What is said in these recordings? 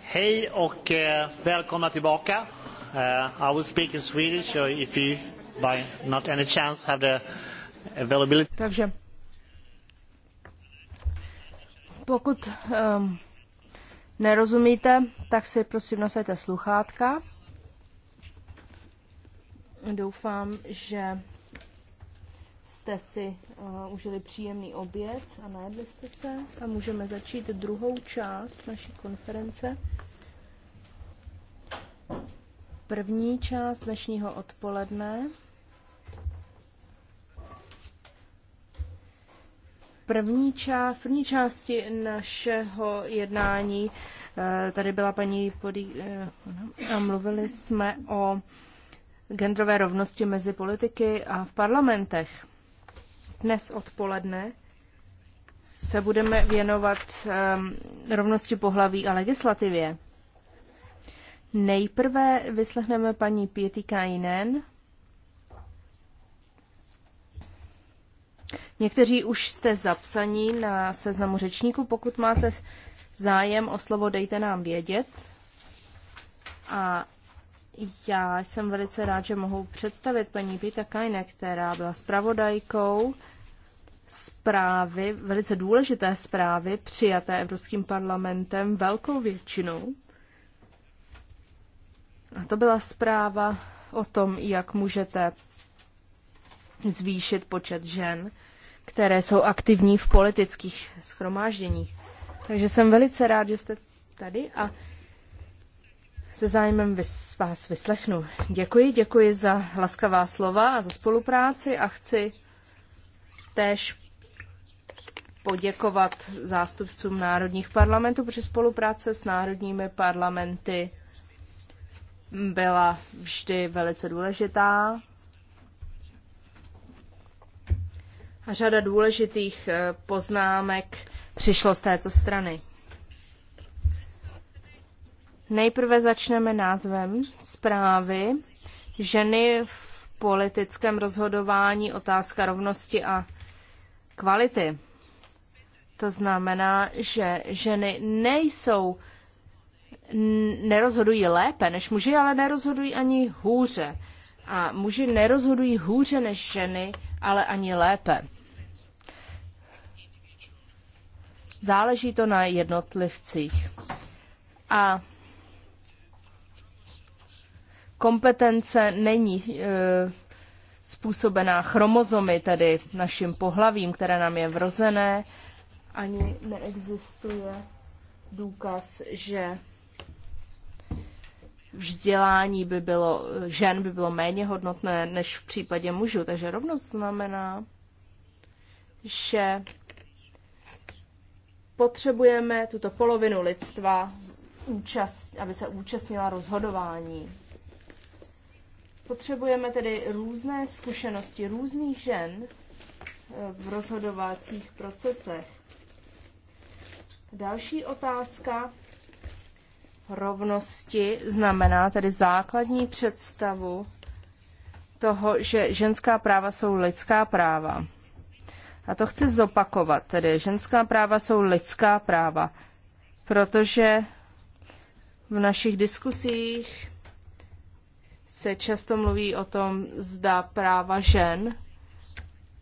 Hej och eh, välkomna tillbaka. Uh, I will speak in Swedish so if you by not any chance have the availability. Takže pokud um, nerozumíte, tak si prosím nasaďte sluchátka. Doufám, že jste si uh, užili příjemný oběd a najedli jste se a můžeme začít druhou část naší konference. První část dnešního odpoledne. První, část, první části našeho jednání uh, tady byla paní Podí uh, eh, a mluvili jsme o genderové rovnosti mezi politiky a v parlamentech. Dnes odpoledne se budeme věnovat um, rovnosti pohlaví a legislativě. Nejprve vyslechneme paní Pěti Kainen. Někteří už jste zapsaní na seznamu řečníků. Pokud máte zájem o slovo, dejte nám vědět. A já jsem velice rád, že mohu představit paní Pita Kajne, která byla zpravodajkou zprávy, velice důležité zprávy, přijaté Evropským parlamentem velkou většinou. A to byla zpráva o tom, jak můžete zvýšit počet žen, které jsou aktivní v politických schromážděních. Takže jsem velice rád, že jste tady a se zájmem vys, vás vyslechnu. Děkuji, děkuji za laskavá slova a za spolupráci a chci též poděkovat zástupcům národních parlamentů, protože spolupráce s národními parlamenty byla vždy velice důležitá. A řada důležitých eh, poznámek přišlo z této strany. Nejprve začneme názvem zprávy Ženy v politickém rozhodování otázka rovnosti a kvality. To znamená, že ženy nejsou, nerozhodují lépe než muži, ale nerozhodují ani hůře. A muži nerozhodují hůře než ženy, ale ani lépe. Záleží to na jednotlivcích. A kompetence není e, způsobená chromozomy, tedy naším pohlavím, které nám je vrozené, ani neexistuje důkaz, že vzdělání by bylo, žen by bylo méně hodnotné než v případě mužů. Takže rovnost znamená, že potřebujeme tuto polovinu lidstva, účast, aby se účastnila rozhodování. Potřebujeme tedy různé zkušenosti různých žen eh, v rozhodovacích procesech. Další otázka rovnosti znamená tedy základní představu toho, že ženská práva jsou lidská práva. A to chci zopakovat, tedy ženská práva jsou lidská práva, protože v našich diskusích se často mluví o tom, zda práva žen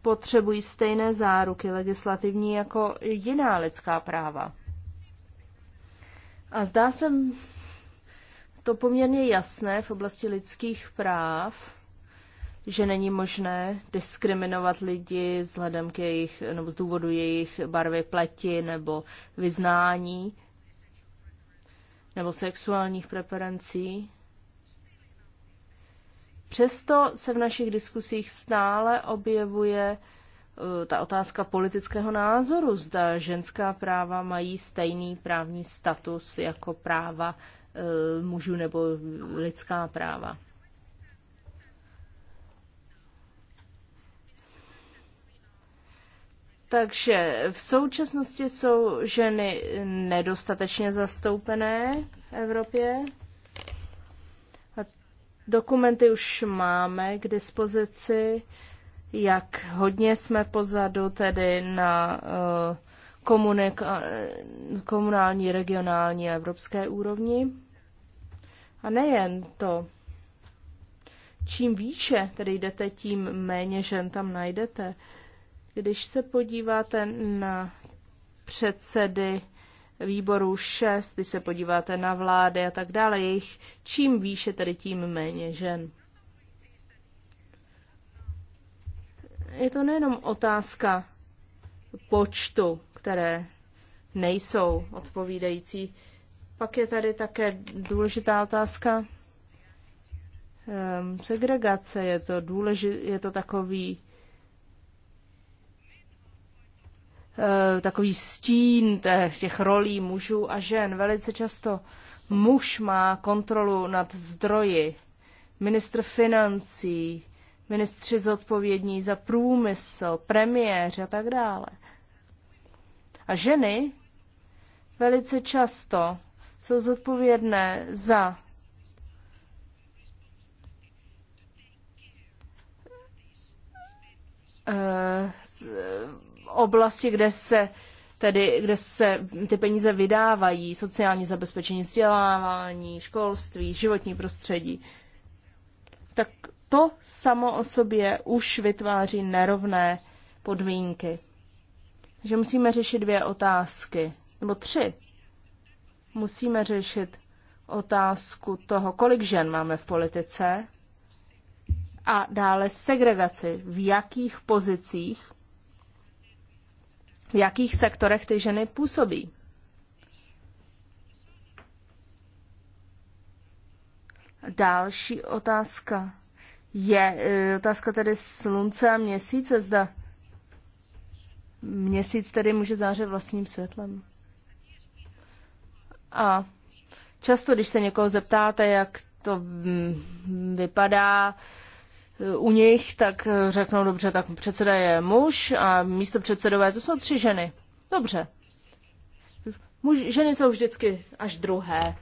potřebují stejné záruky legislativní jako jiná lidská práva. A zdá se to poměrně jasné v oblasti lidských práv, že není možné diskriminovat lidi vzhledem k jejich, nebo z důvodu jejich barvy pleti nebo vyznání nebo sexuálních preferencí. Přesto se v našich diskusích stále objevuje eh, ta otázka politického názoru, zda ženská práva mají stejný právní status jako práva eh, mužů nebo lidská práva. Takže v současnosti jsou ženy nedostatečně zastoupené v Evropě. Dokumenty už máme k dispozici, jak hodně jsme pozadu tedy na eh, komunální, regionální a evropské úrovni. A nejen to, čím výše tedy jdete, tím méně žen tam najdete. Když se podíváte na předsedy výborů 6, když se podíváte na vlády a tak dále, jejich čím výše, tedy tím méně žen. Je to nejenom otázka počtu, které nejsou odpovídající. Pak je tady také důležitá otázka ehm, segregace. Je to, důleži- je to takový Eh, takový stín těch rolí mužů a žen. Velice často muž má kontrolu nad zdroji, ministr financí, ministři zodpovědní za průmysl, premiér a tak dále. A ženy velice často jsou zodpovědné za uh, oblasti, kde se tedy kde se ty peníze vydávají, sociální zabezpečení, vzdělávání, školství, životní prostředí, tak to samo o sobě už vytváří nerovné podmínky. Že musíme řešit dvě otázky, nebo tři. Musíme řešit otázku toho, kolik žen máme v politice a dále segregaci, v jakých pozicích v jakých sektorech ty ženy působí. Další otázka je e, otázka tedy slunce a měsíce. Zda měsíc tedy může zářit vlastním světlem. A často, když se někoho zeptáte, jak to mm, vypadá, u nich, tak eh, řeknou, dobře, tak předseda je muž a místo předsedové to jsou tři ženy. Dobře. Muž, ženy jsou vždycky až druhé.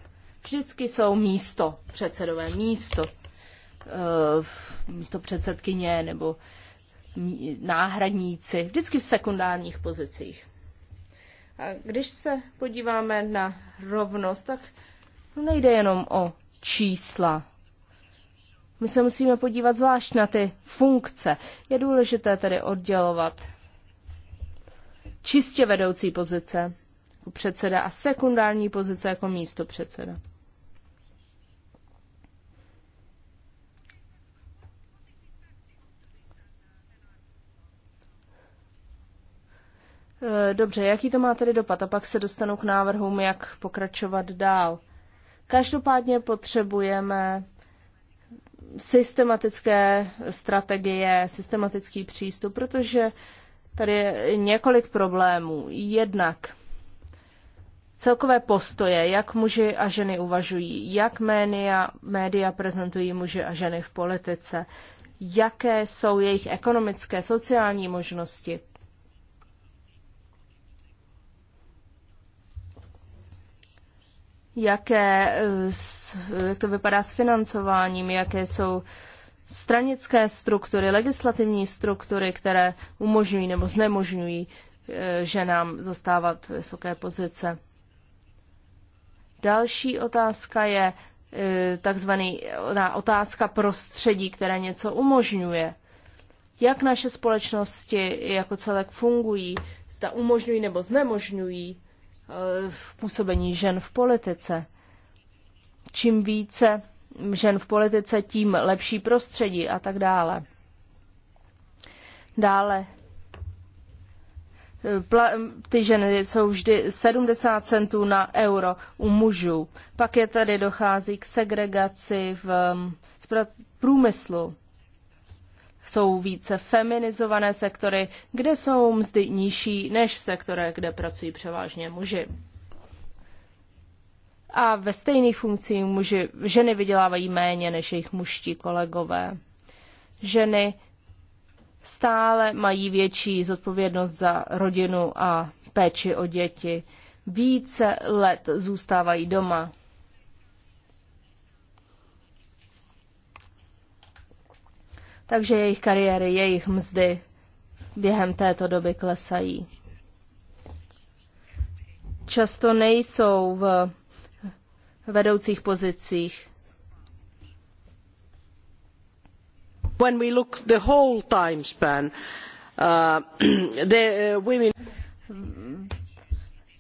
Vždycky jsou místo předsedové, místo, uh, místo předsedkyně nebo náhradníci, vždycky v sekundárních pozicích. A když se podíváme na rovnost, tak nejde jenom o čísla, my se musíme podívat zvlášť na ty funkce. Je důležité tedy oddělovat čistě vedoucí pozice jako předseda a sekundární pozice jako místo předseda. Eh, dobře, jaký to má tedy dopad? A pak se dostanu k návrhům, jak pokračovat dál. Každopádně potřebujeme systematické strategie, systematický přístup, protože tady je několik problémů. Jednak celkové postoje, jak muži a ženy uvažují, jak média, média prezentují muži a ženy v politice, jaké jsou jejich ekonomické, sociální možnosti, jaké, eh, jak to vypadá s financováním, jaké jsou stranické struktury, legislativní struktury, které umožňují nebo znemožňují eh, ženám zastávat vysoké pozice. Další otázka je eh, takzvaný otázka prostředí, které něco umožňuje. Jak naše společnosti jako celek fungují, zda umožňují nebo znemožňují působení žen v politice. Čím více žen v politice, tím lepší prostředí a tak dále. Dále eh, ty ženy jsou vždy 70 centů na euro u mužů. Pak je tady dochází k segregaci v eh, průmyslu jsou více feminizované sektory, kde jsou mzdy nižší než v sektore, kde pracují převážně muži. A ve stejných funkcích muži, ženy vydělávají méně než jejich muští kolegové. Ženy stále mají větší zodpovědnost za rodinu a péči o děti. Více let zůstávají doma. takže jejich kariéry, jejich mzdy během této doby klesají. Často nejsou v vedoucích pozicích. When we look the whole time span, uh, the uh, women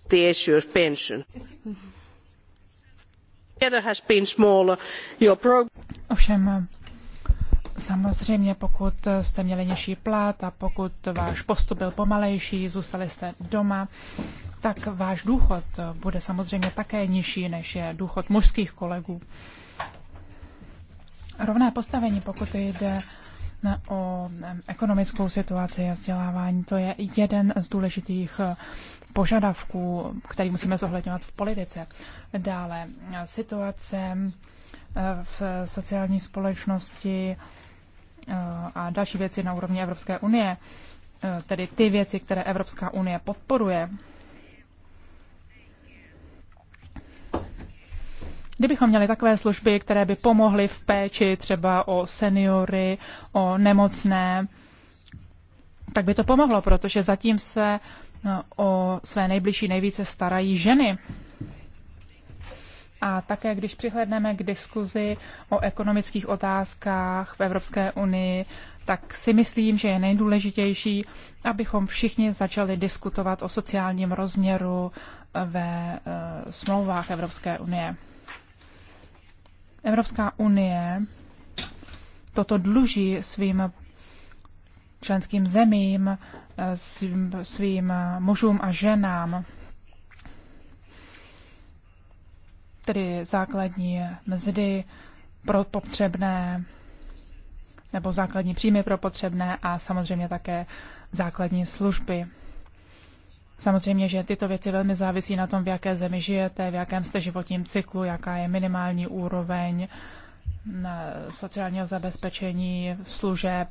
the issue of pension. Together has been smaller. Your program. Ovšem Samozřejmě, pokud jste měli nižší plat a pokud váš postup byl pomalejší, zůstali jste doma, tak váš důchod bude samozřejmě také nižší, než je důchod mužských kolegů. Rovné postavení, pokud jde o ekonomickou situaci a vzdělávání, to je jeden z důležitých požadavků, který musíme zohledňovat v politice. Dále situace v sociální společnosti, a další věci na úrovni Evropské unie, eh, tedy ty věci, které Evropská unie podporuje. Kdybychom měli takové služby, které by pomohly v péči třeba o seniory, o nemocné, tak by to pomohlo, protože zatím se eh, o své nejbližší nejvíce starají ženy. A také, když přihledneme k diskuzi o ekonomických otázkách v Evropské unii, tak si myslím, že je nejdůležitější, abychom všichni začali diskutovat o sociálním rozměru ve eh, smlouvách Evropské unie. Evropská unie toto dluží svým členským zemím, eh, svým mužům a ženám. tedy základní mzdy pro potřebné nebo základní příjmy pro potřebné a samozřejmě také základní služby. Samozřejmě, že tyto věci velmi závisí na tom, v jaké zemi žijete, v jakém jste životním cyklu, jaká je minimální úroveň sociálního zabezpečení, služeb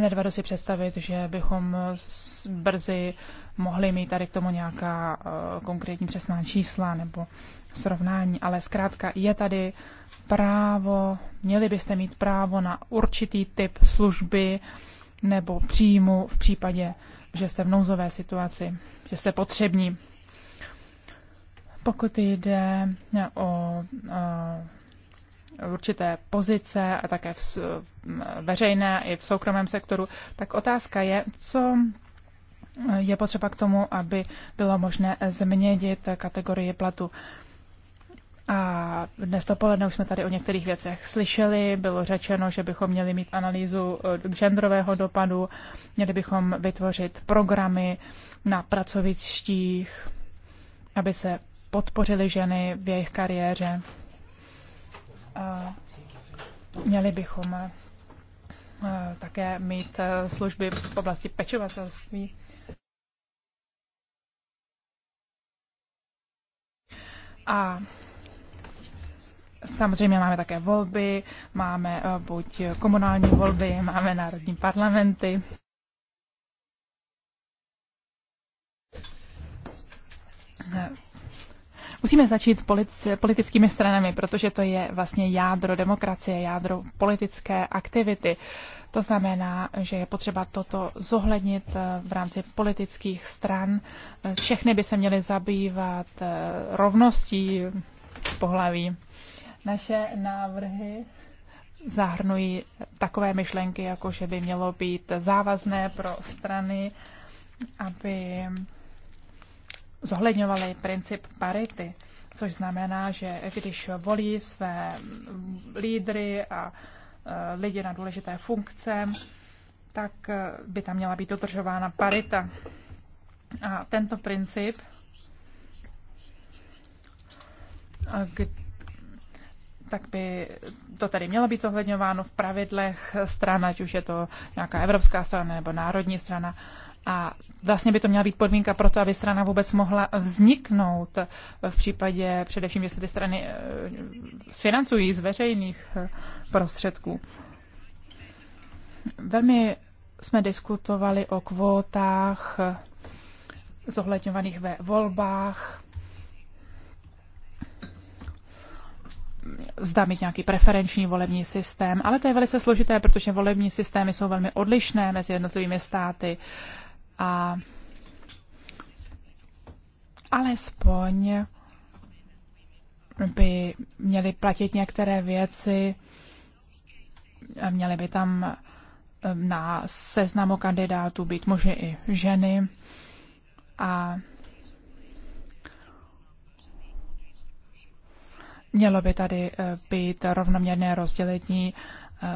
nedvedu si představit, že bychom brzy mohli mít tady k tomu nějaká eh, konkrétní přesná čísla nebo srovnání, ale zkrátka je tady právo, měli byste mít právo na určitý typ služby nebo příjmu v případě, že jste v nouzové situaci, že jste potřební. Pokud jde o eh, určité pozice a také v veřejné i v soukromém sektoru, tak otázka je, co je potřeba k tomu, aby bylo možné změnit kategorii platu. A dnes dopoledne už jsme tady o některých věcech slyšeli. Bylo řečeno, že bychom měli mít analýzu eh, genderového dopadu, měli bychom vytvořit programy na pracovištích, aby se podpořili ženy v jejich kariéře. Eh, měli bychom eh, také mít eh, služby v oblasti pečovatelství. A samozřejmě máme také volby, máme buď komunální volby, máme národní parlamenty. Musíme začít politickými stranami, protože to je vlastně jádro demokracie, jádro politické aktivity. To znamená, že je potřeba toto zohlednit eh, v rámci politických stran. Eh, všechny by se měly zabývat eh, rovností pohlaví. Naše návrhy zahrnují takové myšlenky, jako že by mělo být závazné pro strany, aby zohledňovali princip parity, což znamená, že když volí své lídry a e, lidi na důležité funkce, tak e, by tam měla být dodržována parita. A tento princip, tak by to tady mělo být zohledňováno v pravidlech stran, ať už je to nějaká evropská strana nebo národní strana. A vlastně by to měla být podmínka pro to, aby strana vůbec mohla vzniknout v případě především, jestli ty strany eh, sfinancují z veřejných eh, prostředků. Velmi jsme diskutovali o kvótách eh, zohledňovaných ve volbách, zda mít nějaký preferenční volební systém, ale to je velice složité, protože volební systémy jsou velmi odlišné mezi jednotlivými státy a alespoň by měly platit některé věci, měly by tam eh, na seznamu kandidátů být muži i ženy a mělo by tady eh, být rovnoměrné rozdělení eh,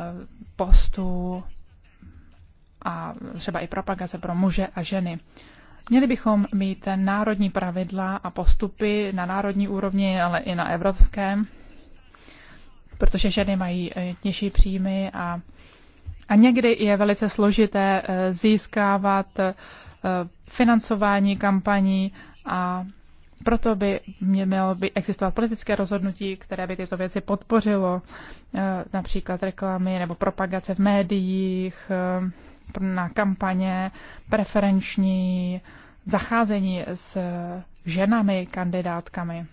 postů a třeba i propagace pro muže a ženy. Měli bychom mít národní pravidla a postupy na národní úrovni, ale i na evropské, protože ženy mají eh, nižší příjmy a, a někdy je velice složité eh, získávat eh, financování kampaní a proto by mělo by existovat politické rozhodnutí, které by tyto věci podpořilo, například reklamy nebo propagace v médiích, na kampaně, preferenční zacházení s ženami kandidátkami.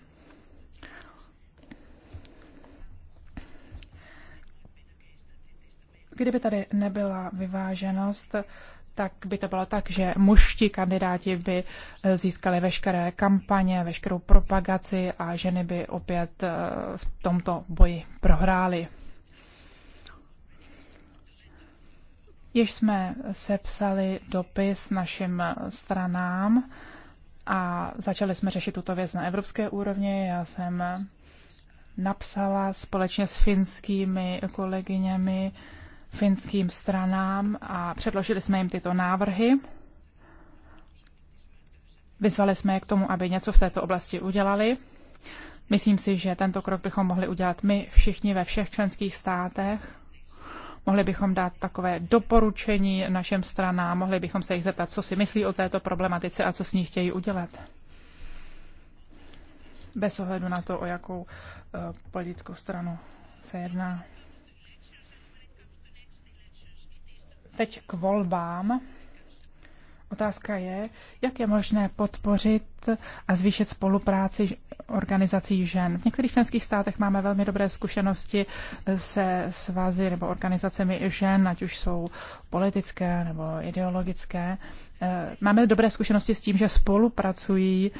Kdyby tady nebyla vyváženost, tak by to bylo tak, že mužští kandidáti by získali veškeré kampaně, veškerou propagaci a ženy by opět eh, v tomto boji prohrály. Již jsme sepsali dopis našim stranám a začali jsme řešit tuto věc na evropské úrovni. Já jsem napsala společně s finskými kolegyněmi finským stranám a předložili jsme jim tyto návrhy. Vyzvali jsme je k tomu, aby něco v této oblasti udělali. Myslím si, že tento krok bychom mohli udělat my všichni ve všech členských státech mohli bychom dát takové doporučení našem stranám, mohli bychom se jich zeptat, co si myslí o této problematice a co s ní chtějí udělat. Bez ohledu na to, o jakou eh, politickou stranu se jedná. Teď k volbám. Otázka je, jak je možné podpořit a zvýšit spolupráci organizací žen. V některých členských státech máme velmi dobré zkušenosti se svazy nebo organizacemi žen, ať už jsou politické nebo ideologické. Eh, máme dobré zkušenosti s tím, že spolupracují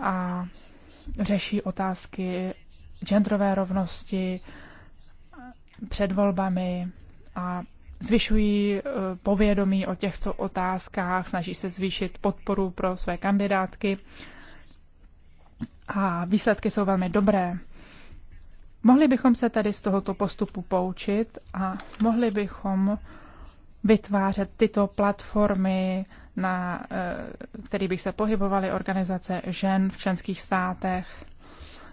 a řeší otázky genderové rovnosti před volbami a zvyšují eh, povědomí o těchto otázkách, snaží se zvýšit podporu pro své kandidátky a výsledky jsou velmi dobré. Mohli bychom se tady z tohoto postupu poučit a mohli bychom vytvářet tyto platformy, na eh, kterých bych se pohybovaly organizace žen v členských státech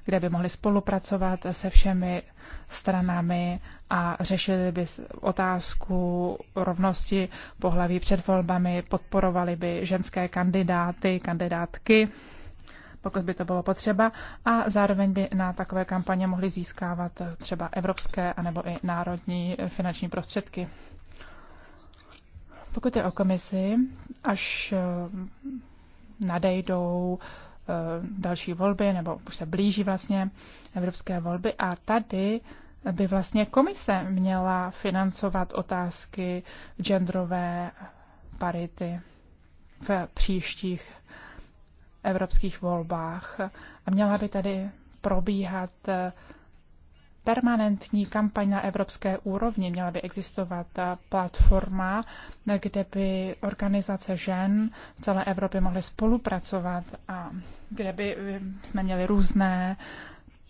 kde by mohli spolupracovat se všemi stranami a řešili by otázku rovnosti pohlaví před volbami, podporovali by ženské kandidáty, kandidátky, pokud by to bylo potřeba, a zároveň by na takové kampaně mohli získávat třeba evropské anebo i národní finanční prostředky. Pokud je o komisi, až eh, nadejdou uh, Eh, další volby, nebo už se blíží vlastně evropské volby a tady by vlastně komise měla financovat otázky genderové parity v příštích evropských volbách a měla by tady probíhat eh, permanentní kampaň na evropské úrovni. Měla by existovat platforma, kde by organizace žen z celé Evropy mohly spolupracovat a kde by eh, jsme měli různé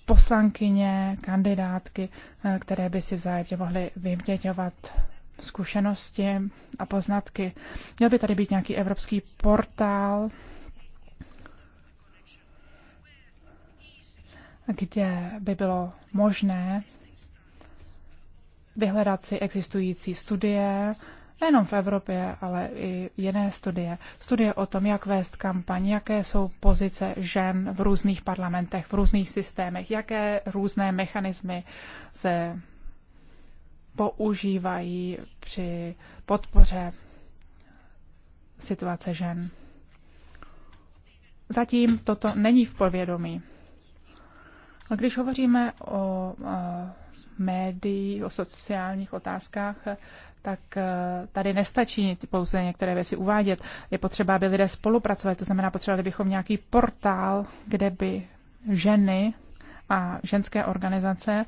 poslankyně, kandidátky, eh, které by si vzájemně mohly vyměňovat zkušenosti a poznatky. Měl by tady být nějaký evropský portál kde by bylo možné vyhledat si existující studie, nejenom v Evropě, ale i jiné studie. Studie o tom, jak vést kampaň, jaké jsou pozice žen v různých parlamentech, v různých systémech, jaké různé mechanismy se používají při podpoře situace žen. Zatím toto není v povědomí. A když hovoříme o médií, o sociálních otázkách, tak tady nestačí pouze některé věci uvádět. Je potřeba, aby lidé spolupracovali, to znamená, potřebovali bychom nějaký portál, kde by ženy a ženské organizace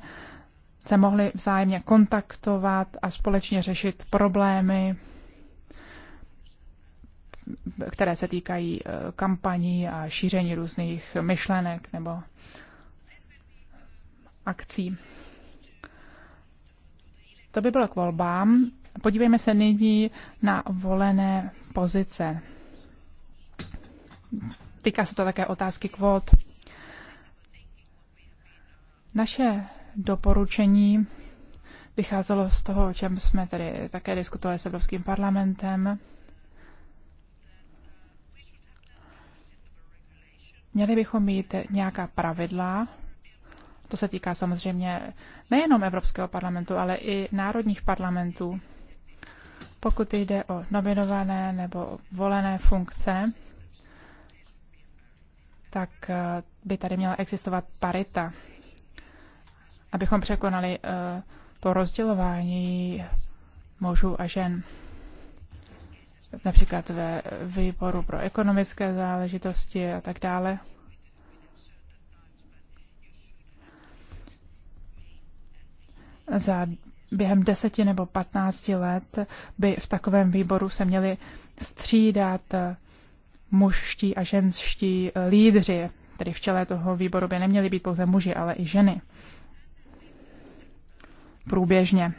se mohly vzájemně kontaktovat a společně řešit problémy, které se týkají e, kampaní a šíření různých myšlenek nebo akcí. To by bylo k volbám. Podívejme se nyní na volené pozice. Týká se to také otázky kvót. Naše doporučení vycházelo z toho, o čem jsme tedy také diskutovali s Evropským parlamentem. Měli bychom mít nějaká pravidla to se týká samozřejmě nejenom Evropského parlamentu, ale i národních parlamentů. Pokud jde o nominované nebo volené funkce, tak eh, by tady měla existovat parita, abychom překonali eh, to rozdělování mužů a žen. Například ve výboru pro ekonomické záležitosti a tak dále. za během deseti nebo patnácti let by v takovém výboru se měli střídat mužští a ženští lídři, tedy v čele toho výboru by neměli být pouze muži, ale i ženy. Průběžně.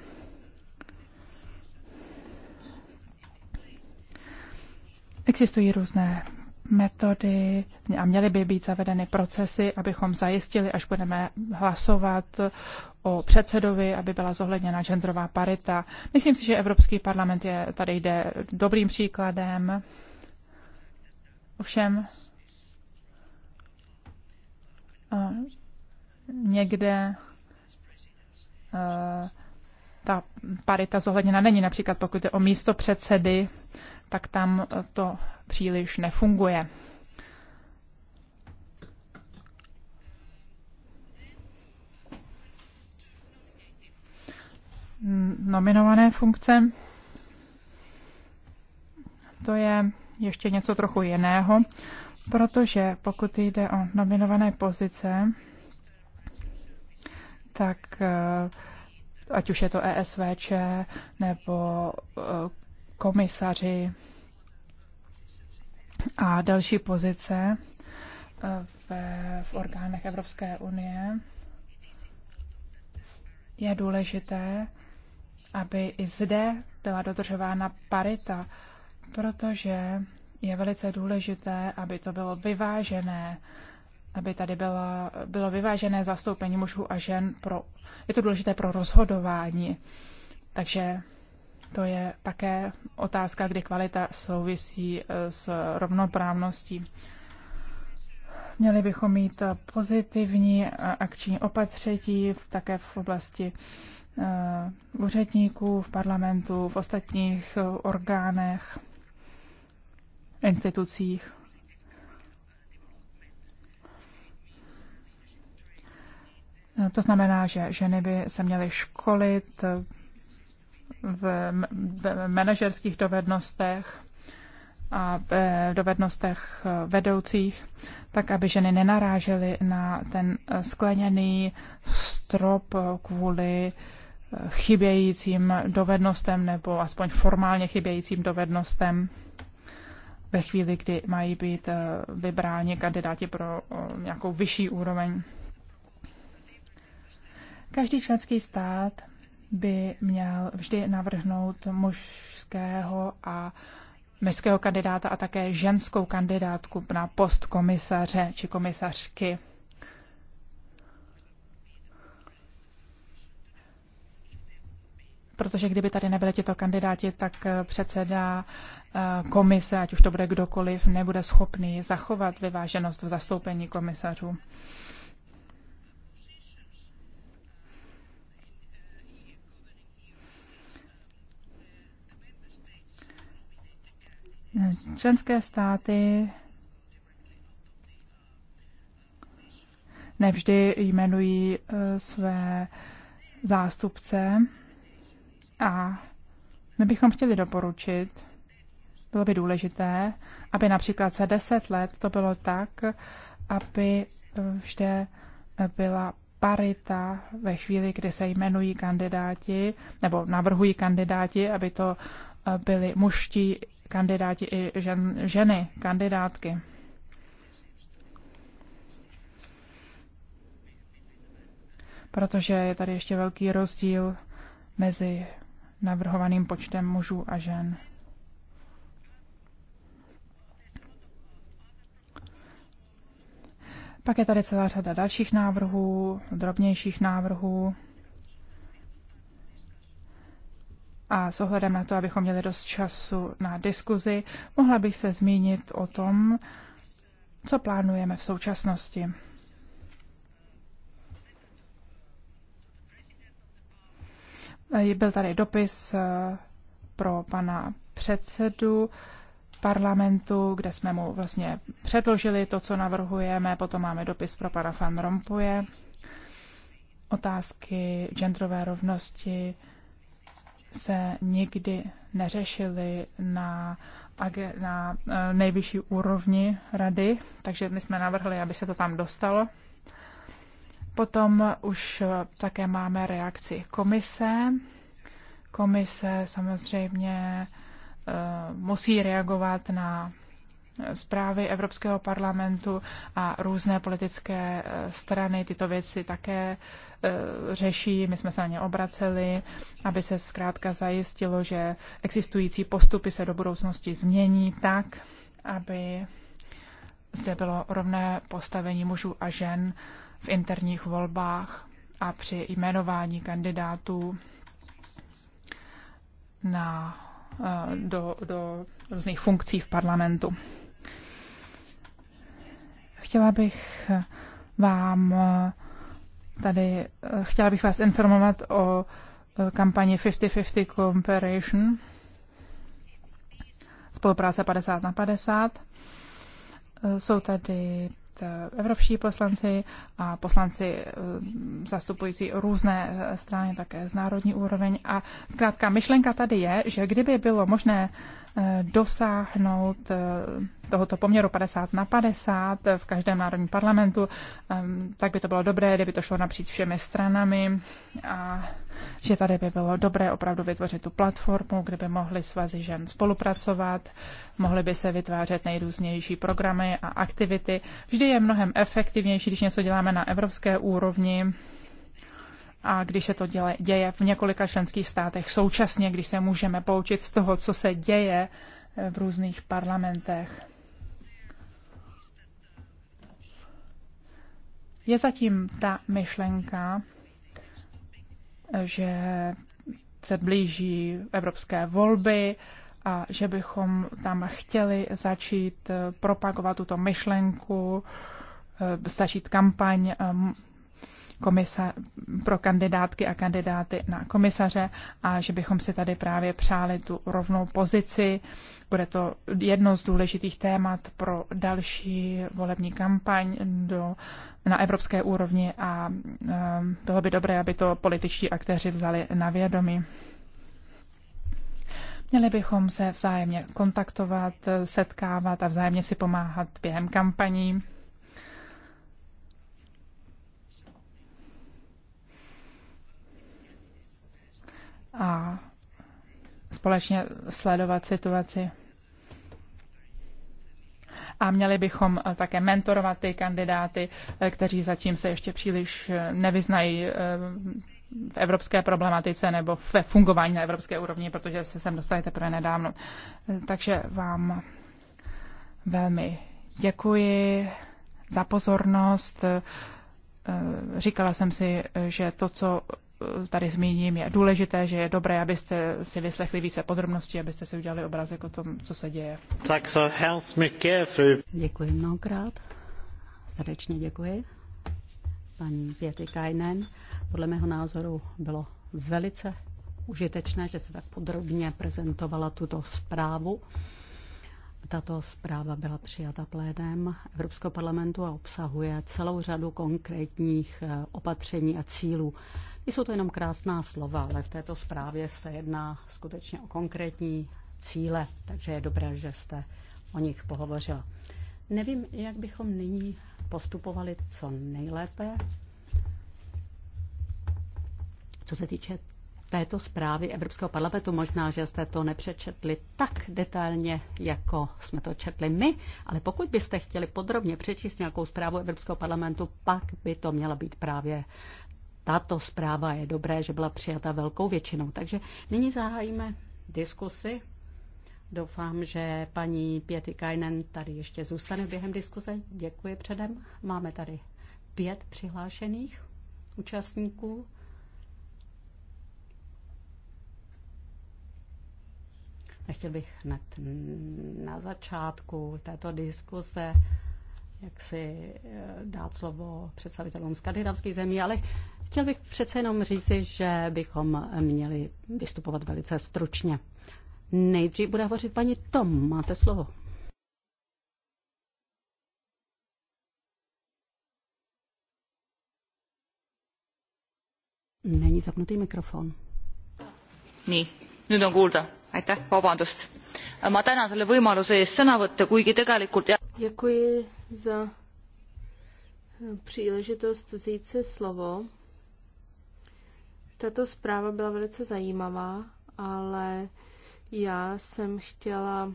Existují různé metody a měly by být zavedeny procesy, abychom zajistili, až budeme hlasovat o předsedovi, aby byla zohledněna genderová parita. Myslím si, že Evropský parlament je tady jde dobrým příkladem. Ovšem někde ta parita zohledněna není. Například pokud je o místo předsedy, tak tam to příliš nefunguje. nominované funkce. To je ještě něco trochu jiného, protože pokud jde o nominované pozice, tak eh, ať už je to ESVČ nebo eh, komisaři a další pozice eh, v, v orgánech Evropské unie, je důležité, aby i zde byla dodržována parita, protože je velice důležité, aby to bylo vyvážené, aby tady bylo, bylo vyvážené zastoupení mužů a žen. Pro, je to důležité pro rozhodování. Takže to je také otázka, kdy kvalita souvisí eh, s rovnoprávností. Měli bychom mít pozitivní eh, akční opatření také v oblasti Eh, úředníků v parlamentu, v ostatních eh, orgánech, institucích. Eh, to znamená, že ženy by se měly školit v, manažerských dovednostech a v dovednostech vedoucích, tak aby ženy nenarážely na ten skleněný strop kvůli uh, chybějícím dovednostem nebo aspoň formálně chybějícím dovednostem ve chvíli, kdy mají být eh, vybráni kandidáti pro eh, nějakou vyšší úroveň. Každý členský stát by měl vždy navrhnout mužského a mužského kandidáta a také ženskou kandidátku na post komisaře či komisařky. protože kdyby tady nebyli tito kandidáti, tak eh, předseda eh, komise, ať už to bude kdokoliv, nebude schopný zachovat vyváženost v zastoupení komisařů. Členské státy nevždy jmenují eh, své zástupce a my bychom chtěli doporučit, bylo by důležité, aby například za deset let to bylo tak, aby eh, vždy eh, byla parita ve chvíli, kdy se jmenují kandidáti nebo navrhují kandidáti, aby to eh, byli muští kandidáti i žen, ženy kandidátky. Protože je tady ještě velký rozdíl mezi navrhovaným počtem mužů a žen. Pak je tady celá řada dalších návrhů, drobnějších návrhů. A s ohledem na to, abychom měli dost času na diskuzi, mohla bych se zmínit o tom, co plánujeme v současnosti. Eh, byl tady dopis eh, pro pana předsedu parlamentu, kde jsme mu vlastně předložili to, co navrhujeme. Potom máme dopis pro pana Van Rompuje. Otázky genderové rovnosti se nikdy neřešily na, na eh, nejvyšší úrovni rady, takže my jsme navrhli, aby se to tam dostalo. Potom už eh, také máme reakci komise. Komise samozřejmě eh, musí reagovat na eh, zprávy Evropského parlamentu a různé politické strany tyto věci také řeší. My jsme se na ně obraceli, aby se zkrátka zajistilo, že existující postupy se do budoucnosti změní tak, aby zde bylo rovné postavení mužů a žen v interních volbách a při jmenování kandidátů na, eh, do, do různých funkcí v parlamentu. Chtěla bych vám eh, tady, eh, chtěla bych vás informovat o kampani 50-50 Cooperation, spolupráce 50 na 50. Jsou tady Eh, evropští poslanci a poslanci eh, zastupující různé eh, strany také z národní úroveň. A zkrátka myšlenka tady je, že kdyby bylo možné Eh, dosáhnout eh, tohoto poměru 50 na 50 v každém národním parlamentu, tak by to bylo dobré, kdyby to šlo napříč všemi stranami a že tady by bylo dobré opravdu vytvořit tu platformu, kde by mohly svazy žen spolupracovat, mohly by se vytvářet nejrůznější programy a aktivity. Vždy je mnohem efektivnější, když něco děláme na evropské úrovni, a když se to děle, děje v několika členských státech současně, když se můžeme poučit z toho, co se děje eh, v různých parlamentech. Je zatím ta myšlenka, že se blíží evropské volby a že bychom tam chtěli začít eh, propagovat tuto myšlenku, eh, stačit kampaň komisa, pro kandidátky a kandidáty na komisaře a že bychom si tady právě přáli tu rovnou pozici. Bude to jedno z důležitých témat pro další volební kampaň do, na evropské úrovni a e, bylo by dobré, aby to političtí aktéři vzali na vědomí. Měli bychom se vzájemně kontaktovat, setkávat a vzájemně si pomáhat během kampaní. a společně sledovat situaci. A měli bychom také mentorovat ty kandidáty, eh, kteří zatím se ještě příliš eh, nevyznají eh, v evropské problematice nebo ve fungování na evropské úrovni, protože se sem dostali teprve nedávno. Takže vám velmi děkuji za pozornost. Říkala jsem si, že to, co tady zmíním, je důležité, že je dobré, abyste si vyslechli více podrobností, abyste si udělali obrazek o tom, co se děje. Tak so help me Děkuji mnohokrát. Srdečně děkuji. Paní Pěty Kajnen, podle mého názoru bylo velice užitečné, že se tak podrobně prezentovala tuto zprávu. Tato zpráva byla přijata plénem Evropského parlamentu a obsahuje celou řadu konkrétních eh, opatření a cílů. Jsou to jenom krásná slova, ale v této zprávě se jedná skutečně o konkrétní cíle, takže je dobré, že jste o nich pohovořila. Nevím, jak bychom nyní postupovali co nejlépe. Co se týče této zprávy Evropského parlamentu, možná, že jste to nepřečetli tak detailně, jako jsme to četli my, ale pokud byste chtěli podrobně přečíst nějakou zprávu Evropského parlamentu, pak by to měla být právě tato zpráva je dobré, že byla přijata velkou většinou. Takže nyní zahájíme diskusy. Doufám, že paní Pěty Kajnen tady ještě zůstane během diskuse. Děkuji předem. Máme tady pět přihlášených účastníků. Nechtěl bych hned na začátku této diskuse jak si eh, dát slovo představitelům skandinávských zemí, ale chtěl bych přece jenom říci, že bychom měli vystupovat velice stručně. Nejdřív bude hovořit paní Tom, máte slovo. Není zapnutý mikrofon. Ní, Nyní on kuulda. Aitäh, vabandust. Ma tänan selle võimaluse eest sõna võtta, kuigi tegelikult... Děkuji za eh, příležitost vzít si slovo. Tato zpráva byla velice zajímavá, ale já jsem chtěla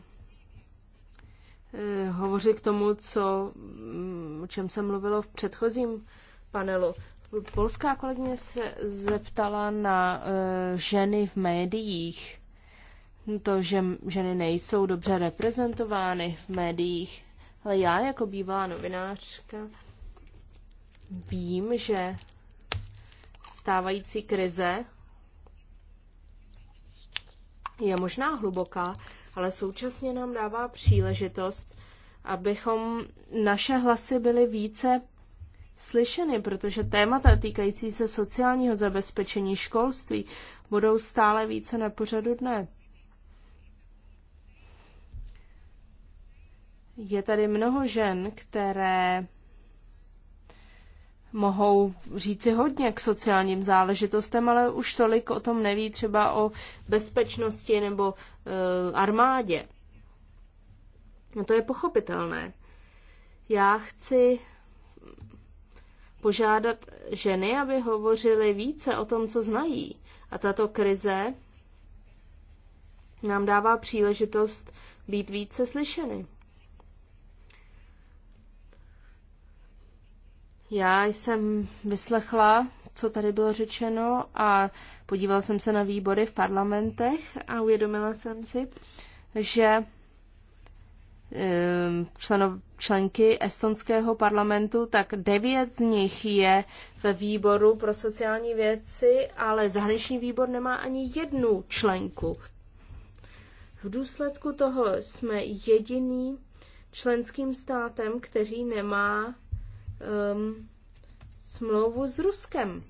eh, hovořit k tomu, co, mm, o čem se mluvilo v předchozím panelu. Polská kolegyně se zeptala na eh, ženy v médiích. To, že ženy nejsou dobře reprezentovány v médiích. Ale já jako bývalá novinářka vím, že stávající krize je možná hluboká, ale současně nám dává příležitost, abychom naše hlasy byly více slyšeny, protože témata týkající se sociálního zabezpečení školství budou stále více na pořadu dne. Je tady mnoho žen, které mohou říci hodně k sociálním záležitostem, ale už tolik o tom neví třeba o bezpečnosti nebo e, armádě. No to je pochopitelné. Já chci požádat ženy, aby hovořily více o tom, co znají. A tato krize nám dává příležitost být více slyšeny. Já jsem vyslechla, co tady bylo řečeno a podívala jsem se na výbory v parlamentech a uvědomila jsem si, že ehm, členov, členky estonského parlamentu, tak devět z nich je ve výboru pro sociální věci, ale zahraniční výbor nemá ani jednu členku. V důsledku toho jsme jediný členským státem, který nemá um, smlouvu s Ruskem.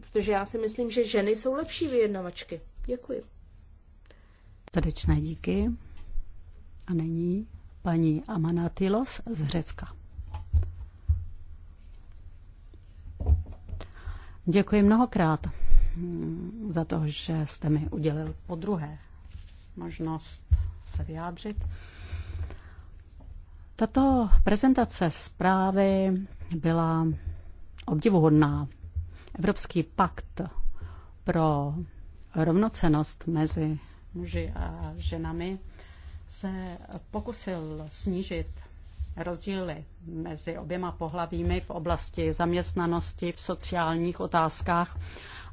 Protože já si myslím, že ženy jsou lepší vyjednavačky. Děkuji. Srdečné díky. A nyní paní Amanatilos z Řecka. Děkuji mnohokrát za to, že jste mi udělil po druhé možnost se vyjádřit. Tato prezentace zprávy byla obdivuhodná. Evropský pakt pro rovnocenost mezi muži a ženami se pokusil snížit rozdíly mezi oběma pohlavími v oblasti zaměstnanosti, v sociálních otázkách,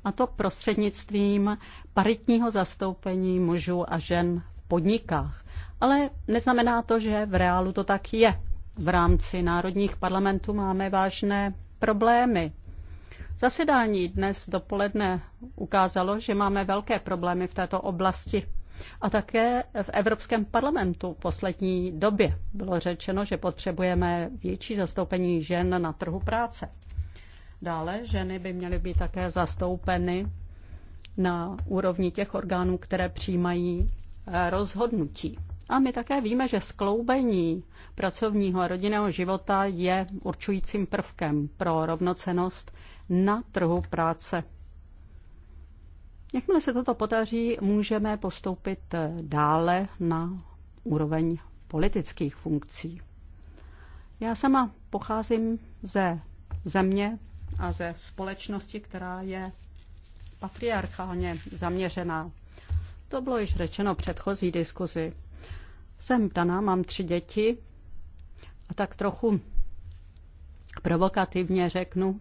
a to prostřednictvím paritního zastoupení mužů a žen v podnikách ale neznamená to, že v reálu to tak je. V rámci národních parlamentů máme vážné problémy. Zasedání dnes dopoledne ukázalo, že máme velké problémy v této oblasti. A také v Evropském parlamentu v poslední době bylo řečeno, že potřebujeme větší zastoupení žen na trhu práce. Dále ženy by měly být také zastoupeny na úrovni těch orgánů, které přijímají eh, rozhodnutí. A my také víme, že skloubení pracovního a rodinného života je určujícím prvkem pro rovnocenost na trhu práce. Jakmile se toto podaří, můžeme postoupit dále na úroveň politických funkcí. Já sama pocházím ze země a ze společnosti, která je patriarchálně zaměřená. To bylo již řečeno v předchozí diskuzi. Jsem daná, mám tři děti a tak trochu provokativně řeknu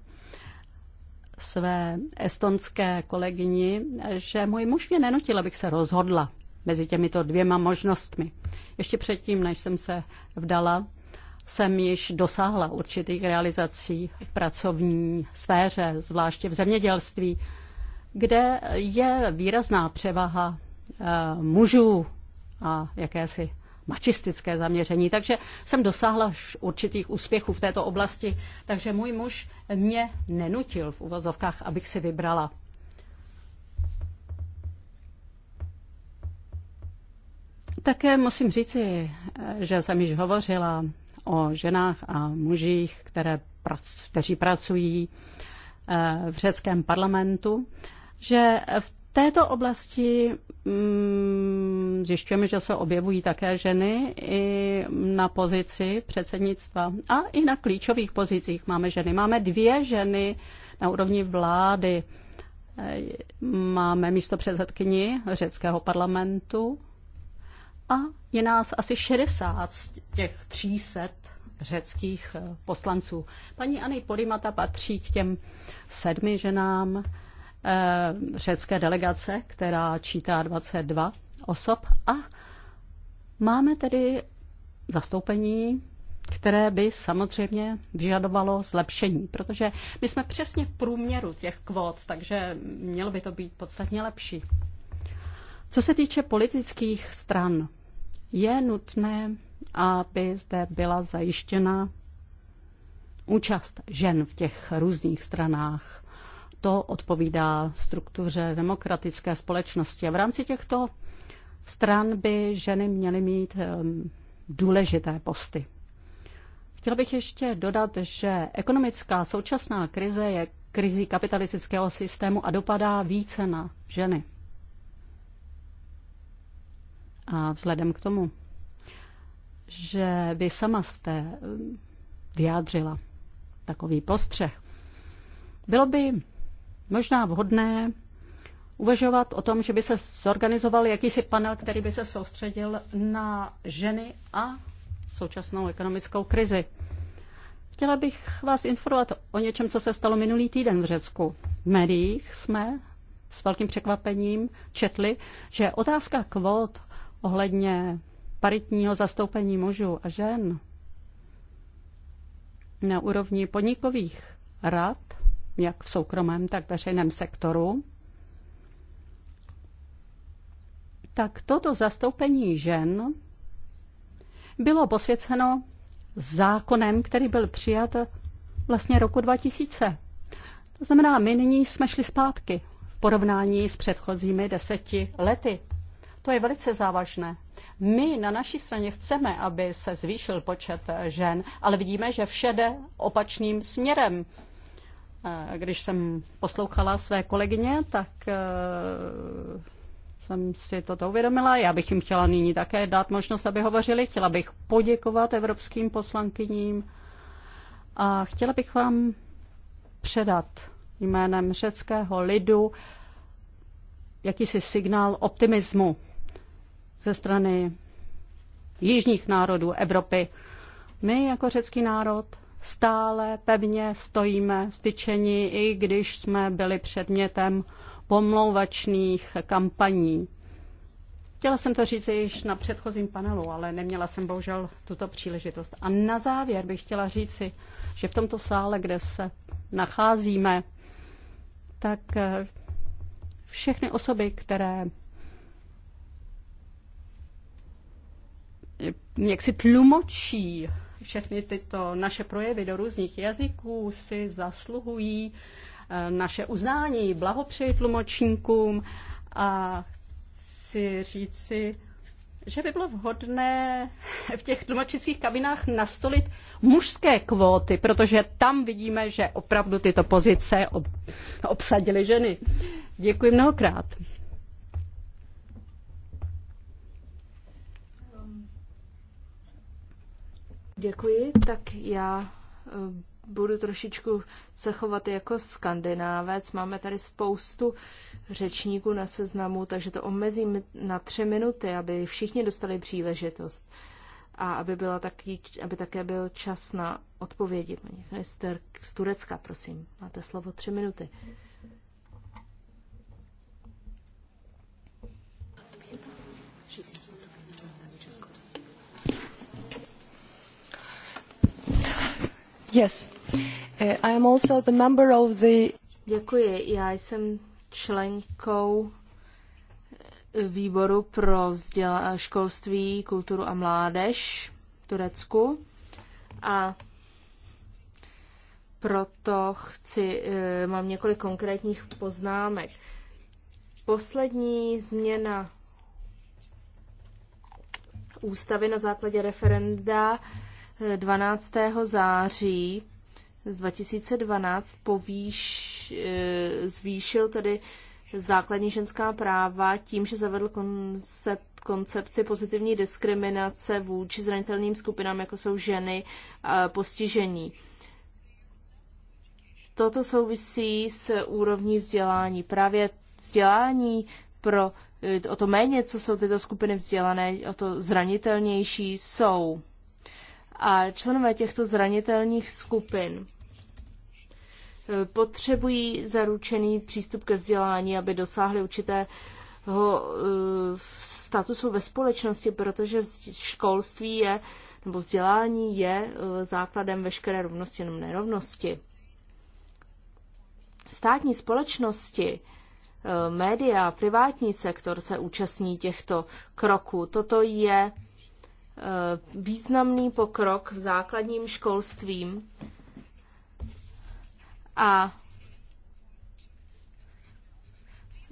své estonské kolegyni, že můj muž mě nenutil, abych se rozhodla mezi těmito dvěma možnostmi. Ještě předtím, než jsem se vdala, jsem již dosáhla určitých realizací v pracovní sféře, zvláště v zemědělství, kde je výrazná převaha eh, mužů a jakési mačistické zaměření. Takže jsem dosáhla určitých úspěchů v této oblasti, takže můj muž mě nenutil v uvozovkách, abych si vybrala. Také musím říci, že jsem již hovořila o ženách a mužích, které, kteří pracují eh, v řeckém parlamentu, že v této oblasti mm, zjišťujeme, že se objevují také ženy i na pozici předsednictva a i na klíčových pozicích máme ženy. Máme dvě ženy na úrovni vlády. Máme místo předsedkyni řeckého parlamentu a je nás asi 60 z těch 300 řeckých poslanců. Paní Anny Polimata patří k těm sedmi ženám, Eh, řecké delegace, která čítá 22 osob a máme tedy zastoupení, které by samozřejmě vyžadovalo zlepšení, protože my jsme přesně v průměru těch kvót, takže mělo by to být podstatně lepší. Co se týče politických stran, je nutné, aby zde byla zajištěna účast žen v těch různých stranách to odpovídá struktuře demokratické společnosti. A v rámci těchto stran by ženy měly mít důležité posty. Chtěla bych ještě dodat, že ekonomická současná krize je krizí kapitalistického systému a dopadá více na ženy. A vzhledem k tomu, že vy sama jste vyjádřila takový postřeh, bylo by možná vhodné uvažovat o tom, že by se zorganizoval jakýsi panel, který by se soustředil na ženy a současnou ekonomickou krizi. Chtěla bych vás informovat o něčem, co se stalo minulý týden v Řecku. V médiích jsme s velkým překvapením četli, že otázka kvót ohledně paritního zastoupení mužů a žen na úrovni podnikových rad jak v soukromém, tak v veřejném sektoru, tak toto zastoupení žen bylo posvěceno zákonem, který byl přijat vlastně roku 2000. To znamená, my nyní jsme šli zpátky v porovnání s předchozími deseti lety. To je velice závažné. My na naší straně chceme, aby se zvýšil počet žen, ale vidíme, že jde opačným směrem. Když jsem poslouchala své kolegyně, tak eh, jsem si toto uvědomila. Já bych jim chtěla nyní také dát možnost, aby hovořili. Chtěla bych poděkovat evropským poslankyním a chtěla bych vám předat jménem řeckého lidu jakýsi signál optimismu ze strany jižních národů Evropy. My jako řecký národ Stále pevně stojíme v styčení, i když jsme byli předmětem pomlouvačných kampaní. Chtěla jsem to říct již na předchozím panelu, ale neměla jsem bohužel tuto příležitost. A na závěr bych chtěla říci, že v tomto sále, kde se nacházíme, tak eh, všechny osoby, které jak si tlumočí všechny tyto naše projevy do různých jazyků si zasluhují eh, naše uznání, blahopřeji tlumočníkům a chci říci, že by bylo vhodné v těch tlumočnických kabinách nastolit mužské kvóty, protože tam vidíme, že opravdu tyto pozice obsadily ženy. Děkuji mnohokrát. Děkuji, tak já eh, budu trošičku se chovat jako skandinávec. Máme tady spoustu řečníků na seznamu, takže to omezím na tři minuty, aby všichni dostali příležitost a aby, byla taky, aby také byl čas na odpovědi. Paní minister z Turecka, prosím, máte slovo tři minuty. Mm. Uh, Děkuji, já jsem členkou výboru pro vzděla- školství, kulturu a mládež v Turecku a proto chci, eh, mám několik konkrétních poznámek. Poslední změna ústavy na základě referenda 12. září 2012 povýš, eh, zvýšil tedy základní ženská práva tím, že zavedl koncept, koncepci pozitivní diskriminace vůči zranitelným skupinám, jako jsou ženy postižení. Toto souvisí s úrovní vzdělání. Právě vzdělání pro eh, o to méně, co jsou tyto skupiny vzdělané, o to zranitelnější jsou. A členové těchto zranitelných skupin eh, potřebují zaručený přístup ke vzdělání, aby dosáhli určitého eh, statusu ve společnosti, protože školství je, nebo vzdělání je eh, základem veškeré rovnosti nebo nerovnosti. Státní společnosti, média, privátní sektor se účastní těchto kroků. Toto je Eh, významný pokrok v základním školstvím a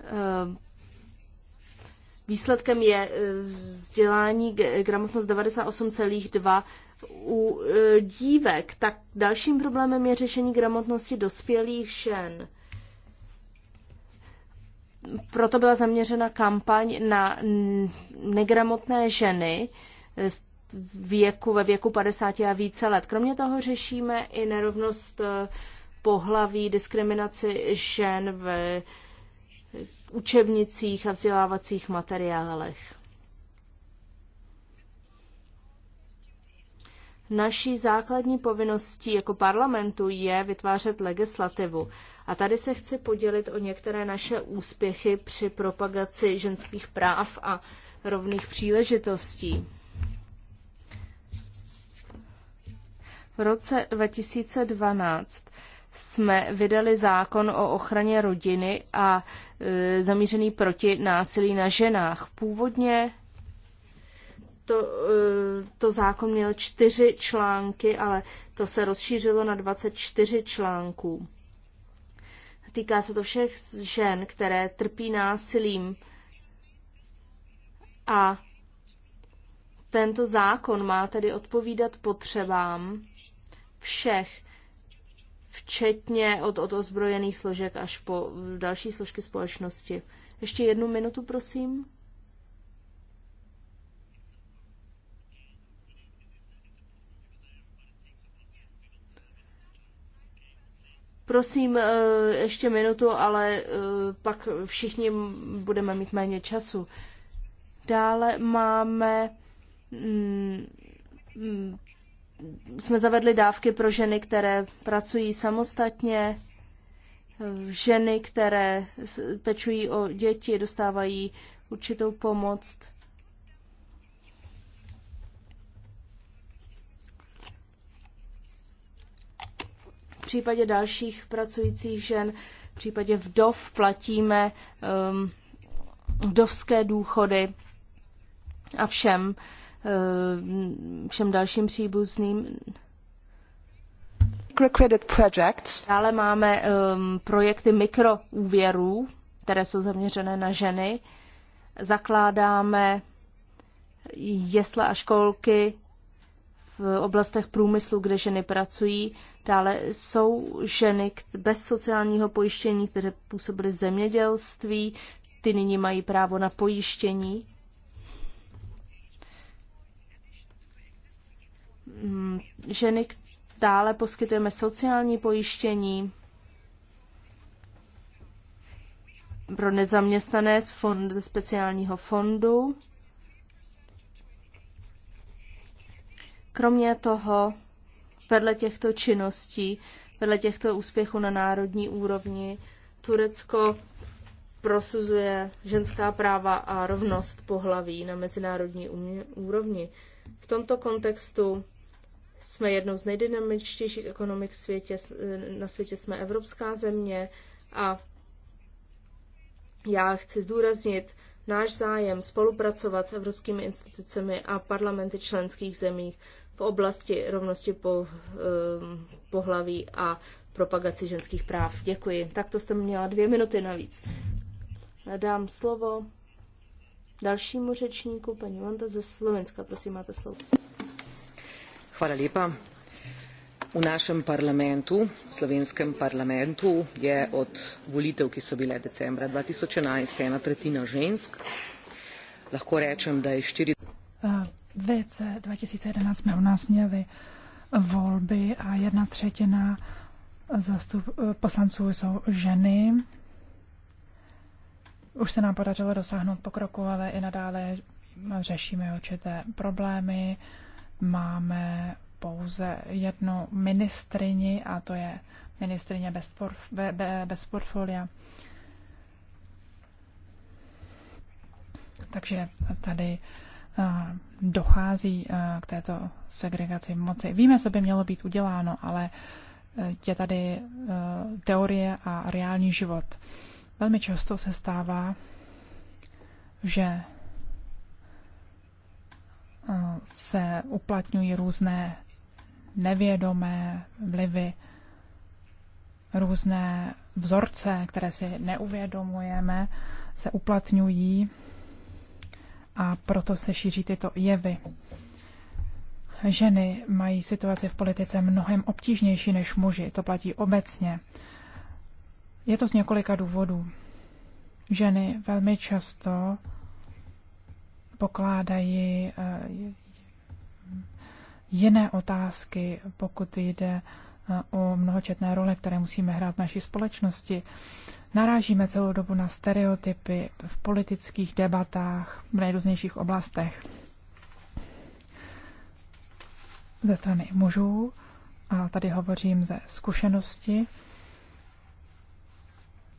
eh, výsledkem je eh, vzdělání gramotnost 98,2 u dívek. Tak dalším problémem je řešení gramotnosti dospělých žen proto byla zaměřena kampaň na negramotné ženy, věku, ve věku 50 a více let. Kromě toho řešíme i nerovnost eh, pohlaví, diskriminaci žen v učebnicích a vzdělávacích materiálech. Naší základní povinností jako parlamentu je vytvářet legislativu. A tady se chci podělit o některé naše úspěchy při propagaci ženských práv a rovných příležitostí. V roce 2012 jsme vydali zákon o ochraně rodiny a e, zamířený proti násilí na ženách. Původně to, e, to zákon měl čtyři články, ale to se rozšířilo na 24 článků. Týká se to všech žen, které trpí násilím. A tento zákon má tedy odpovídat potřebám všech, včetně od, od ozbrojených složek až po další složky společnosti. Ještě jednu minutu, prosím. Prosím, eh, ještě minutu, ale eh, pak všichni budeme mít méně času. Dále máme mm, mm, jsme zavedli dávky pro ženy, které pracují samostatně, ženy, které pečují o děti, dostávají určitou pomoc. V případě dalších pracujících žen, v případě vdov platíme um, vdovské důchody a všem Eh, všem dalším příbuzným. Dále máme um, projekty mikroúvěrů, které jsou zaměřené na ženy. Zakládáme jesle a školky v oblastech průmyslu, kde ženy pracují. Dále jsou ženy bez sociálního pojištění, které působily v zemědělství, ty nyní mají právo na pojištění. Mm, ženy dále poskytujeme sociální pojištění pro nezaměstnané z, fond, ze speciálního fondu. Kromě toho, vedle těchto činností, vedle těchto úspěchů na národní úrovni, Turecko prosuzuje ženská práva a rovnost pohlaví na mezinárodní úrovni. V tomto kontextu jsme jednou z nejdynamičtějších ekonomik v světě, na světě jsme evropská země a já chci zdůraznit náš zájem spolupracovat s evropskými institucemi a parlamenty členských zemí v oblasti rovnosti po, ehm, pohlaví a propagaci ženských práv. Děkuji. Tak to jste měla dvě minuty navíc. Dám slovo dalšímu řečníku, paní Vanda ze Slovenska. Prosím, máte slovo. Hvala lepa. V našem parlamentu, slovenskem parlamentu, je od volitev, ki so bile decembra 2011, ena tretjina žensk. Lahko rečem, da je štiri. Eh, v roce 2011 jsme u nás měli volby a jedna třetina zastup, poslanců jsou ženy. Už se nám podařilo dosáhnout pokroku, ale i nadále řešíme určité problémy máme pouze jednu ministrini a to je ministrině bez, porf, be, be, bez portfolia. Takže tady eh, dochází eh, k této segregaci moci. Víme, co by mělo být uděláno, ale eh, je tady teorie a reální život. Velmi často se stává, že se uplatňují různé nevědomé vlivy, různé vzorce, které si neuvědomujeme, se uplatňují a proto se šíří tyto jevy. Ženy mají situaci v politice mnohem obtížnější než muži, to platí obecně. Je to z několika důvodů. Ženy velmi často pokládají eh, jiné otázky, pokud jde eh, o mnohočetné role, které musíme hrát v naší společnosti. Narážíme celou dobu na stereotypy v politických debatách v nejrůznějších oblastech ze strany mužů, a tady hovořím ze zkušenosti,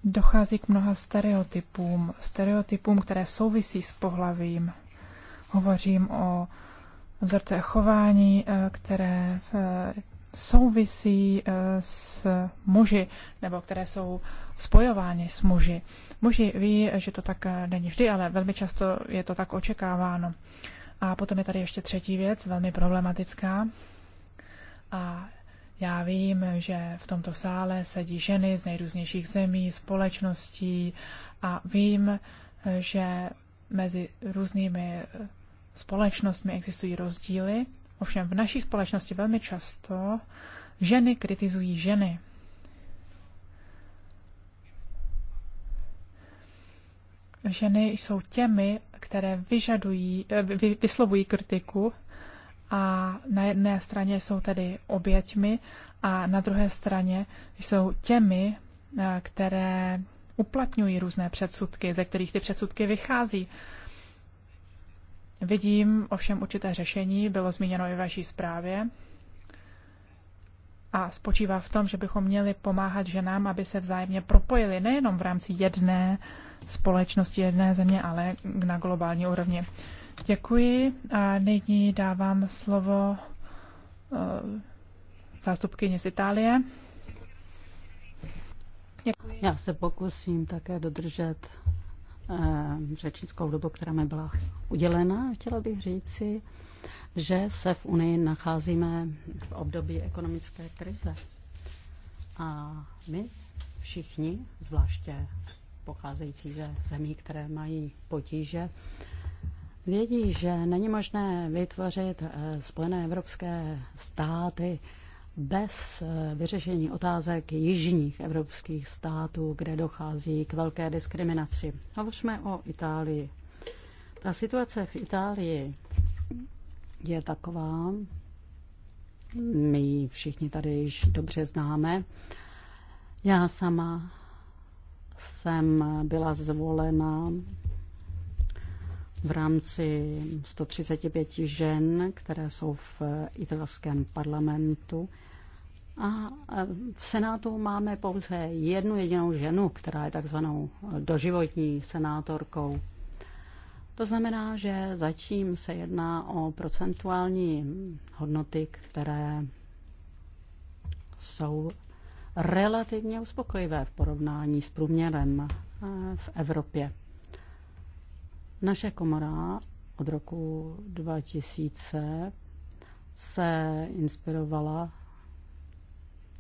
dochází k mnoha stereotypům, stereotypům, které souvisí s pohlavím, Hovořím o vzorce chování, eh, které eh, souvisí eh, s muži, nebo které jsou spojovány s muži. Muži ví, že to tak není vždy, ale velmi často je to tak očekáváno. A potom je tady ještě třetí věc, velmi problematická. A já vím, že v tomto sále sedí ženy z nejrůznějších zemí, společností a vím, že mezi různými společnostmi existují rozdíly, ovšem v naší společnosti velmi často ženy kritizují ženy. Ženy jsou těmi, které vyžadují, eh, vyslovují kritiku a na jedné straně jsou tedy oběťmi a na druhé straně jsou těmi, eh, které uplatňují různé předsudky, ze kterých ty předsudky vychází. Vidím ovšem určité řešení, bylo zmíněno i ve vaší zprávě, a spočívá v tom, že bychom měli pomáhat ženám, aby se vzájemně propojili nejenom v rámci jedné společnosti, jedné země, ale na globální úrovni. Děkuji a nyní dávám slovo eh, zástupkyni z Itálie. Děkuji. Já se pokusím také dodržet Eh, řečnickou dobu, která mi byla udělena. Chtěla bych říci, že se v Unii nacházíme v období ekonomické krize. A my všichni, zvláště pocházející ze zemí, které mají potíže, vědí, že není možné vytvořit eh, Spojené evropské státy bez eh, vyřešení otázek jižních evropských států, kde dochází k velké diskriminaci. Hovořme o Itálii. Ta situace v Itálii je taková, my ji všichni tady již dobře známe. Já sama jsem byla zvolena v rámci 135 žen, které jsou v eh, italském parlamentu. A eh, v Senátu máme pouze jednu jedinou ženu, která je takzvanou eh, doživotní senátorkou. To znamená, že zatím se jedná o procentuální hodnoty, které jsou relativně uspokojivé v porovnání s průměrem v Evropě. Naše komora od roku 2000 se inspirovala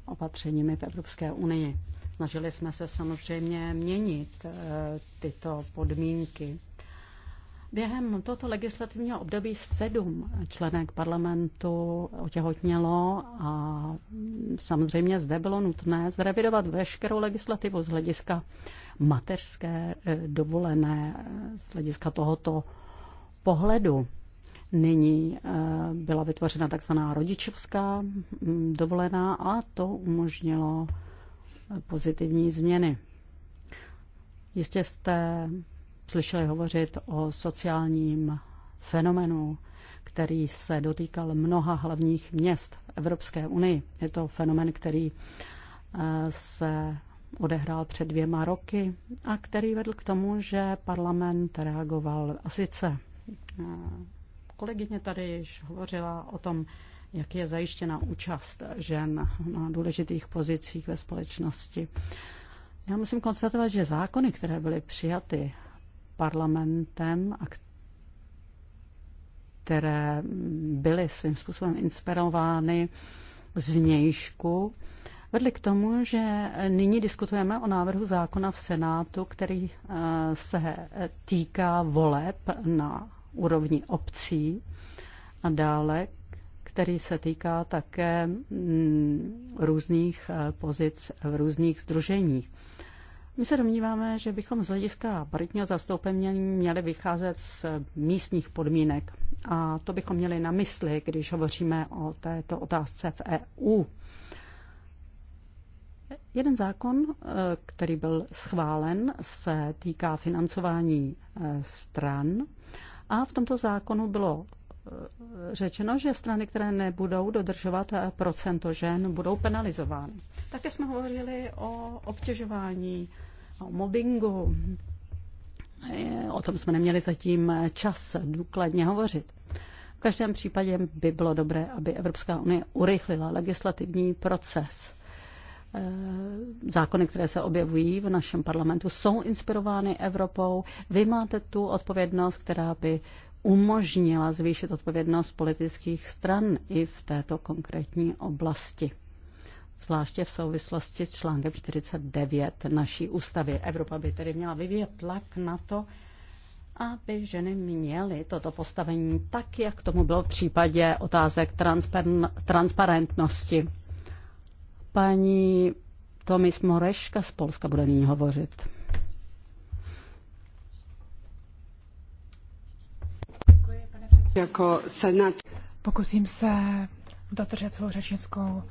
opatřeními v Evropské unii. Snažili jsme se samozřejmě měnit eh, tyto podmínky. Během tohoto legislativního období sedm členek parlamentu otěhotnělo a samozřejmě zde bylo nutné zrevidovat veškerou legislativu z hlediska mateřské eh, dovolené eh, z hlediska tohoto pohledu. Nyní eh, byla vytvořena takzvaná rodičovská mm, dovolená a to umožnilo pozitivní změny. Jistě jste slyšeli hovořit o sociálním fenomenu, který se dotýkal mnoha hlavních měst Evropské unii. Je to fenomen, který se odehrál před dvěma roky a který vedl k tomu, že parlament reagoval. A sice eh, kolegyně tady již hovořila o tom, jak je zajištěna účast žen na důležitých pozicích ve společnosti. Já musím konstatovat, že zákony, které byly přijaty parlamentem a které byly svým způsobem inspirovány vnějšku, vedly k tomu, že nyní diskutujeme o návrhu zákona v Senátu, který eh, se týká voleb na úrovni obcí a dále, který se týká také mm, různých eh, pozic v různých združeních. My se domníváme, že bychom z hlediska paritního zastoupení měli vycházet z místních podmínek. A to bychom měli na mysli, když hovoříme o této otázce v EU. Jeden zákon, eh, který byl schválen, se týká financování eh, stran a v tomto zákonu bylo eh, řečeno, že strany, které nebudou dodržovat procento žen, budou penalizovány. Také jsme hovořili o obtěžování, o mobbingu. O tom jsme neměli zatím čas důkladně hovořit. V každém případě by bylo dobré, aby Evropská unie urychlila legislativní proces Eh, zákony, které se objevují v našem parlamentu, jsou inspirovány Evropou. Vy máte tu odpovědnost, která by umožnila zvýšit odpovědnost politických stran i v této konkrétní oblasti. Zvláště v souvislosti s článkem 49 naší ústavy. Evropa by tedy měla vyvíjet tlak na to, aby ženy měly toto postavení tak, jak tomu bylo v případě otázek transparentnosti. Paní Tomis Moreška z Polska bude nyní hovořit. Jako senat. Pokusím se dotržet svou řečnickou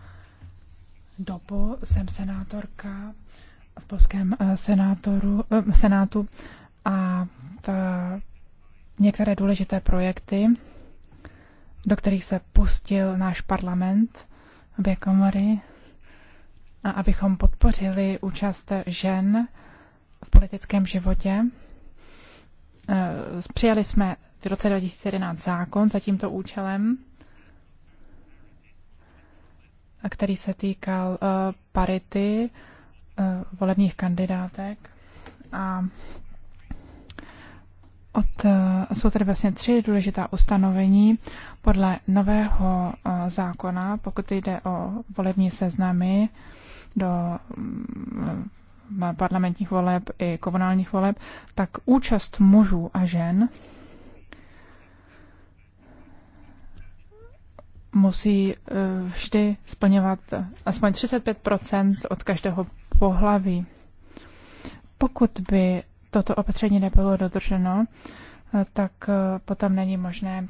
dobu. Jsem senátorka v polském eh, senátoru, eh, senátu a ta, eh, některé důležité projekty, do kterých se pustil náš parlament, obě komory, a abychom podpořili účast žen v politickém životě. E, Přijali jsme v roce 2011 zákon za tímto účelem, který se týkal e, parity e, volebních kandidátek. A od, jsou tady vlastně tři důležitá ustanovení podle nového zákona, pokud jde o volební seznamy do mm, eh, parlamentních voleb i komunálních voleb, tak účast mužů a žen musí eh, vždy splňovat aspoň 35 od každého pohlaví. Pokud by toto opatření nebylo dodrženo, eh, tak potom není možné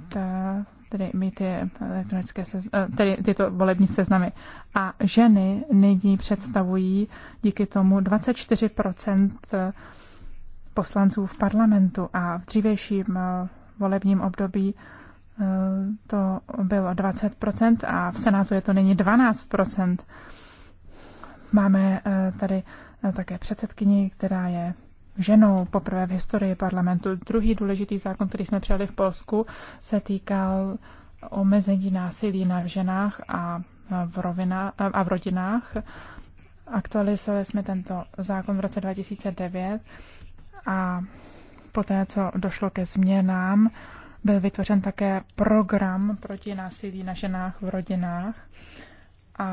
tedy mít ty, elektronické seznamy, eh, tedy tyto volební seznamy. A ženy nyní představují díky tomu 24 eh, poslanců v parlamentu a v dřívějším eh, volebním období to bylo 20% a v Senátu je to nyní 12%. Máme tady také předsedkyni, která je ženou poprvé v historii parlamentu. Druhý důležitý zákon, který jsme přijali v Polsku, se týkal omezení násilí na ženách a v, rovina, a v rodinách. Aktualizovali jsme tento zákon v roce 2009 a poté, co došlo ke změnám, byl vytvořen také program proti násilí na ženách v rodinách a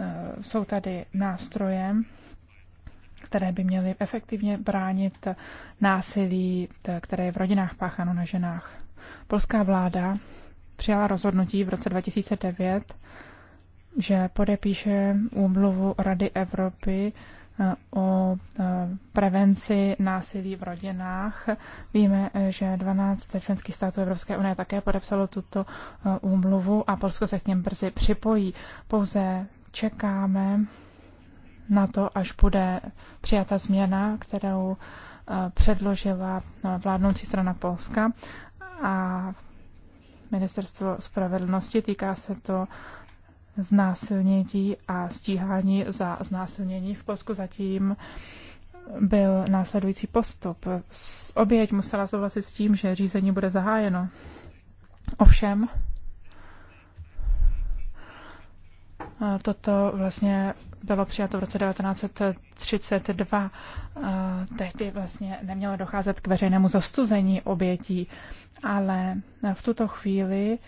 e, jsou tady nástroje, které by měly efektivně bránit násilí, které je v rodinách pácháno na ženách. Polská vláda přijala rozhodnutí v roce 2009, že podepíše úmluvu Rady Evropy eh, o eh, prevenci násilí v rodinách. Víme, eh, že 12 členských států Evropské unie také podepsalo tuto úmluvu a Polsko se k něm brzy připojí. Pouze čekáme na to, až bude přijata změna, kterou eh, předložila eh, vládnoucí strana Polska a ministerstvo spravedlnosti. Týká se to znásilnění a stíhání za znásilnění. V Polsku zatím byl následující postup. Oběť musela souhlasit s tím, že řízení bude zahájeno. Ovšem, eh, toto vlastně bylo přijato v roce 1932. Eh, tehdy vlastně nemělo docházet k veřejnému zostuzení obětí, ale v tuto chvíli,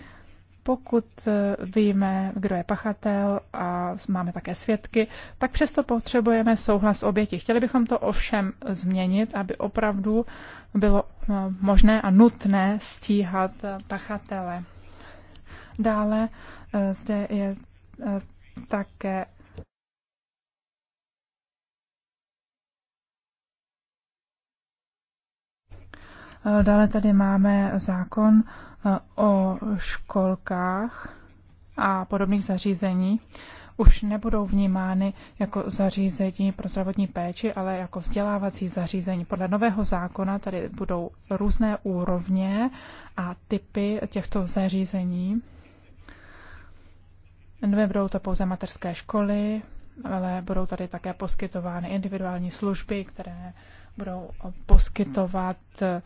pokud eh, víme, kdo je pachatel a máme také svědky, tak přesto potřebujeme souhlas oběti. Chtěli bychom to ovšem změnit, aby opravdu bylo eh, možné a nutné stíhat pachatele. Dále zde je také Dále tady máme zákon e, o školkách a podobných zařízení. Už nebudou vnímány jako zařízení pro zdravotní péči, ale jako vzdělávací zařízení. Podle nového zákona tady budou různé úrovně a typy těchto zařízení. Nebudou to pouze mateřské školy, ale budou tady také poskytovány individuální služby, které budou poskytovat eh,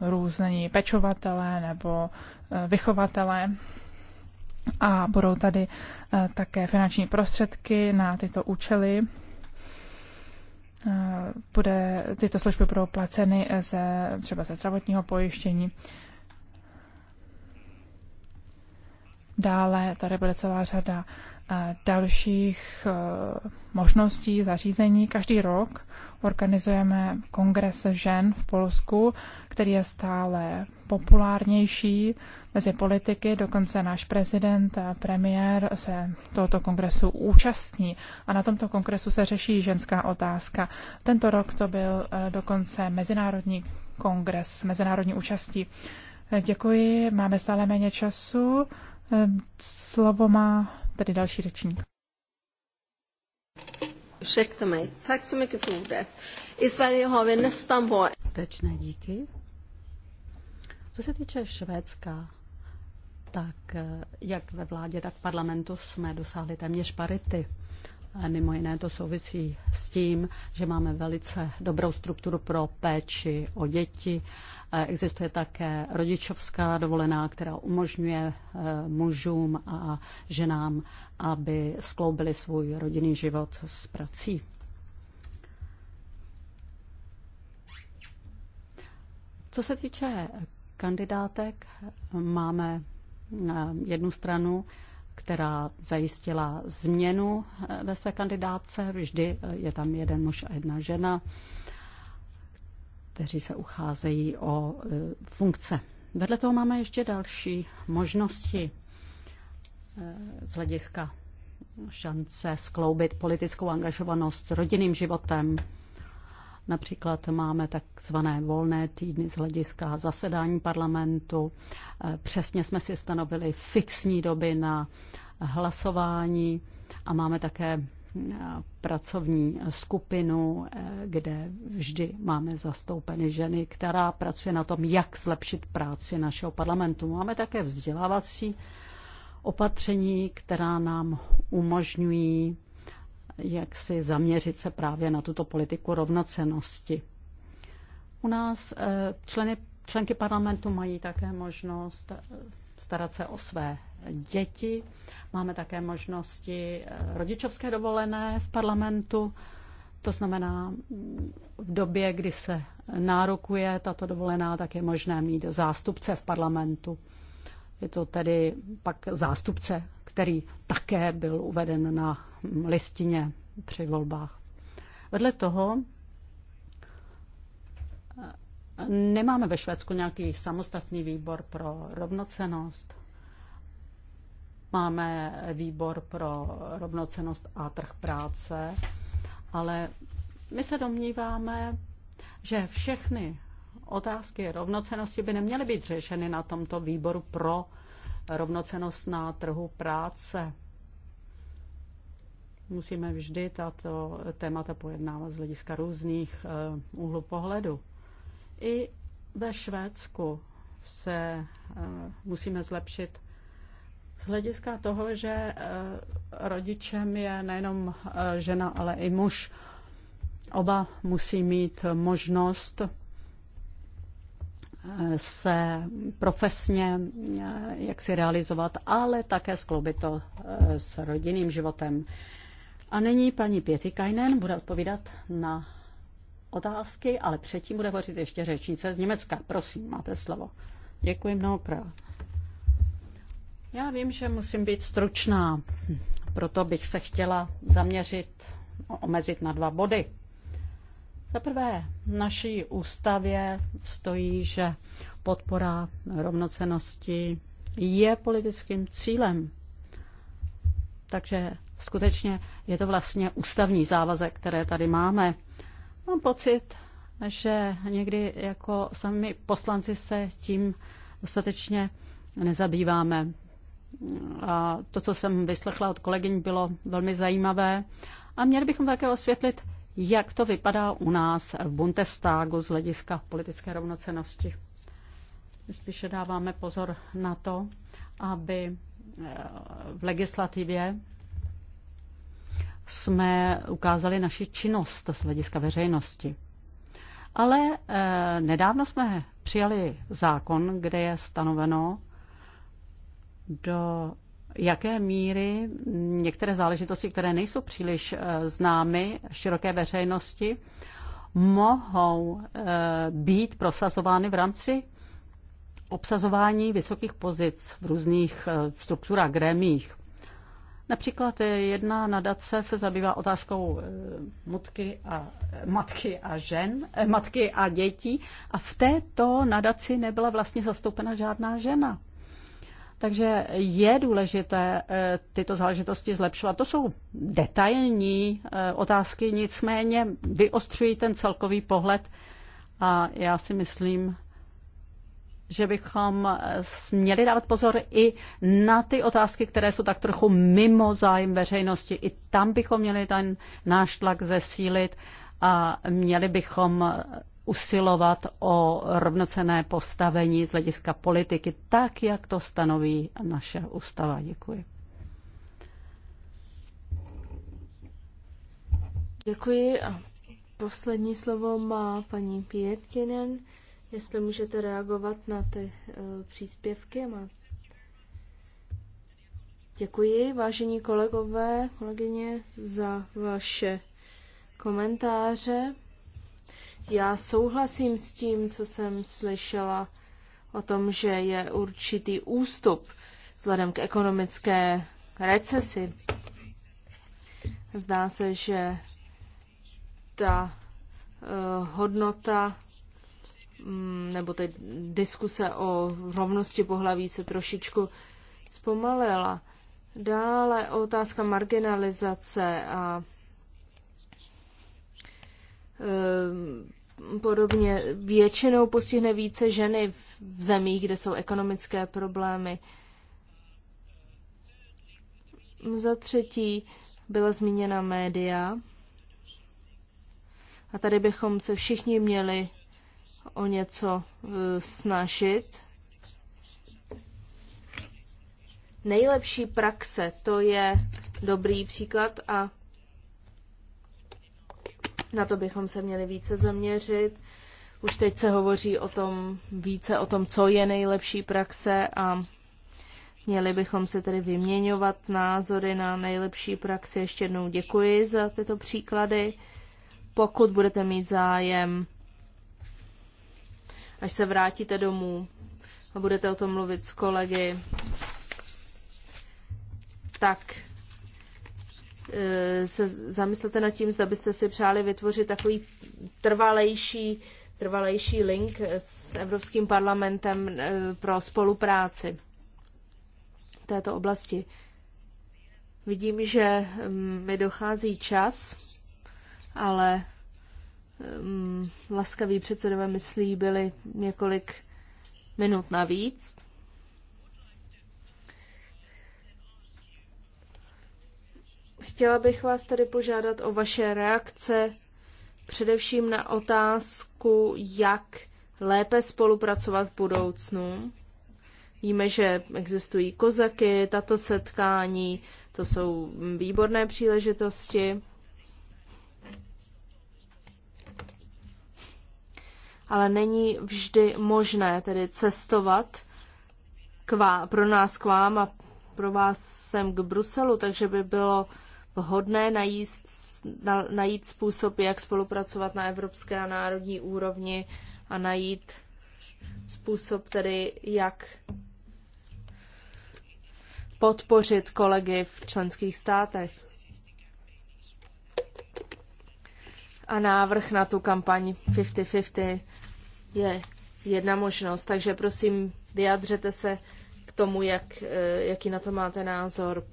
různí pečovatelé nebo eh, vychovatelé a budou tady eh, také finanční prostředky na tyto účely. Bude, tyto služby budou placeny ze, třeba ze zdravotního pojištění. Dále tady bude celá řada dalších e, možností, zařízení. Každý rok organizujeme kongres žen v Polsku, který je stále populárnější mezi politiky. Dokonce náš prezident a premiér se tohoto kongresu účastní a na tomto kongresu se řeší ženská otázka. Tento rok to byl e, dokonce mezinárodní kongres, mezinárodní účastí. E, děkuji, máme stále méně času. Slovo má tady další řečník. Ursäkta mig. Tack så mycket för I Sverige har vi nästan på... díky. Co se týče Švédska, tak eh, jak ve vládě, tak v parlamentu jsme dosáhli téměř parity. Mimo jiné to souvisí s tím, že máme velice dobrou strukturu pro péči o děti. Existuje také rodičovská dovolená, která umožňuje eh, mužům a ženám, aby skloubili svůj rodinný život s prací. Co se týče kandidátek, máme eh, jednu stranu, která zajistila změnu eh, ve své kandidáce. Vždy eh, je tam jeden muž a jedna žena, kteří se ucházejí o eh, funkce. Vedle toho máme ještě další možnosti z hlediska šance skloubit politickou angažovanost s rodinným životem, Například máme takzvané volné týdny z hlediska zasedání parlamentu. Eh, přesně jsme si stanovili fixní doby na hlasování a máme také eh, pracovní skupinu, eh, kde vždy máme zastoupeny ženy, která pracuje na tom, jak zlepšit práci našeho parlamentu. Máme také vzdělávací opatření, která nám umožňují jak si zaměřit se právě na tuto politiku rovnocenosti. U nás eh, členy, členky parlamentu mají také možnost eh, starat se o své děti. Máme také možnosti eh, rodičovské dovolené v parlamentu. To znamená, v době, kdy se nárokuje tato dovolená, tak je možné mít zástupce v parlamentu. Je to tedy pak zástupce, který také byl uveden na listině při volbách. Vedle toho nemáme ve Švédsku nějaký samostatný výbor pro rovnocenost. Máme výbor pro rovnocenost a trh práce, ale my se domníváme, že všechny otázky rovnocenosti by neměly být řešeny na tomto výboru pro rovnocenost na trhu práce musíme vždy tato témata pojednávat z hlediska různých eh, úhlů pohledu. I ve Švédsku se eh, musíme zlepšit z hlediska toho, že eh, rodičem je nejenom žena, ale i muž. Oba musí mít možnost se profesně jak si realizovat, ale také skloubit to s rodinným životem. A nyní paní Pietikainen bude odpovídat na otázky, ale předtím bude hovořit ještě řečnice z Německa. Prosím, máte slovo. Děkuji mnohokrát. Já vím, že musím být stručná, proto bych se chtěla zaměřit, omezit na dva body. Za prvé, v naší ústavě stojí, že podpora rovnocenosti je politickým cílem. Takže skutečně je to vlastně ústavní závazek, které tady máme. Mám pocit, že někdy jako sami poslanci se tím dostatečně nezabýváme. A to, co jsem vyslechla od kolegyň, bylo velmi zajímavé. A měli bychom také osvětlit, jak to vypadá u nás v Bundestagu z hlediska politické rovnocenosti. My spíše dáváme pozor na to, aby v legislativě jsme ukázali naši činnost z hlediska veřejnosti. Ale e, nedávno jsme přijali zákon, kde je stanoveno, do jaké míry některé záležitosti, které nejsou příliš eh, známy široké veřejnosti, mohou eh, být prosazovány v rámci obsazování vysokých pozic v různých strukturách, grémích. Například eh, jedna nadace se zabývá otázkou eh, matky a, eh, matky a žen, matky a dětí a v této nadaci nebyla vlastně zastoupena žádná žena. Takže je důležité tyto záležitosti zlepšovat. To jsou detailní otázky, nicméně vyostřují ten celkový pohled a já si myslím, že bychom eh, měli dávat pozor i na ty otázky, které jsou tak trochu mimo zájem veřejnosti. I tam bychom měli ten náš tlak zesílit a měli bychom eh, usilovat o rovnocené postavení z hlediska politiky, tak, jak to stanoví naše ústava. Děkuji. Děkuji a poslední slovo má paní Pětkinen jestli můžete reagovat na ty eh, příspěvky. Má... Děkuji, vážení kolegové, kolegyně, za vaše komentáře. Já souhlasím s tím, co jsem slyšela o tom, že je určitý ústup vzhledem k ekonomické recesi. Zdá se, že ta uh, hodnota Mm, nebo ty diskuse o rovnosti pohlaví se trošičku zpomalila. Dále otázka marginalizace a eh, podobně. Většinou postihne více ženy v zemích, kde jsou ekonomické problémy. Za třetí byla zmíněna média. A tady bychom se všichni měli o něco e, snažit. Nejlepší praxe, to je dobrý příklad a na to bychom se měli více zaměřit. Už teď se hovoří o tom více o tom, co je nejlepší praxe a měli bychom se tedy vyměňovat názory na nejlepší praxi. Ještě jednou děkuji za tyto příklady. Pokud budete mít zájem až se vrátíte domů a budete o tom mluvit s kolegy, tak e, se zamyslete nad tím, zda byste si přáli vytvořit takový trvalejší, trvalejší link s Evropským parlamentem e, pro spolupráci v této oblasti. Vidím, že mm, mi dochází čas, ale um, laskaví předsedové mi slíbili několik minut navíc. Chtěla bych vás tady požádat o vaše reakce především na otázku, jak lépe spolupracovat v budoucnu. Víme, že existují kozaky, tato setkání, to jsou výborné příležitosti. ale není vždy možné tedy cestovat k vám, pro nás k vám a pro vás sem k Bruselu, takže by bylo vhodné najít, najít způsob, jak spolupracovat na evropské a národní úrovni a najít způsob tedy, jak podpořit kolegy v členských státech. A návrh na tu kampaň 50-50 je jedna možnost. Takže prosím, vyjadřete se k tomu, jak, eh, jaký na to máte názor.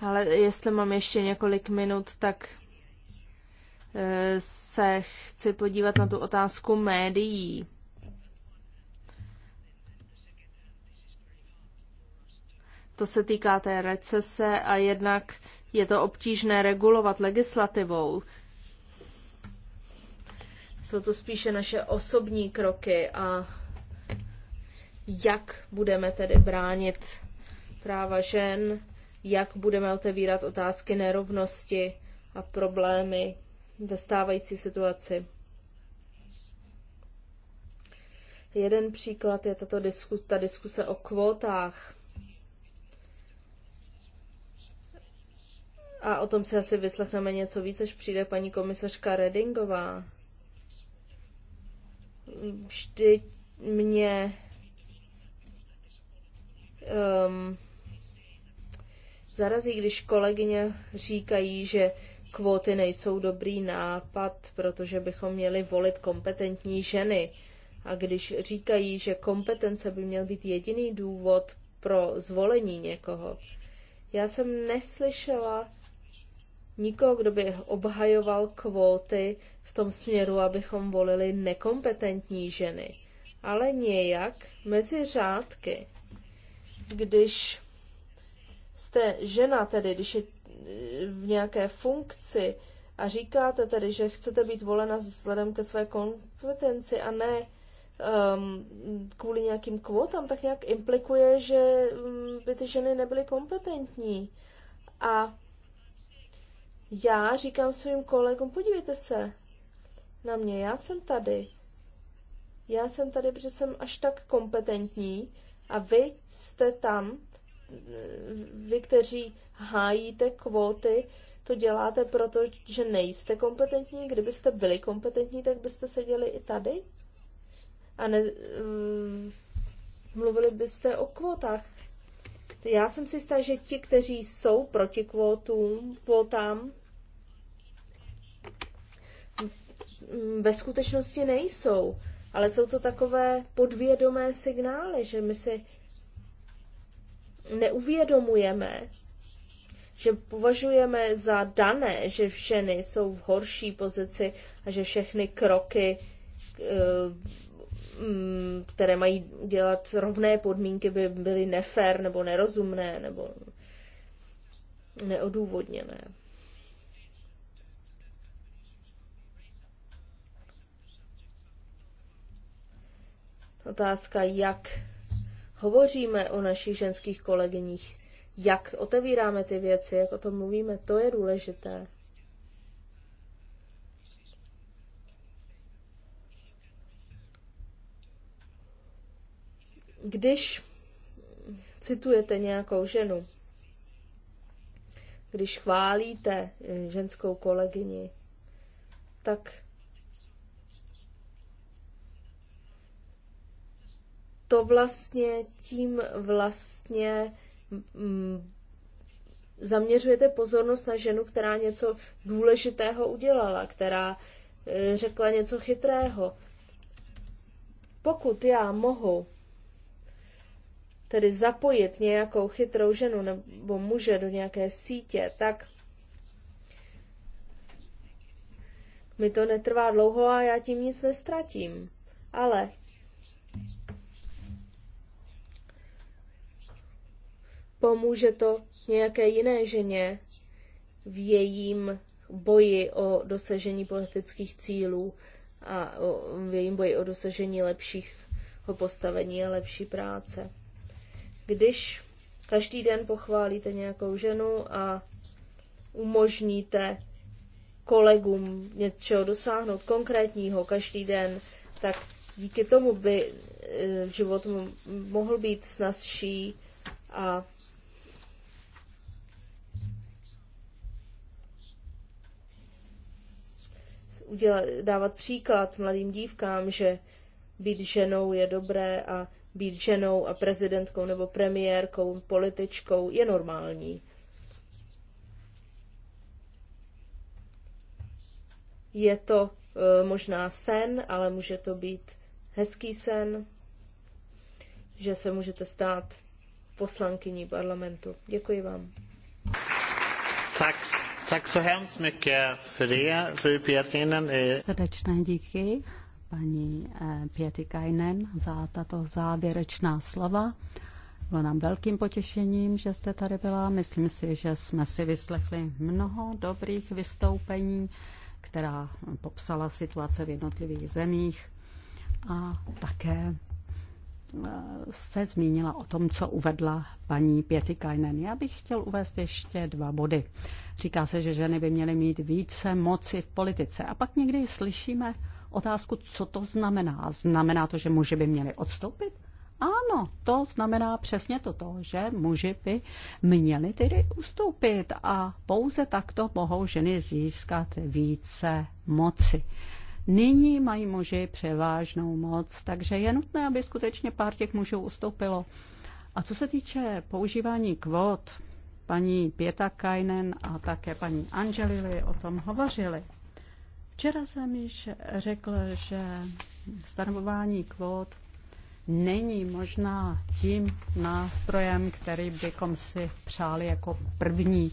Ale jestli mám ještě několik minut, tak eh, se chci podívat na tu otázku médií. To se týká té recese a jednak je to obtížné regulovat legislativou. Jsou to spíše naše osobní kroky a jak budeme tedy bránit práva žen, jak budeme otevírat otázky nerovnosti a problémy ve stávající situaci. Jeden příklad je tato diskus, ta diskuse o kvótách. A o tom si asi vyslechneme něco víc, až přijde paní komisařka Redingová. Vždy mě um, zarazí, když kolegyně říkají, že kvóty nejsou dobrý nápad, protože bychom měli volit kompetentní ženy. A když říkají, že kompetence by měl být jediný důvod pro zvolení někoho, já jsem neslyšela nikoho, kdo by obhajoval kvóty v tom směru, abychom volili nekompetentní ženy, ale nějak mezi řádky. Když jste žena, tedy když je eh, v nějaké funkci a říkáte tedy, že chcete být volena vzhledem ke své kompetenci a ne um, kvůli nějakým kvótám, tak nějak implikuje, že mm, by ty ženy nebyly kompetentní. A já říkám svým kolegům, podívejte se na mě, já jsem tady. Já jsem tady, protože jsem až tak kompetentní a vy jste tam, vy, kteří hájíte kvóty, to děláte proto, že nejste kompetentní. Kdybyste byli kompetentní, tak byste seděli i tady a ne, um, mluvili byste o kvótách. Já jsem si jistá, že ti, kteří jsou proti kvótům, kvótám, ve skutečnosti nejsou, ale jsou to takové podvědomé signály, že my si neuvědomujeme, že považujeme za dané, že ženy jsou v horší pozici a že všechny kroky, eh, mm, které mají dělat rovné podmínky, by byly nefér nebo nerozumné nebo neodůvodněné. Otázka, jak hovoříme o našich ženských kolegyních, jak otevíráme ty věci, jak o tom mluvíme, to je důležité. Když citujete nějakou ženu, když chválíte eh, ženskou kolegyni, tak to vlastně tím vlastně mm, zaměřujete pozornost na ženu, která něco důležitého udělala, která e, řekla něco chytrého. Pokud já mohu tedy zapojit nějakou chytrou ženu nebo muže do nějaké sítě, tak mi to netrvá dlouho a já tím nic nestratím. Ale pomůže to nějaké jiné ženě v jejím boji o dosažení politických cílů a o, v jejím boji o dosažení lepších postavení a lepší práce. Když každý den pochválíte nějakou ženu a umožníte kolegům něčeho dosáhnout konkrétního každý den, tak díky tomu by eh, život mohl být snazší a udělat, dávat příklad mladým dívkám, že být ženou je dobré a být ženou a prezidentkou nebo premiérkou, političkou je normální. Je to e, možná sen, ale může to být hezký sen, že se můžete stát poslankyní parlamentu. Děkuji vám. Tak. Tack så hemskt mycket för det, fru eh, Srdečné díky paní eh, Pietikainen za tato závěrečná slova. Bylo nám velkým potěšením, že jste tady byla. Myslím si, že jsme si vyslechli mnoho dobrých vystoupení, která popsala situace v jednotlivých zemích a také se zmínila o tom, co uvedla paní Pětikajnen. Já bych chtěl uvést ještě dva body. Říká se, že ženy by měly mít více moci v politice. A pak někdy slyšíme otázku, co to znamená. Znamená to, že muži by měli odstoupit? Ano, to znamená přesně toto, že muži by měli tedy ustoupit a pouze takto mohou ženy získat více moci. Nyní mají muži převážnou moc, takže je nutné, aby skutečně pár těch mužů ustoupilo. A co se týče používání kvot, paní Pěta Kajnen a také paní Angelili o tom hovořili. Včera jsem již řekl, že stanovování kvót není možná tím nástrojem, který bychom si přáli jako první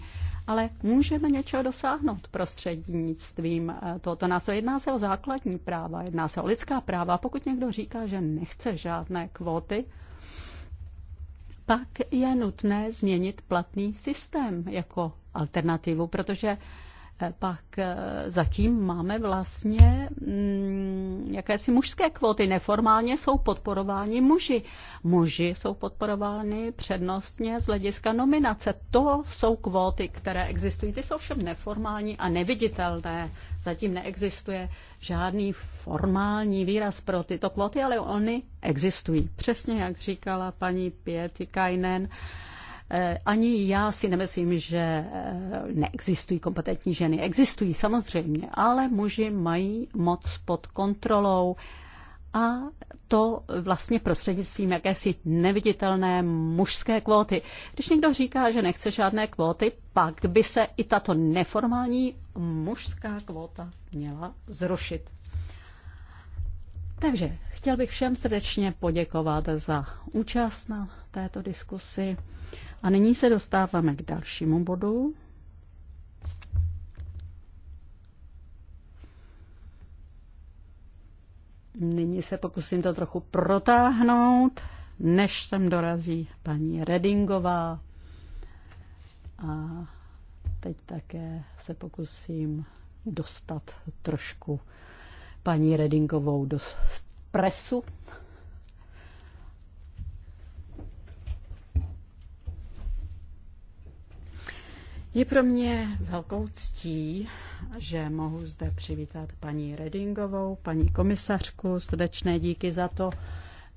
ale můžeme něčeho dosáhnout prostřednictvím eh, tohoto nástroje. Jedná se o základní práva, jedná se o lidská práva. Pokud někdo říká, že nechce žádné kvóty, pak je nutné změnit platný systém jako alternativu, protože pak eh, zatím máme vlastně mm, jakési mužské kvóty. Neformálně jsou podporováni muži. Muži jsou podporováni přednostně z hlediska nominace. To jsou kvóty, které existují. Ty jsou všem neformální a neviditelné. Zatím neexistuje žádný formální výraz pro tyto kvóty, ale oni existují. Přesně jak říkala paní Piety Kajnen, Eh, ani já si nemyslím, že eh, neexistují kompetentní ženy. Existují samozřejmě, ale muži mají moc pod kontrolou a to vlastně prostřednictvím jakési neviditelné mužské kvóty. Když někdo říká, že nechce žádné kvóty, pak by se i tato neformální mužská kvóta měla zrušit. Takže chtěl bych všem srdečně poděkovat za účast na této diskusi. A nyní se dostáváme k dalšímu bodu. Nyní se pokusím to trochu protáhnout, než sem dorazí paní Redingová. A teď také se pokusím dostat trošku paní Redingovou do presu. Je pro mě velkou ctí, že mohu zde přivítat paní Redingovou, paní komisařku. Srdečné díky za to,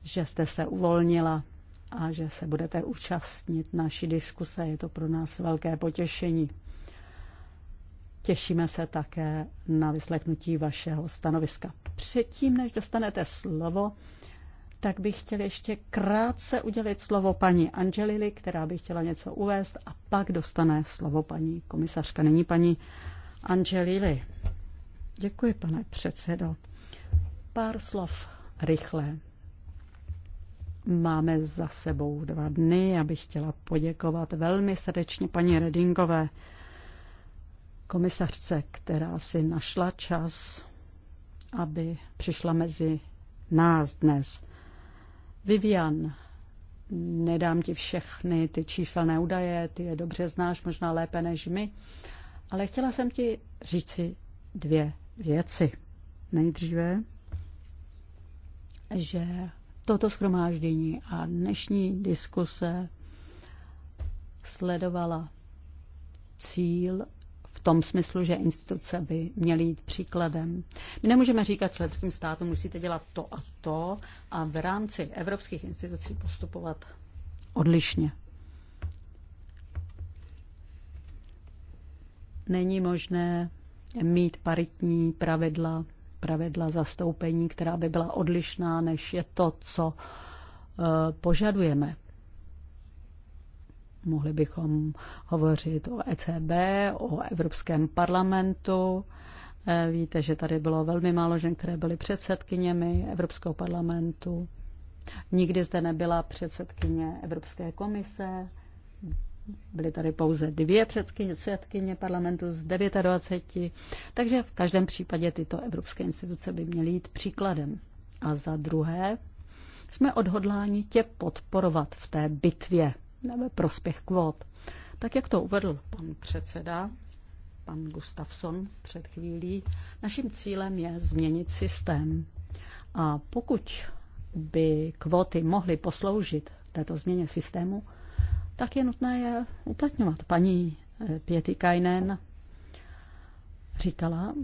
že jste se uvolnila a že se budete účastnit naší diskuse. Je to pro nás velké potěšení. Těšíme se také na vyslechnutí vašeho stanoviska. Předtím, než dostanete slovo, tak bych chtěl ještě krátce udělit slovo paní Angelili, která by chtěla něco uvést a pak dostane slovo paní komisařka. Není paní Angelili. Děkuji, pane předsedo. Pár slov rychle. Máme za sebou dva dny. Já bych chtěla poděkovat velmi srdečně paní Redingové, komisařce, která si našla čas, aby přišla mezi nás dnes. Vivian, nedám ti všechny ty číselné údaje, ty je dobře znáš, možná lépe než my, ale chtěla jsem ti říci dvě věci. Nejdříve, že toto schromáždění a dnešní diskuse sledovala cíl v tom smyslu, že instituce by měly jít příkladem. My nemůžeme říkat členským státům, musíte dělat to a to a v rámci evropských institucí postupovat odlišně. Není možné mít paritní pravidla, pravidla zastoupení, která by byla odlišná, než je to, co eh, požadujeme. Mohli bychom hovořit o ECB, o Evropském parlamentu. Eh, víte, že tady bylo velmi málo žen, které byly předsedkyněmi Evropského parlamentu. Nikdy zde nebyla předsedkyně Evropské komise. Byly tady pouze dvě předsedkyně parlamentu z 29. Takže v každém případě tyto evropské instituce by měly jít příkladem. A za druhé, jsme odhodláni tě podporovat v té bitvě ve prospěch kvót. Tak jak to uvedl pan předseda, pan Gustafsson před chvílí, naším cílem je změnit systém. A pokud by kvóty mohly posloužit této změně systému, tak je nutné je uplatňovat. Paní eh, Pěty Kajnen říkala,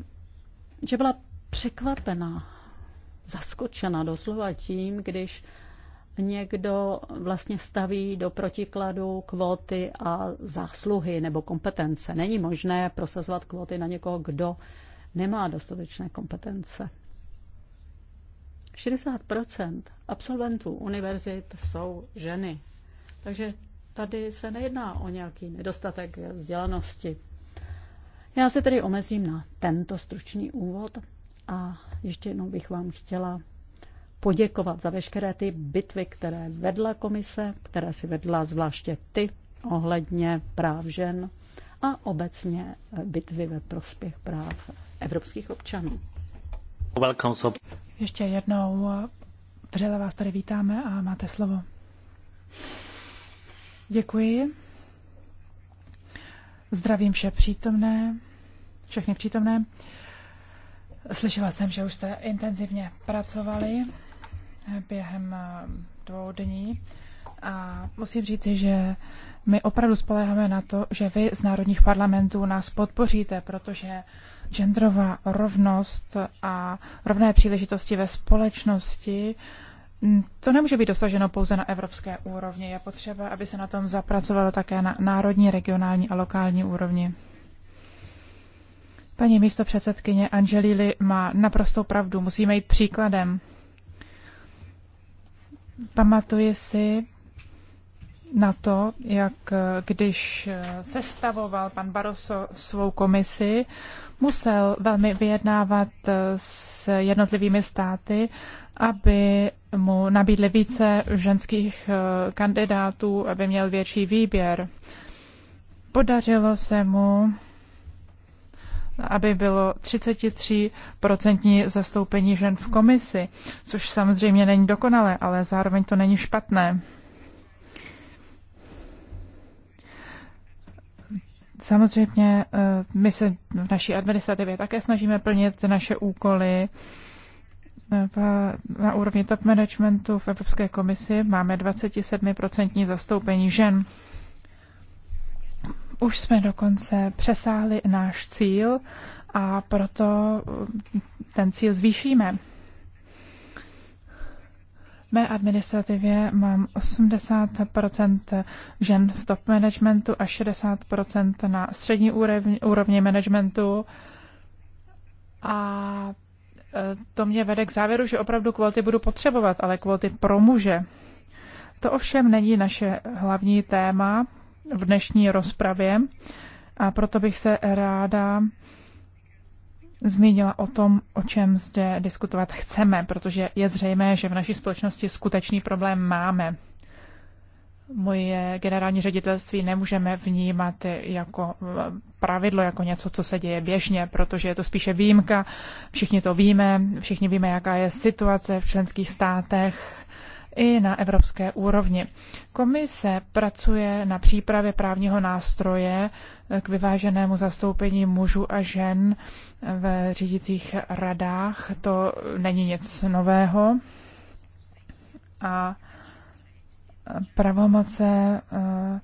že byla překvapena, zaskočena doslova tím, když někdo vlastně staví do protikladu kvóty a zásluhy nebo kompetence. Není možné prosazovat kvóty na někoho, kdo nemá dostatečné kompetence. 60 absolventů univerzit jsou ženy. Takže tady se nejedná o nějaký nedostatek vzdělanosti. Já se tedy omezím na tento stručný úvod a ještě jednou bych vám chtěla poděkovat za veškeré ty bitvy, které vedla komise, které si vedla zvláště ty ohledně práv žen a obecně bitvy ve prospěch práv evropských občanů. Ještě jednou vřele vás tady vítáme a máte slovo. Děkuji. Zdravím vše přítomné, všechny přítomné. Slyšela jsem, že už jste intenzivně pracovali během eh, dvou dní. A musím říci, že my opravdu spoléháme na to, že vy z národních parlamentů nás podpoříte, protože genderová rovnost a rovné příležitosti ve společnosti mm, to nemůže být dosaženo pouze na evropské úrovni. Je potřeba, aby se na tom zapracovalo také na národní, regionální a lokální úrovni. Paní místo předsedkyně Angelili má naprostou pravdu. Musíme jít příkladem. Pamatuji si na to, jak když sestavoval pan Baroso svou komisi, musel velmi vyjednávat s jednotlivými státy, aby mu nabídli více ženských eh, kandidátů, aby měl větší výběr. Podařilo se mu aby bylo 33% zastoupení žen v komisi, což samozřejmě není dokonalé, ale zároveň to není špatné. Samozřejmě eh, my se v naší administrativě také snažíme plnit naše úkoly. Na úrovni top managementu v Evropské komisi máme 27% zastoupení žen. Už jsme dokonce přesáhli náš cíl a proto eh, ten cíl zvýšíme. V mé administrativě mám 80 žen v top managementu a 60 na střední úrovni, úrovni managementu. A eh, to mě vede k závěru, že opravdu kvóty budu potřebovat, ale kvóty pro muže. To ovšem není naše hlavní téma v dnešní rozpravě a proto bych se ráda zmínila o tom, o čem zde diskutovat chceme, protože je zřejmé, že v naší společnosti skutečný problém máme. Moje generální ředitelství nemůžeme vnímat jako pravidlo, jako něco, co se děje běžně, protože je to spíše výjimka. Všichni to víme, všichni víme, jaká je situace v členských státech i na evropské úrovni. Komise pracuje na přípravě právního nástroje k vyváženému zastoupení mužů a žen v řídicích radách. To není nic nového. A pravomoce eh,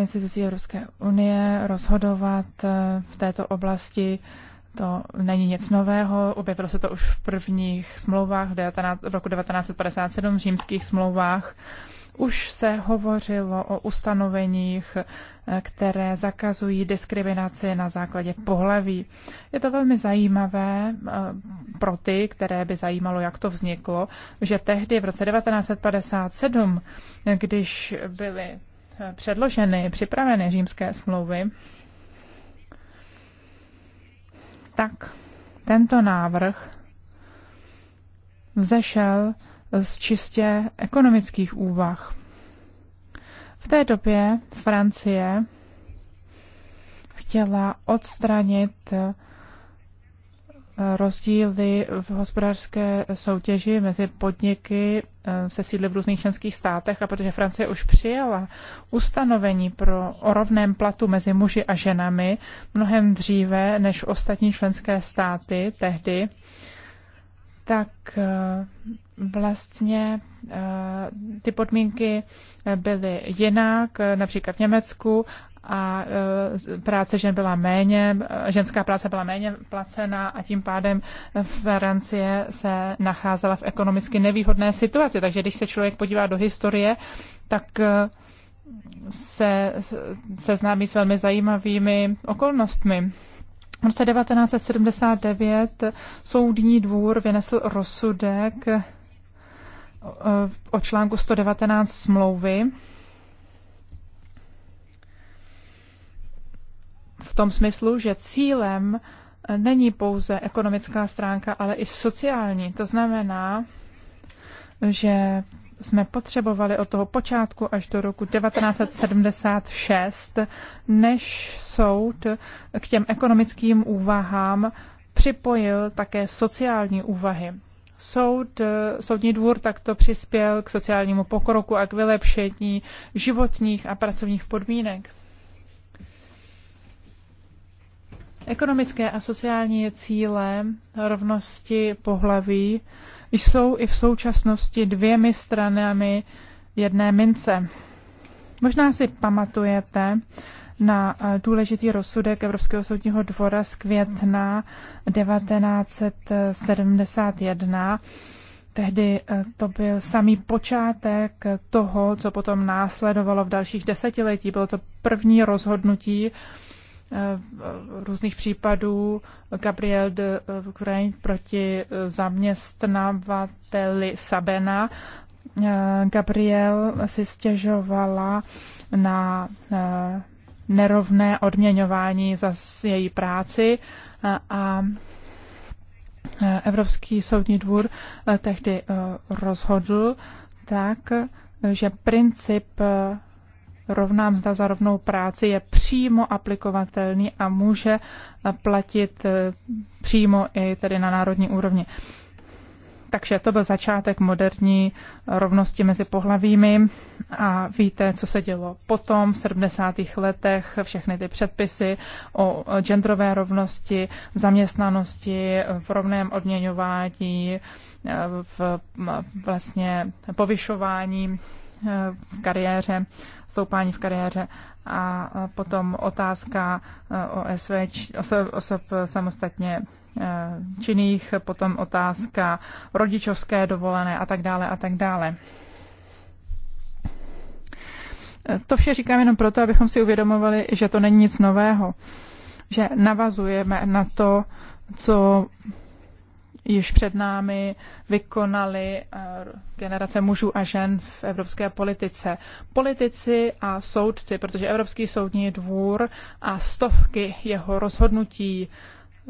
institucí Evropské unie rozhodovat eh, v této oblasti to není nic nového, objevilo se to už v prvních smlouvách v 19, roku 1957, v římských smlouvách. Už se hovořilo o ustanoveních, eh, které zakazují diskriminaci na základě pohlaví. Je to velmi zajímavé eh, pro ty, které by zajímalo, jak to vzniklo, že tehdy v roce 1957, když byly eh, předloženy, připraveny římské smlouvy, tak tento návrh vzešel z čistě ekonomických úvah. V té době Francie chtěla odstranit rozdíly v hospodářské soutěži mezi podniky eh, se sídly v různých členských státech a protože Francie už přijala ustanovení pro o rovném platu mezi muži a ženami mnohem dříve než ostatní členské státy tehdy, tak eh, vlastně eh, ty podmínky byly jinak, například v Německu, a e, práce žen byla méně, e, ženská práce byla méně placená a tím pádem Francie se nacházela v ekonomicky nevýhodné situaci. Takže když se člověk podívá do historie, tak e, se seznámí s velmi zajímavými okolnostmi. V roce 1979 soudní dvůr vynesl rozsudek o článku 119 smlouvy tom smyslu, že cílem eh, není pouze ekonomická stránka, ale i sociální. To znamená, že jsme potřebovali od toho počátku až do roku 1976, než soud k těm ekonomickým úvahám připojil také sociální úvahy. Soud, eh, soudní dvůr takto přispěl k sociálnímu pokroku a k vylepšení životních a pracovních podmínek. Ekonomické a sociální cíle rovnosti pohlaví jsou i v současnosti dvěmi stranami jedné mince. Možná si pamatujete na eh, důležitý rozsudek Evropského soudního dvora z května 1971. Tehdy eh, to byl samý počátek toho, co potom následovalo v dalších desetiletí. Bylo to první rozhodnutí, Eh, různých případů Gabriel de Ukraine eh, proti eh, zaměstnavateli Sabena. Gabriel si stěžovala na nerovné odměňování za její práci a Evropský soudní dvůr tehdy rozhodl tak, že princip rovná mzda za rovnou práci je přímo aplikovatelný a může platit eh, přímo i tedy na národní úrovni. Takže to byl začátek moderní rovnosti mezi pohlavími a víte, co se dělo potom v 70. letech, všechny ty předpisy o genderové rovnosti, zaměstnanosti, v rovném odměňování, eh, v vlastně povyšování v kariéře, stoupání v kariéře a potom otázka e, o SVČ, osob, osob samostatně e, činných, potom otázka rodičovské dovolené a tak dále a tak dále. E, to vše říkám jenom proto, abychom si uvědomovali, že to není nic nového, že navazujeme na to, co již před námi vykonali eh, generace mužů a žen v evropské politice. Politici a soudci, protože Evropský soudní dvůr a stovky jeho rozhodnutí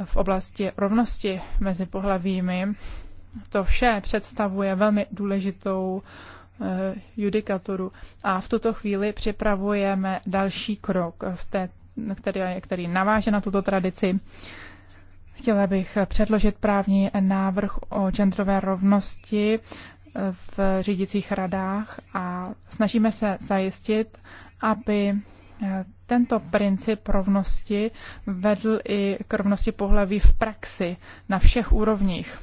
v oblasti rovnosti mezi pohlavími, to vše představuje velmi důležitou eh, judikaturu. A v tuto chvíli připravujeme další krok, v té, který, který naváže na tuto tradici Chtěla bych předložit právní návrh o genderové rovnosti eh, v řídicích radách a snažíme se zajistit, aby eh, tento princip rovnosti vedl i k rovnosti pohlaví v praxi na všech úrovních.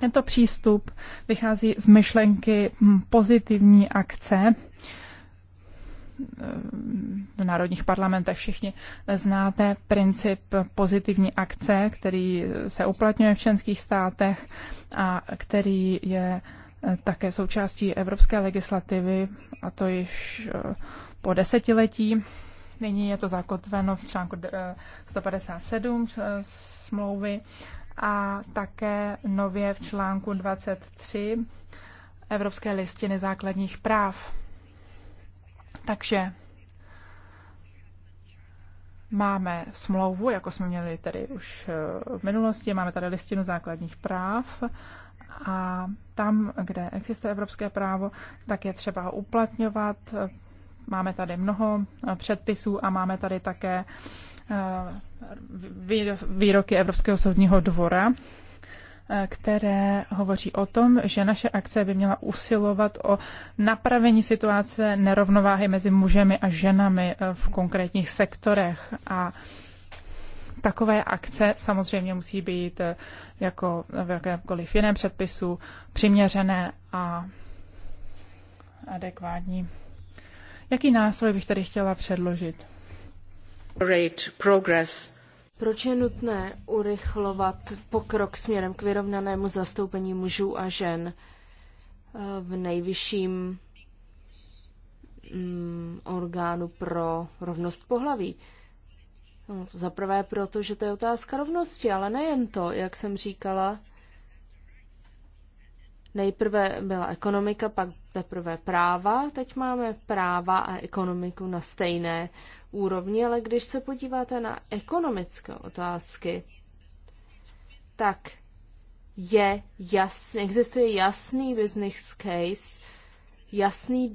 Tento přístup vychází z myšlenky mm, pozitivní akce v národních parlamentech všichni znáte princip pozitivní akce, který se uplatňuje v členských státech a který je také součástí evropské legislativy, a to již eh, po desetiletí. Nyní je to zakotveno v článku 157 eh, eh, smlouvy a také nově v článku 23 Evropské listiny základních práv. Takže máme smlouvu, jako jsme měli tady už eh, v minulosti, máme tady listinu základních práv a tam, kde existuje evropské právo, tak je třeba ho uplatňovat. Máme tady mnoho eh, předpisů a máme tady také eh, výroky Evropského soudního dvora které hovoří o tom, že naše akce by měla usilovat o napravení situace nerovnováhy mezi mužemi a ženami eh, v konkrétních sektorech. A takové akce samozřejmě musí být eh, jako v jakémkoliv jiném předpisu přiměřené a adekvátní. Jaký nástroj bych tady chtěla předložit? progress proč je nutné urychlovat pokrok směrem k vyrovnanému zastoupení mužů a žen eh, v nejvyšším mm, orgánu pro rovnost pohlaví? No, zaprvé proto, že to je otázka rovnosti, ale nejen to, jak jsem říkala, Nejprve byla ekonomika, pak teprve práva. Teď máme práva a ekonomiku na stejné úrovni, ale když se podíváte na ekonomické otázky, tak je jasný, existuje jasný business case, jasný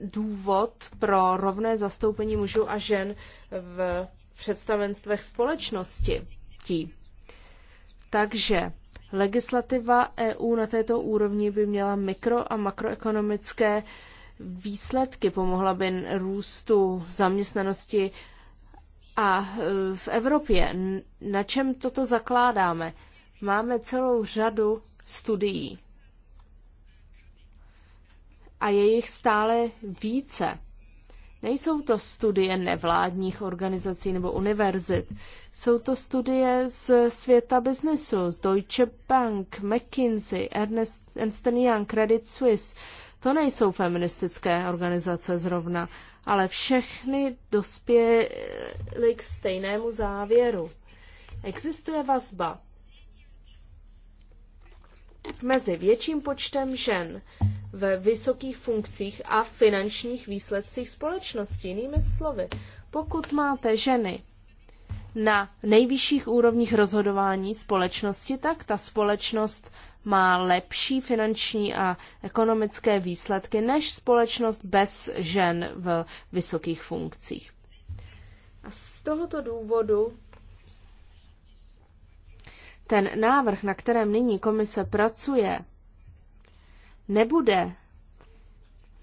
důvod pro rovné zastoupení mužů a žen v představenstvech společnosti. Takže Legislativa EU na této úrovni by měla mikro a makroekonomické výsledky, pomohla by růstu zaměstnanosti a e, v Evropě. Na čem toto zakládáme? Máme celou řadu studií a je jich stále více. Nejsou to studie nevládních organizací nebo univerzit. Jsou to studie z světa biznesu, z Deutsche Bank, McKinsey, Ernest, Ernst Young, Credit Suisse. To nejsou feministické organizace zrovna, ale všechny dospěly k stejnému závěru. Existuje vazba mezi větším počtem žen ve vysokých funkcích a finančních výsledcích společnosti. Jinými slovy, pokud máte ženy na nejvyšších úrovních rozhodování společnosti, tak ta společnost má lepší finanční a ekonomické výsledky než společnost bez žen v vysokých funkcích. A z tohoto důvodu ten návrh, na kterém nyní komise pracuje, nebude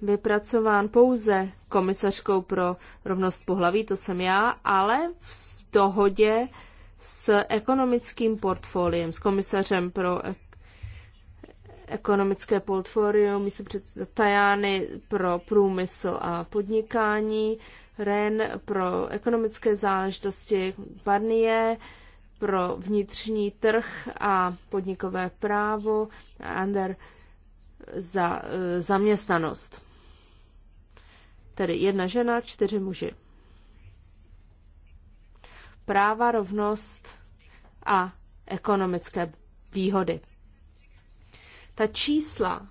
vypracován pouze komisařkou pro rovnost pohlaví, to jsem já, ale v dohodě s ekonomickým portfoliem, s komisařem pro ekonomické portfolio, místo předseda Tajány pro průmysl a podnikání, Ren pro ekonomické záležitosti, Barnier pro vnitřní trh a podnikové právo, Ander za e, zaměstnanost. Tedy jedna žena, čtyři muži. Práva, rovnost a ekonomické výhody. Ta čísla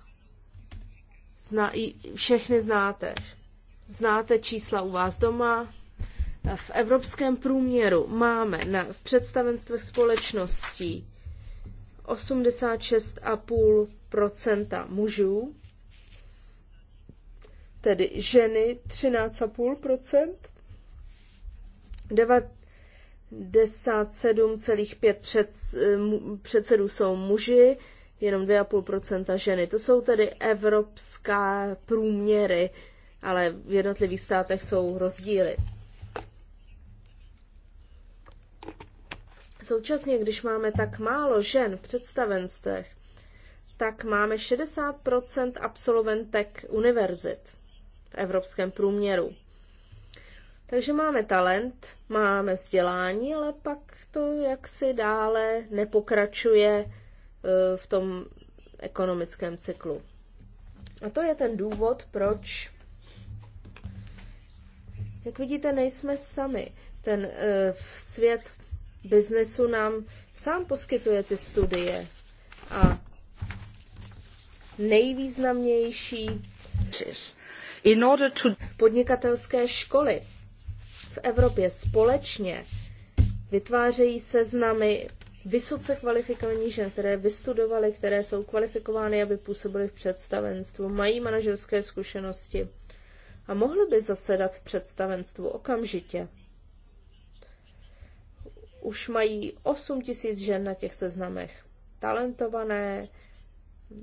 zna, všechny znáte. Znáte čísla u vás doma. V evropském průměru máme na, představenstvech společností 86,5 mužů, tedy ženy 13,5 97,5 eh, předsedů jsou muži, jenom 2,5 ženy. To jsou tedy evropská průměry, ale v jednotlivých státech jsou rozdíly. Současně, když máme tak málo žen v představenstvech, tak máme 60 absolventek univerzit v evropském průměru. Takže máme talent, máme vzdělání, ale pak to jaksi dále nepokračuje e, v tom ekonomickém cyklu. A to je ten důvod, proč, jak vidíte, nejsme sami. Ten e, svět biznesu nám sám poskytuje ty studie a nejvýznamnější podnikatelské školy v Evropě společně vytvářejí seznamy vysoce kvalifikovaných žen, které vystudovaly, které jsou kvalifikovány, aby působily v představenstvu, mají manažerské zkušenosti a mohly by zasedat v představenstvu okamžitě už mají 8 tisíc žen na těch seznamech. Talentované,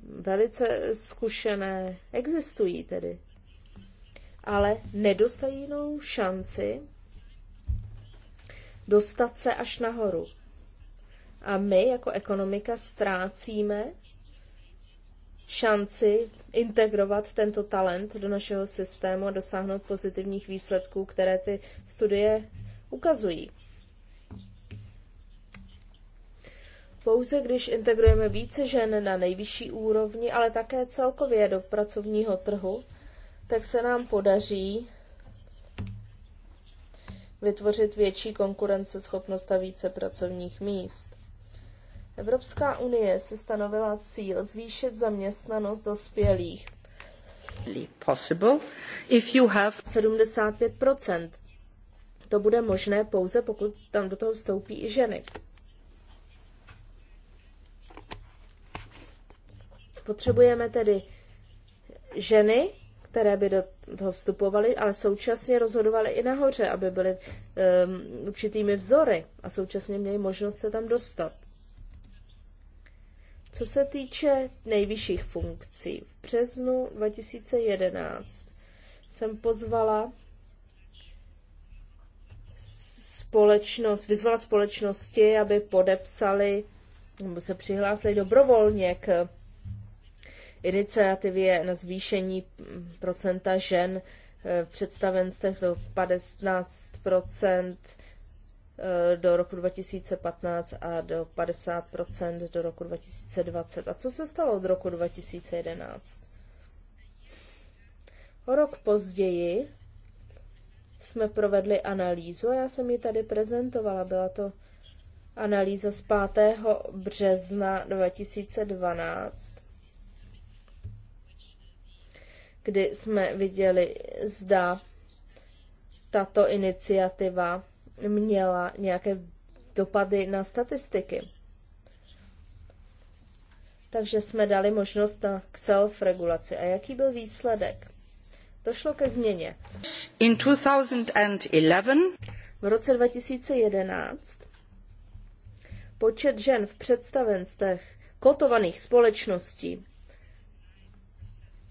velice zkušené, existují tedy. Ale nedostají jinou šanci dostat se až nahoru. A my jako ekonomika ztrácíme šanci integrovat tento talent do našeho systému a dosáhnout pozitivních výsledků, které ty studie ukazují. Pouze když integrujeme více žen na nejvyšší úrovni, ale také celkově do pracovního trhu, tak se nám podaří vytvořit větší konkurenceschopnost a více pracovních míst. Evropská unie si stanovila cíl zvýšit zaměstnanost dospělých. Possible, if you have 75 To bude možné pouze, pokud tam do toho vstoupí i ženy. Potřebujeme tedy ženy, které by do toho vstupovaly, ale současně rozhodovaly i nahoře, aby byly um, určitými vzory a současně měly možnost se tam dostat. Co se týče nejvyšších funkcí, v březnu 2011 jsem pozvala společnost, vyzvala společnosti, aby podepsali nebo se přihlásili dobrovolně k iniciativě na zvýšení procenta žen v eh, představenstvech do 15 eh, do roku 2015 a do 50 do roku 2020. A co se stalo od roku 2011? O rok později jsme provedli analýzu a já jsem ji tady prezentovala. Byla to analýza z 5. března 2012 kdy jsme viděli, zda tato iniciativa měla nějaké dopady na statistiky. Takže jsme dali možnost na self-regulaci. A jaký byl výsledek? Došlo ke změně. In 2011, v roce 2011 počet žen v představenstech kotovaných společností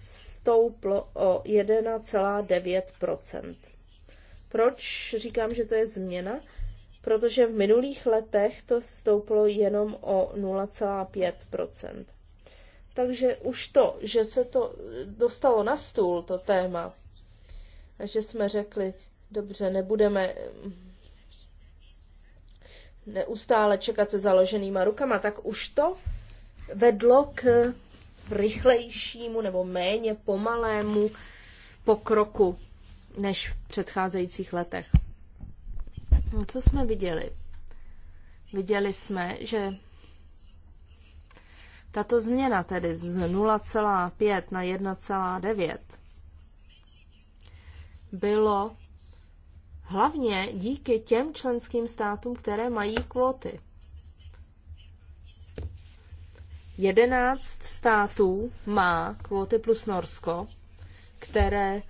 stouplo o 1,9 Proč říkám, že to je změna? Protože v minulých letech to stouplo jenom o 0,5 Takže už to, že se to dostalo na stůl, to téma, a že jsme řekli, dobře, nebudeme neustále čekat se založenýma rukama, tak už to vedlo k rychlejšímu nebo méně pomalému pokroku než v předcházejících letech. No, co jsme viděli? Viděli jsme, že tato změna tedy z 0,5 na 1,9 bylo hlavně díky těm členským státům, které mají kvóty. Jedenáct států má kvóty plus Norsko, které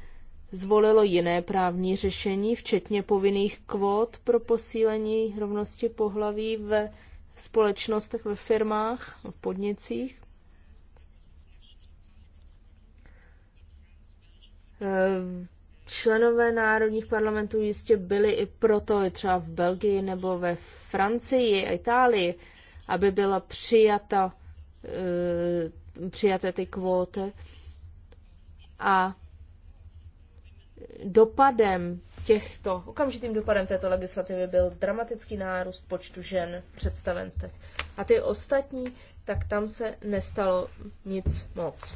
zvolilo jiné právní řešení, včetně povinných kvót pro posílení rovnosti pohlaví ve společnostech, ve firmách, v podnicích. Eh, členové národních parlamentů jistě byli i proto, i třeba v Belgii nebo ve Francii a Itálii, aby byla přijata Eh, přijaté ty kvóty. A dopadem těchto, okamžitým dopadem této legislativy byl dramatický nárůst počtu žen představenstev. A ty ostatní, tak tam se nestalo nic moc.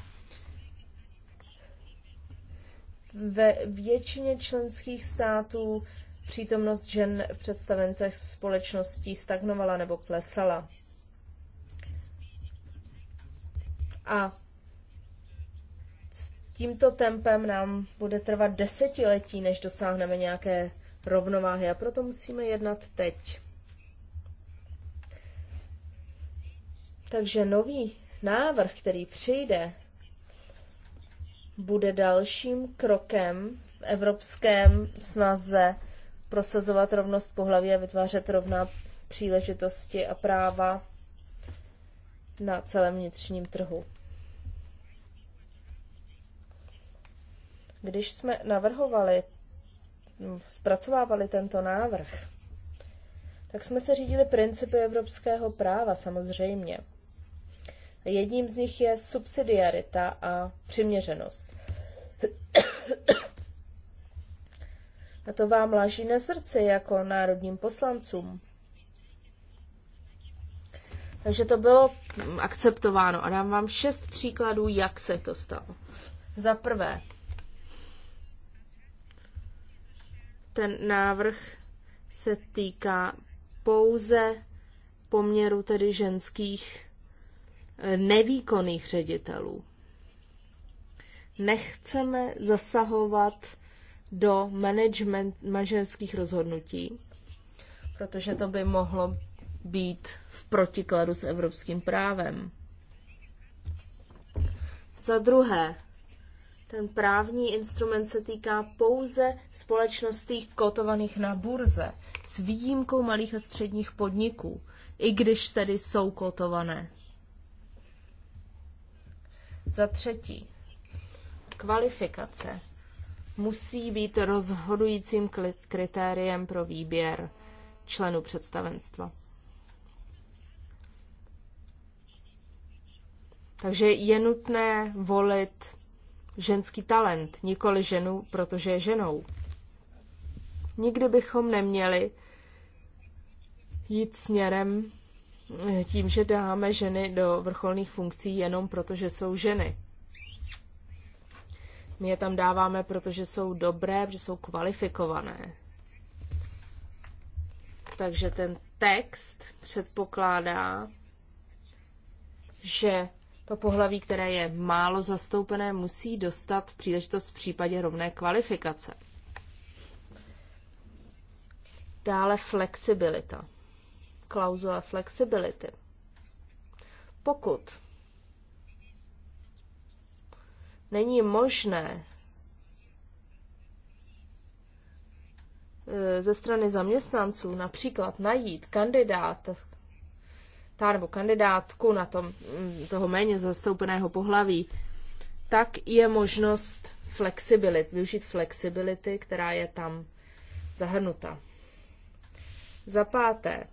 Ve většině členských států přítomnost žen v představenstvech společností stagnovala nebo klesala. A s tímto tempem nám bude trvat desetiletí, než dosáhneme nějaké rovnováhy a proto musíme jednat teď. Takže nový návrh, který přijde, bude dalším krokem v evropském snaze prosazovat rovnost pohlaví a vytvářet rovná příležitosti a práva na celém vnitřním trhu. Když jsme navrhovali, mm, zpracovávali tento návrh, tak jsme se řídili principy evropského práva samozřejmě. Jedním z nich je subsidiarita a přiměřenost. A to vám leží na srdci jako národním poslancům. Takže to bylo akceptováno a dám vám šest příkladů, jak se to stalo. Za prvé, Ten návrh se týká pouze poměru tedy ženských eh, nevýkonných ředitelů. Nechceme zasahovat do management manželských rozhodnutí, protože to by mohlo být v protikladu s evropským právem. Za druhé, ten právní instrument se týká pouze společností kotovaných na burze, s výjimkou malých a středních podniků, i když tedy jsou kotované. Za třetí, kvalifikace musí být rozhodujícím kritériem pro výběr členů představenstva. Takže je nutné volit ženský talent, nikoli ženu, protože je ženou. Nikdy bychom neměli jít směrem eh, tím, že dáme ženy do vrcholných funkcí jenom proto, že jsou ženy. My je tam dáváme, protože jsou dobré, protože jsou kvalifikované. Takže ten text předpokládá, že to pohlaví, které je málo zastoupené, musí dostat příležitost v případě rovné kvalifikace. Dále flexibilita. Klauzule flexibility. Pokud není možné e, ze strany zaměstnanců například najít kandidát kandidáta nebo kandidátku na tom, mm, toho méně zastoupeného pohlaví, tak je možnost flexibilit, využít flexibility, která je tam zahrnuta. Za páté,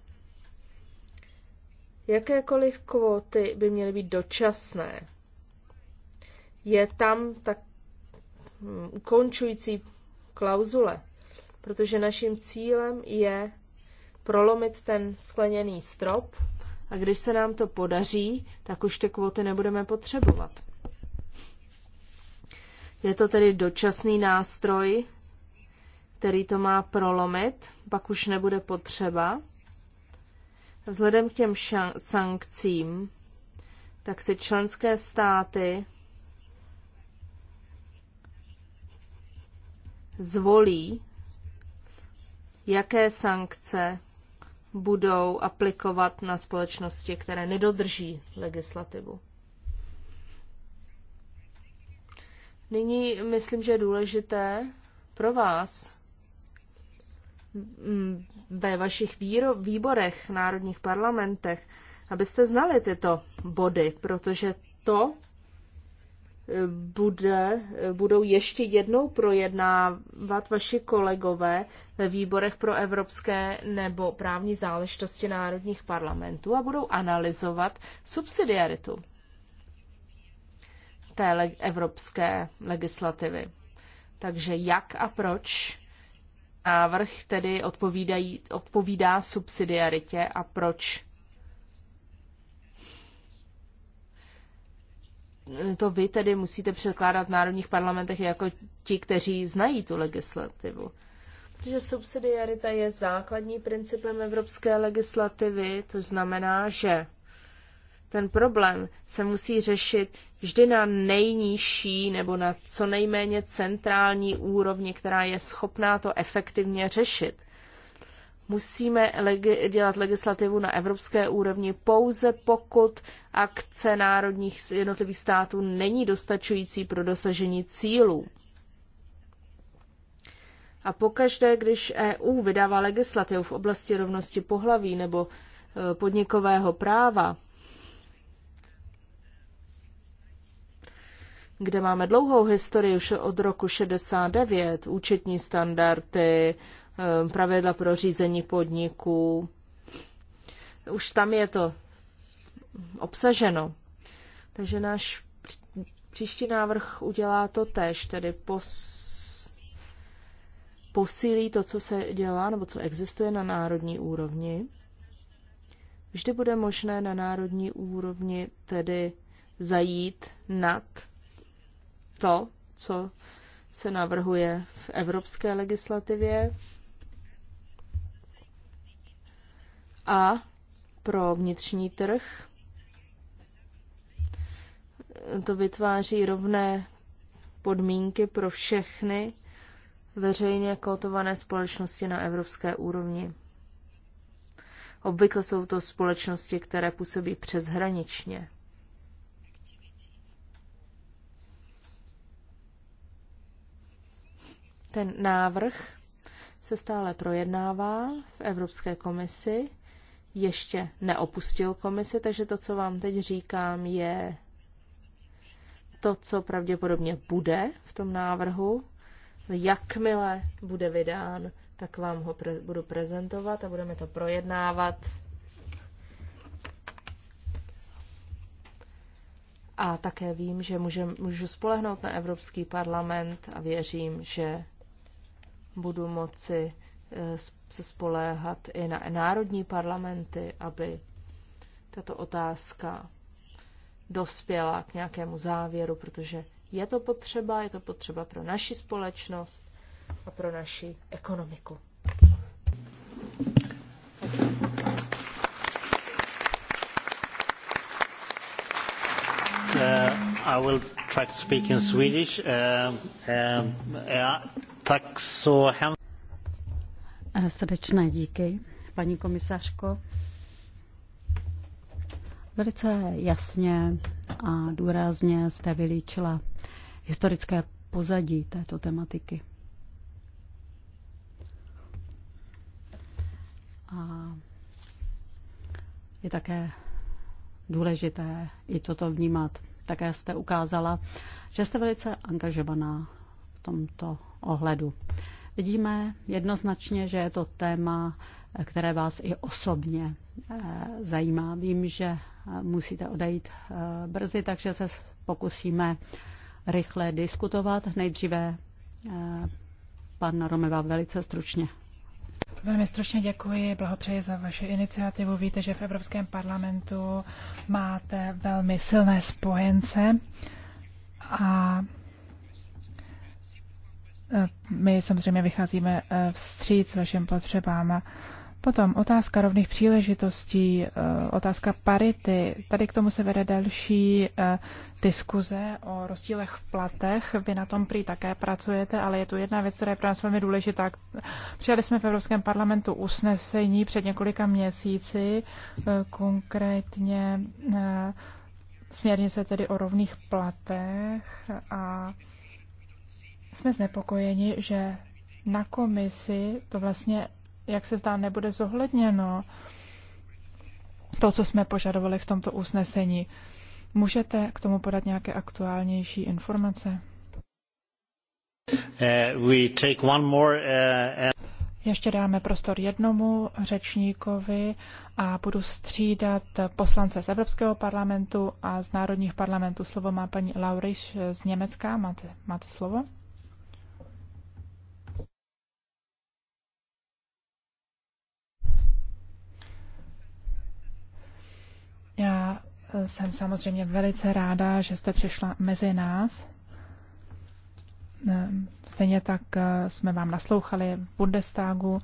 jakékoliv kvóty by měly být dočasné. Je tam tak mm, ukončující klauzule, protože naším cílem je prolomit ten skleněný strop a když se nám to podaří, tak už ty kvóty nebudeme potřebovat. Je to tedy dočasný nástroj, který to má prolomit, pak už nebude potřeba. Vzhledem k těm sankcím, tak si členské státy zvolí, jaké sankce budou aplikovat na společnosti, které nedodrží legislativu. Nyní myslím, že je důležité pro vás mm, ve vašich výro- výborech, národních parlamentech, abyste znali tyto body, protože to bude, budou ještě jednou projednávat vaši kolegové ve výborech pro evropské nebo právní záležitosti národních parlamentů a budou analyzovat subsidiaritu té le- evropské legislativy. Takže jak a proč návrh tedy odpovídají, odpovídá subsidiaritě a proč to vy tedy musíte předkládat v národních parlamentech jako ti, kteří znají tu legislativu. Protože subsidiarita je základní principem evropské legislativy, to znamená, že ten problém se musí řešit vždy na nejnižší nebo na co nejméně centrální úrovni, která je schopná to efektivně řešit musíme legi- dělat legislativu na evropské úrovni pouze pokud akce národních jednotlivých států není dostačující pro dosažení cílů. A pokaždé, když EU vydává legislativu v oblasti rovnosti pohlaví nebo e, podnikového práva, kde máme dlouhou historii už od roku 69, účetní standardy, Eh, pravidla pro řízení podniků. Už tam je to obsaženo. Takže náš příští návrh udělá to tež, tedy pos, posílí to, co se dělá nebo co existuje na národní úrovni. Vždy bude možné na národní úrovni tedy zajít nad to, co se navrhuje v evropské legislativě. a pro vnitřní trh. To vytváří rovné podmínky pro všechny veřejně kotované společnosti na evropské úrovni. Obvykle jsou to společnosti, které působí přeshraničně. Ten návrh se stále projednává v Evropské komisi ještě neopustil komisi, takže to, co vám teď říkám, je to, co pravděpodobně bude v tom návrhu. Jakmile bude vydán, tak vám ho pre- budu prezentovat a budeme to projednávat. A také vím, že můžem, můžu spolehnout na Evropský parlament a věřím, že budu moci eh, se spoléhat i na národní parlamenty, aby tato otázka dospěla k nějakému závěru, protože je to potřeba, je to potřeba pro naši společnost a pro naši ekonomiku. Uh, I will try to speak in Swedish. Uh, um, uh, ja, tack Srdečné díky, paní komisařko. Velice jasně a důrazně jste vylíčila historické pozadí této tematiky. A je také důležité i toto vnímat. Také jste ukázala, že jste velice angažovaná v tomto ohledu. Vidíme jednoznačně, že je to téma, které vás i osobně eh, zajímá. Vím, že eh, musíte odejít eh, brzy, takže se pokusíme rychle diskutovat. Nejdříve pan Romeva velice stručně. Velmi stručně děkuji, blahopřeji za vaši iniciativu. Víte, že v Evropském parlamentu máte velmi silné spojence a my samozřejmě vycházíme eh, vstříc vašim potřebám. Potom otázka rovných příležitostí, eh, otázka parity. Tady k tomu se vede další eh, diskuze o rozdílech v platech. Vy na tom prý také pracujete, ale je tu jedna věc, která je pro nás velmi důležitá. Přijali jsme v Evropském parlamentu usnesení před několika měsíci, konkrétně směrnice tedy o rovných platech a jsme znepokojeni, že na komisi to vlastně, jak se zdá, nebude zohledněno to, co jsme požadovali v tomto usnesení. Můžete k tomu podat nějaké aktuálnější informace? Uh, we take one more, uh, and... Ještě dáme prostor jednomu řečníkovi a budu střídat poslance z Evropského parlamentu a z národních parlamentů. Slovo má paní Lauriš z Německa. Máte, máte slovo? Já eh, jsem samozřejmě velice ráda, že jste přišla mezi nás. Eh, stejně tak eh, jsme vám naslouchali v Bundestagu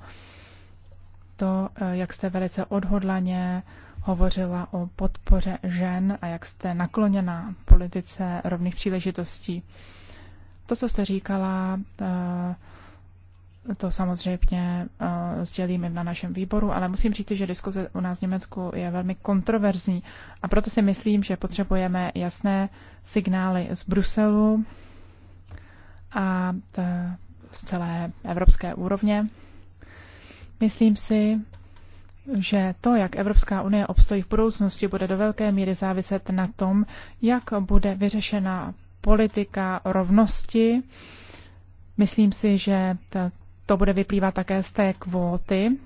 to, jak jste velice odhodlaně hovořila o podpoře žen a jak jste nakloněna politice rovných příležitostí. To, co jste říkala, to samozřejmě uh, sdělím na našem výboru, ale musím říct, že diskuze u nás v Německu je velmi kontroverzní a proto si myslím, že potřebujeme jasné signály z Bruselu a eh, z celé evropské úrovně. Myslím si, že to, jak Evropská unie obstojí v budoucnosti, bude do velké míry záviset na tom, jak bude vyřešena politika rovnosti. Myslím si, že to bude vyplývat také z té kvóty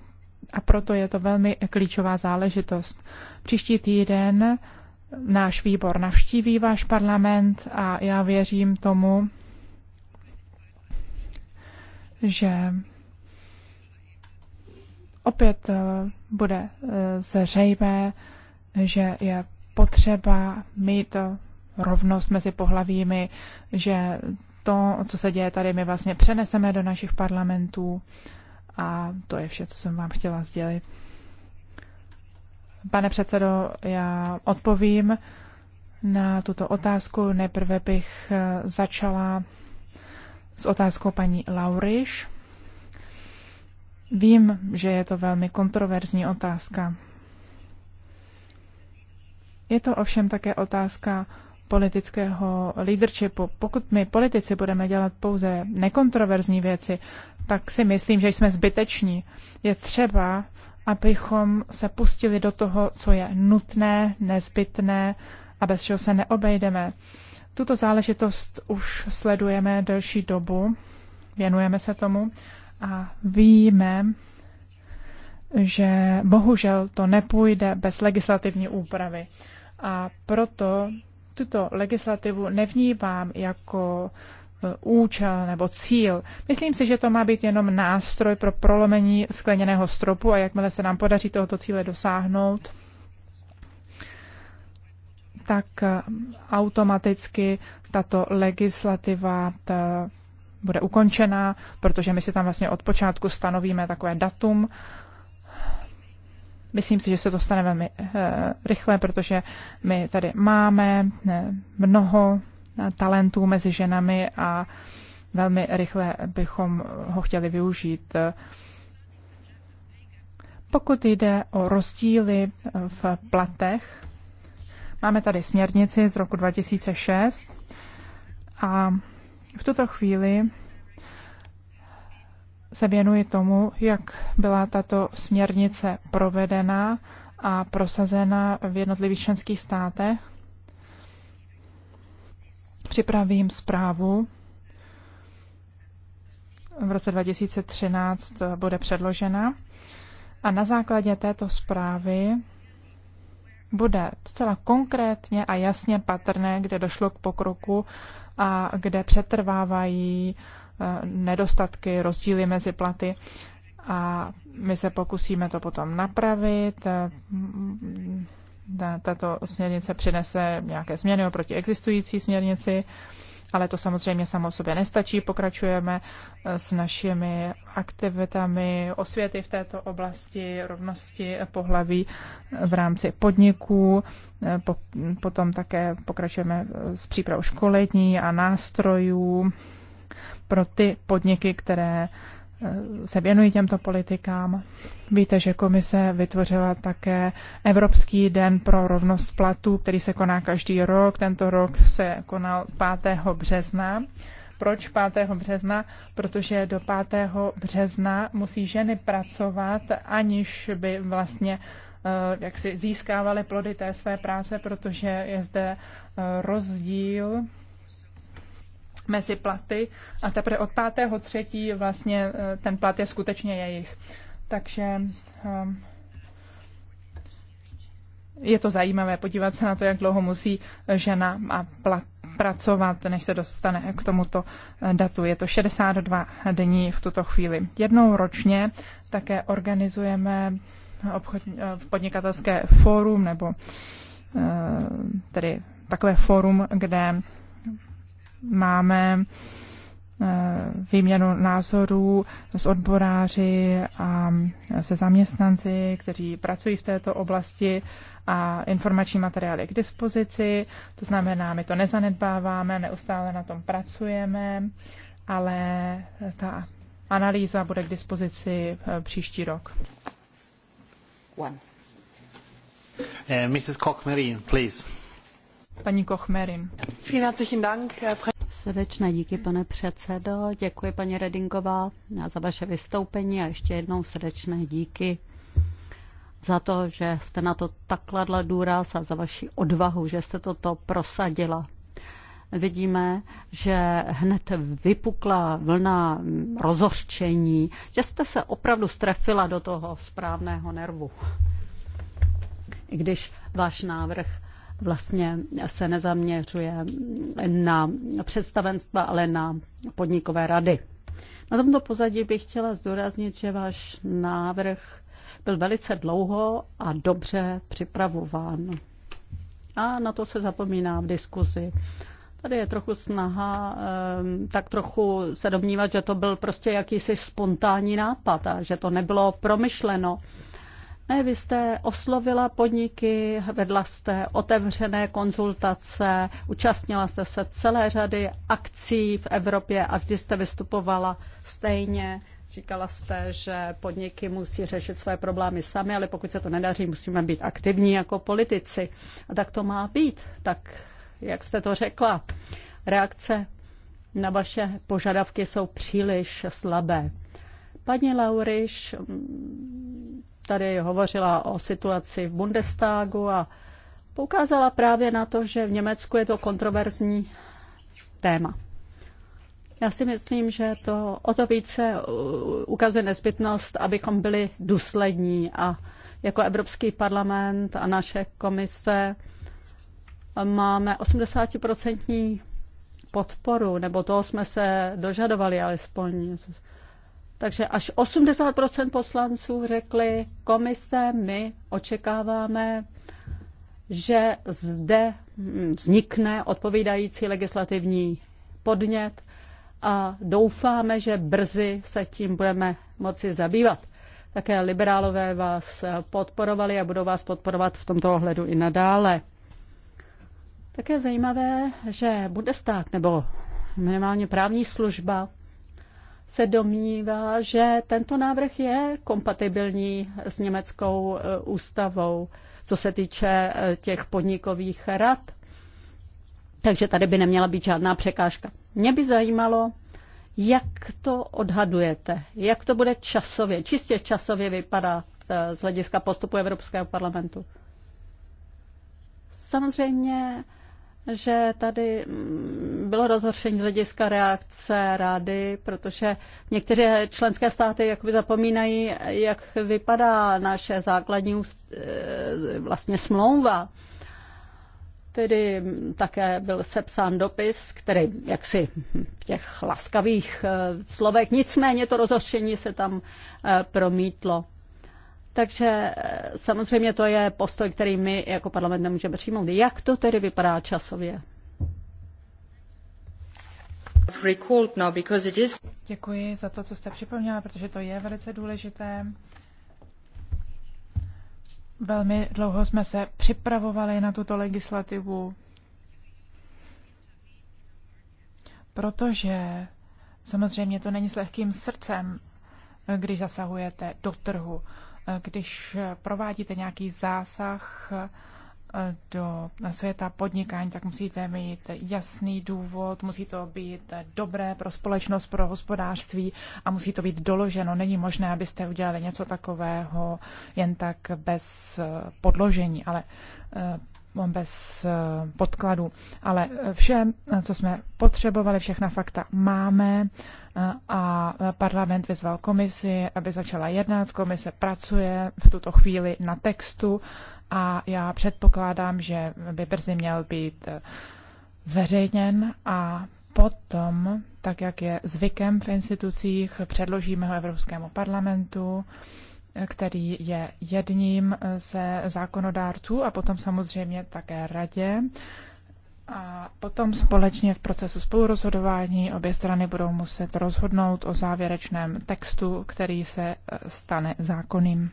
a proto je to velmi klíčová záležitost. Příští týden náš výbor navštíví váš parlament a já věřím tomu, že opět eh, bude eh, zřejmé, že je potřeba mít eh, rovnost mezi pohlavími, že to, co se děje tady, my vlastně přeneseme do našich parlamentů a to je vše, co jsem vám chtěla sdělit. Pane předsedo, já odpovím na tuto otázku. Nejprve bych eh, začala s otázkou paní Lauriš. Vím, že je to velmi kontroverzní otázka. Je to ovšem také otázka politického leadershipu. Pokud my politici budeme dělat pouze nekontroverzní věci, tak si myslím, že jsme zbyteční. Je třeba, abychom se pustili do toho, co je nutné, nezbytné a bez čeho se neobejdeme. Tuto záležitost už sledujeme delší dobu, věnujeme se tomu a víme, že bohužel to nepůjde bez legislativní úpravy. A proto tuto legislativu nevnímám jako eh, účel nebo cíl. Myslím si, že to má být jenom nástroj pro prolomení skleněného stropu a jakmile se nám podaří tohoto cíle dosáhnout, tak eh, automaticky tato legislativa ta eh, bude ukončená, protože my si tam vlastně od počátku stanovíme takové datum Myslím si, že se to stane velmi eh, rychle, protože my tady máme eh, mnoho eh, talentů mezi ženami a velmi rychle bychom ho chtěli využít. Pokud jde o rozdíly v platech, máme tady směrnici z roku 2006 a v tuto chvíli se věnuji tomu, jak byla tato směrnice provedena a prosazena v jednotlivých členských státech. Připravím zprávu. V roce 2013 bude předložena. A na základě této zprávy bude zcela konkrétně a jasně patrné, kde došlo k pokroku a kde přetrvávají uh, Eh, nedostatky, rozdíly mezi platy a my se pokusíme to potom napravit. Eh, mm, tato směrnice přinese nějaké změny oproti existující směrnici, ale to samozřejmě samo sobě nestačí. Pokračujeme eh, s našimi aktivitami osvěty v této oblasti rovnosti pohlaví v rámci podniků. Potom také pokračujeme s přípravou školení a nástrojů pro ty podniky, které eh, se věnují těmto politikám. Víte, že komise vytvořila také Evropský den pro rovnost platů, který se koná každý rok. Tento rok se konal 5. března. Proč 5. března? Protože do 5. března musí ženy pracovat, aniž by vlastně eh, jak si získávaly plody té své práce, protože je zde eh, rozdíl mezi platy a teprve od 5.3. vlastně eh, ten plat je skutečně jejich. Takže ehm, je to zajímavé podívat se na to, jak dlouho musí žena a plat pracovat, než se dostane k tomuto eh, datu. Je to 62 dní v tuto chvíli. Jednou ročně také organizujeme obchod, eh, podnikatelské fórum nebo tedy takové fórum, kde máme eh, výměnu názorů s odboráři a se zaměstnanci, kteří pracují v této oblasti a informační materiály k dispozici. To znamená, my to nezanedbáváme, neustále na tom pracujeme, ale ta analýza bude k dispozici eh, příští rok. One. Uh, eh, Mrs. koch please. Paní Kochmerin. Srdečné díky, pane předsedo. Děkuji, paní Redingová, za vaše vystoupení a ještě jednou srdečné díky za to, že jste na to tak kladla důraz a za vaši odvahu, že jste toto prosadila. Vidíme, že hned vypukla vlna rozhořčení, že jste se opravdu strefila do toho správného nervu. I když váš návrh vlastně se nezaměřuje na představenstva, ale na podnikové rady. Na tomto pozadí bych chtěla zdůraznit, že váš návrh byl velice dlouho a dobře připravován. A na to se zapomíná v diskuzi. Tady je trochu snaha ehm, tak trochu se domnívat, že to byl prostě jakýsi spontánní nápad a že to nebylo promyšleno. Ne, vy jste oslovila podniky, vedla jste otevřené konzultace, účastnila jste se celé řady akcí v Evropě a vždy jste vystupovala stejně. Říkala jste, že podniky musí řešit své problémy sami, ale pokud se to nedaří, musíme být aktivní jako politici. A tak to má být, tak jak jste to řekla. Reakce na vaše požadavky jsou příliš slabé. Paní Lauriš tady hovořila o situaci v Bundestagu a poukázala právě na to, že v Německu je to kontroverzní téma. Já si myslím, že to o to více ukazuje nezbytnost, abychom byli důslední a jako Evropský parlament a naše komise máme 80% podporu, nebo toho jsme se dožadovali alespoň takže až 80 poslanců řekli komise, my očekáváme, že zde hm, vznikne odpovídající legislativní podnět a doufáme, že brzy se tím budeme moci zabývat. Také liberálové vás podporovali a budou vás podporovat v tomto ohledu i nadále. Také zajímavé, že Bundestag nebo minimálně právní služba se domnívá, že tento návrh je kompatibilní s německou eh, ústavou, co se týče eh, těch podnikových rad. Takže tady by neměla být žádná překážka. Mě by zajímalo, jak to odhadujete, jak to bude časově, čistě časově vypadat eh, z hlediska postupu Evropského parlamentu. Samozřejmě že tady mm, bylo rozhoršení z hlediska reakce rády, protože některé členské státy jakoby zapomínají, jak vypadá naše základní e, vlastně smlouva. Tedy mm, také byl sepsán dopis, který jaksi v těch laskavých e, slovek, nicméně to rozhoršení se tam e, promítlo. Takže eh, samozřejmě to je postoj, který my jako parlament nemůžeme přijmout. Jak to tedy vypadá časově? Děkuji za to, co jste připomněla, protože to je velice důležité. Velmi dlouho jsme se připravovali na tuto legislativu, protože samozřejmě to není s lehkým srdcem, eh, když zasahujete do trhu když provádíte nějaký zásah eh, do světa podnikání, tak musíte mít jasný důvod, musí to být dobré pro společnost, pro hospodářství a musí to být doloženo. Není možné, abyste udělali něco takového jen tak bez eh, podložení, ale eh, bez eh, podkladu, Ale eh, vše, eh, co jsme potřebovali, všechna fakta máme a parlament vyzval komisi, aby začala jednat. Komise pracuje v tuto chvíli na textu a já předpokládám, že by brzy měl být zveřejněn a potom, tak jak je zvykem v institucích, předložíme ho Evropskému parlamentu který je jedním ze zákonodárců a potom samozřejmě také radě. A potom společně v procesu spolurozhodování obě strany budou muset rozhodnout o závěrečném textu, který se eh, stane zákonným.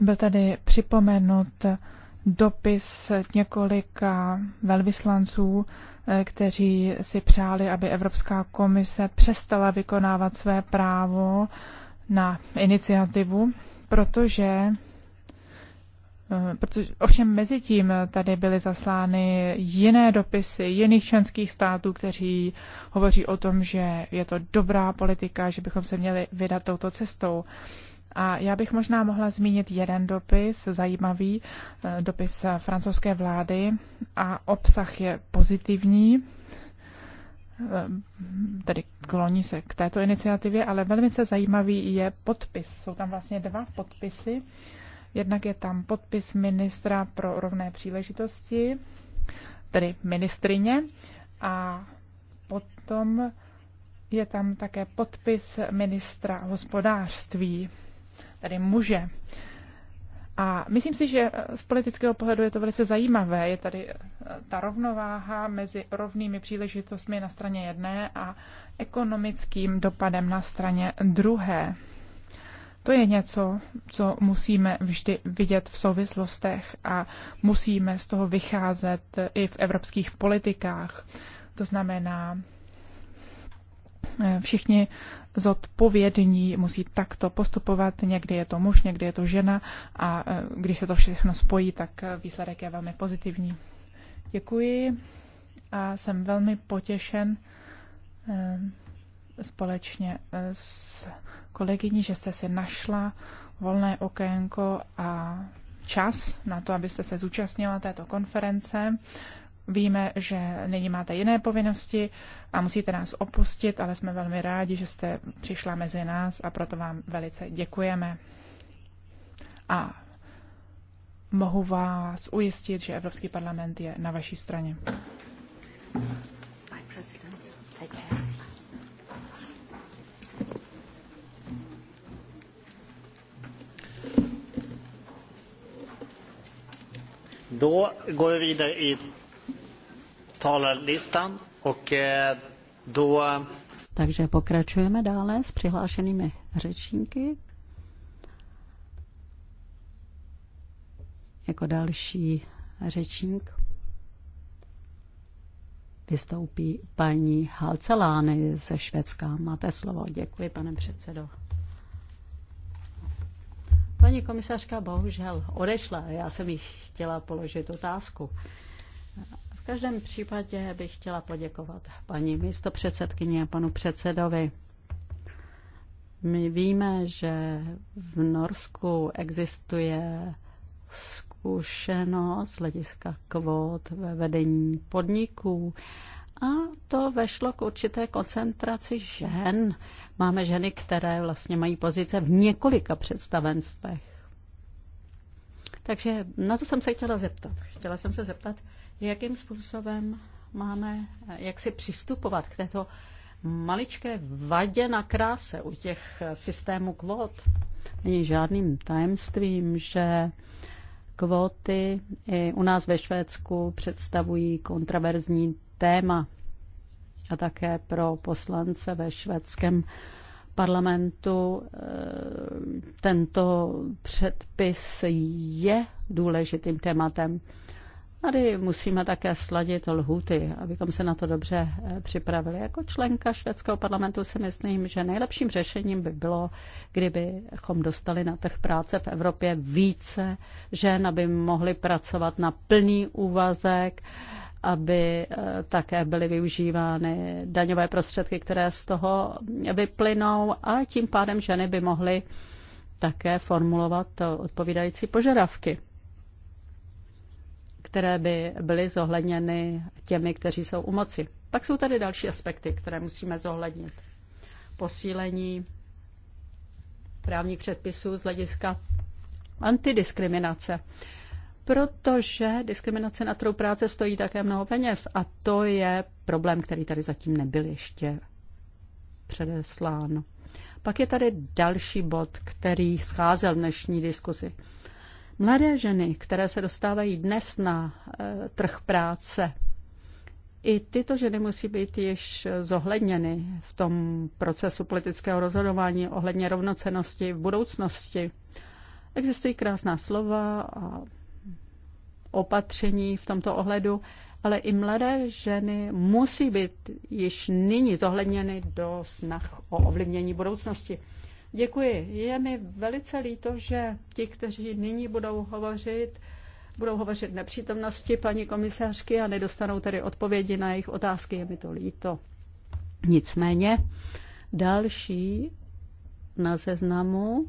Byl tady připomenut dopis několika velvyslanců, eh, kteří si přáli, aby Evropská komise přestala vykonávat své právo na iniciativu, protože eh, Protože, ovšem mezi tím tady byly zaslány jiné dopisy jiných členských států, kteří hovoří o tom, že je to dobrá politika, že bychom se měli vydat touto cestou. A já bych možná mohla zmínit jeden dopis, zajímavý eh, dopis francouzské vlády a obsah je pozitivní, eh, tedy kloní se k této iniciativě, ale velmi se zajímavý je podpis. Jsou tam vlastně dva podpisy. Jednak je tam podpis ministra pro rovné příležitosti, tedy ministrině, a potom je tam také podpis ministra hospodářství tedy muže. A myslím si, že eh, z politického pohledu je to velice zajímavé. Je tady eh, ta rovnováha mezi rovnými příležitostmi na straně jedné a ekonomickým dopadem na straně druhé. To je něco, co musíme vždy vidět v souvislostech a musíme z toho vycházet eh, i v evropských politikách. To znamená, všichni zodpovědní musí takto postupovat. Někdy je to muž, někdy je to žena a e, když se to všechno spojí, tak e, výsledek je velmi pozitivní. Děkuji a jsem velmi potěšen e, společně s kolegyní, že jste si našla volné okénko a čas na to, abyste se zúčastnila této konference. Víme, že nyní máte jiné povinnosti a musíte nás opustit, ale jsme velmi rádi, že jste přišla mezi nás a proto vám velice děkujeme. A mohu vás ujistit, že Evropský parlament je na vaší straně. Do, go, vi i talarlistan eh, eh, Takže pokračujeme dále s přihlášenými řečníky. Jako další řečník vystoupí paní Halcelány ze Švédska. Máte slovo. Děkuji, pane předsedo. Paní komisařka bohužel odešla. Já jsem jí chtěla položit otázku každém případě bych chtěla poděkovat paní místopředsedkyni a panu předsedovi. My víme, že v Norsku existuje zkušenost z hlediska kvót ve vedení podniků a to vešlo k určité koncentraci žen. Máme ženy, které vlastně mají pozice v několika představenstvech. Takže na to jsem se chtěla zeptat. Chtěla jsem se zeptat, jakým způsobem máme, eh, jak si přistupovat k této maličké vadě na kráse u těch eh, systémů kvót. Není žádným tajemstvím, že kvóty i u nás ve Švédsku představují kontraverzní téma a také pro poslance ve švédském parlamentu eh, tento předpis je důležitým tématem. Tady musíme také sladit lhuty, abychom se na to dobře eh, připravili. Jako členka švédského parlamentu si myslím, že nejlepším řešením by bylo, kdybychom dostali na trh práce v Evropě více žen, aby mohli pracovat na plný úvazek, aby eh, také byly využívány daňové prostředky, které z toho vyplynou a tím pádem ženy by mohly také formulovat eh, odpovídající požadavky které by byly zohledněny těmi, kteří jsou u moci. Pak jsou tady další aspekty, které musíme zohlednit. Posílení právních předpisů z hlediska antidiskriminace protože diskriminace na trhu práce stojí také mnoho peněz a to je problém, který tady zatím nebyl ještě předeslán. Pak je tady další bod, který scházel v dnešní diskuzi. Mladé ženy, které se dostávají dnes na e, trh práce, i tyto ženy musí být již zohledněny v tom procesu politického rozhodování ohledně rovnocenosti v budoucnosti. Existují krásná slova a opatření v tomto ohledu, ale i mladé ženy musí být již nyní zohledněny do snah o ovlivnění budoucnosti. Děkuji. Je mi velice líto, že ti, kteří nyní budou hovořit, budou hovořit nepřítomnosti paní komisařky a nedostanou tedy odpovědi na jejich otázky. Je mi to líto. Nicméně další na seznamu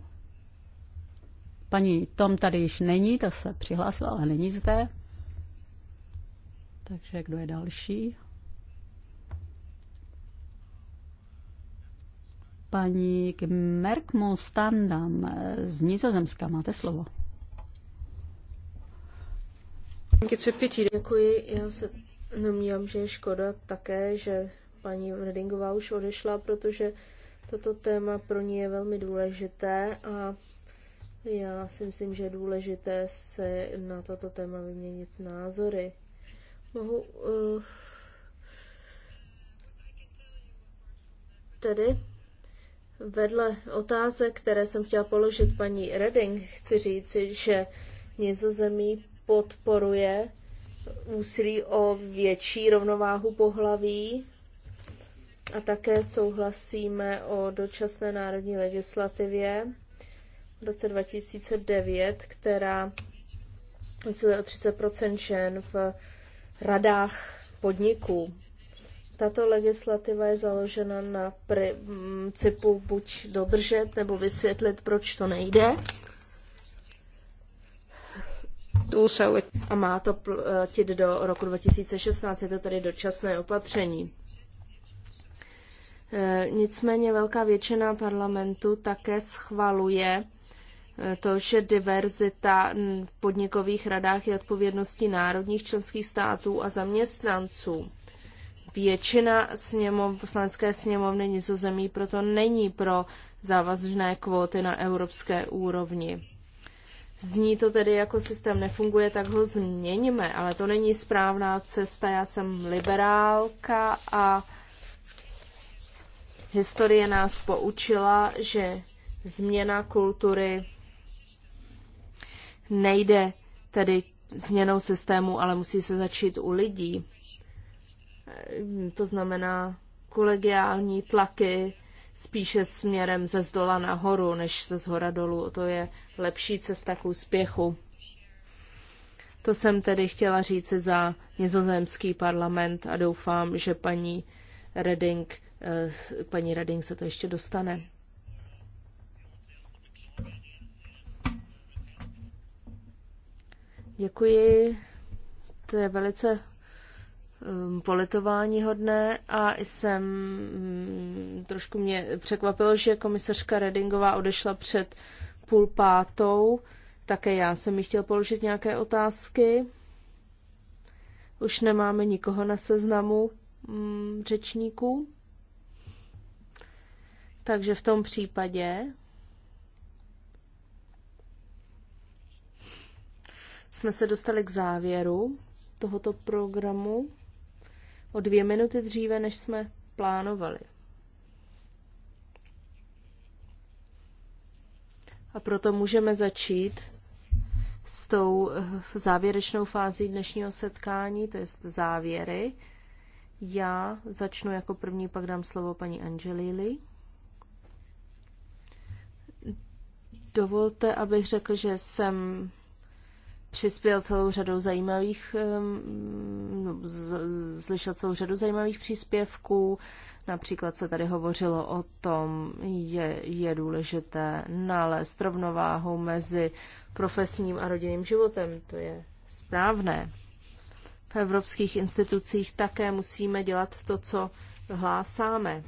paní Tom tady již není, ta se přihlásila, ale není zde. Takže kdo je další? paní Merkmu Standam z Nizozemska. Máte slovo. Děkuji. Já se domnívám, že je škoda také, že paní Redingová už odešla, protože toto téma pro ní je velmi důležité a já si myslím, že je důležité se na toto téma vyměnit názory. Mohu uh, tedy Vedle otázek, které jsem chtěla položit paní Redding, chci říci, že Nizozemí podporuje úsilí o větší rovnováhu pohlaví a také souhlasíme o dočasné národní legislativě v roce 2009, která usiluje o 30 žen v radách podniků. Tato legislativa je založena na principu buď dodržet nebo vysvětlit, proč to nejde. A má to platit do roku 2016, je to tedy dočasné opatření. E, nicméně velká většina parlamentu také schvaluje e, to, že diverzita v podnikových radách je odpovědností národních členských států a zaměstnanců. Většina sněmov, poslanecké sněmovny nizozemí proto není pro závazné kvóty na evropské úrovni. Zní to tedy jako systém nefunguje, tak ho změníme, ale to není správná cesta. Já jsem liberálka a historie nás poučila, že změna kultury nejde tedy změnou systému, ale musí se začít u lidí to znamená kolegiální tlaky spíše směrem ze zdola nahoru, než ze zhora dolů. To je lepší cesta k úspěchu. To jsem tedy chtěla říci za nizozemský parlament a doufám, že paní Reding, eh, paní Reding se to ještě dostane. Děkuji. To je velice Um, poletování hodné a jsem mm, trošku mě překvapilo, že komisařka Redingová odešla před půl pátou. Také já jsem mi chtěl položit nějaké otázky. Už nemáme nikoho na seznamu mm, řečníků. Takže v tom případě jsme se dostali k závěru tohoto programu o dvě minuty dříve, než jsme plánovali. A proto můžeme začít s tou eh, závěrečnou fází dnešního setkání, to je závěry. Já začnu jako první, pak dám slovo paní Angelili. Dovolte, abych řekl, že jsem přispěl celou řadou zajímavých, no, slyšel celou řadu zajímavých příspěvků. Například se tady hovořilo o tom, je, je důležité nalézt rovnováhu mezi profesním a rodinným životem. To je správné. V evropských institucích také musíme dělat to, co hlásáme.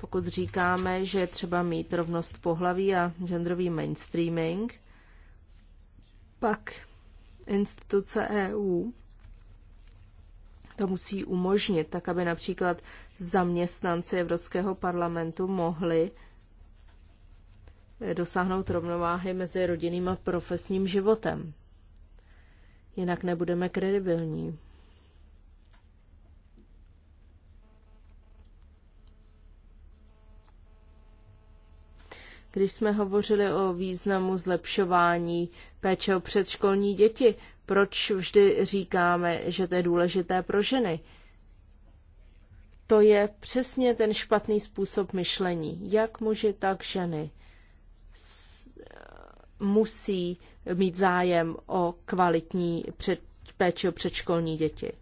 Pokud říkáme, že je třeba mít rovnost pohlaví a genderový mainstreaming – pak instituce EU to musí umožnit, tak aby například zaměstnanci Evropského parlamentu mohli dosáhnout rovnováhy mezi rodinným a profesním životem. Jinak nebudeme kredibilní. když jsme hovořili o významu zlepšování péče o předškolní děti, proč vždy říkáme, že to je důležité pro ženy? To je přesně ten špatný způsob myšlení. Jak muži, tak ženy musí mít zájem o kvalitní před, péči o předškolní děti.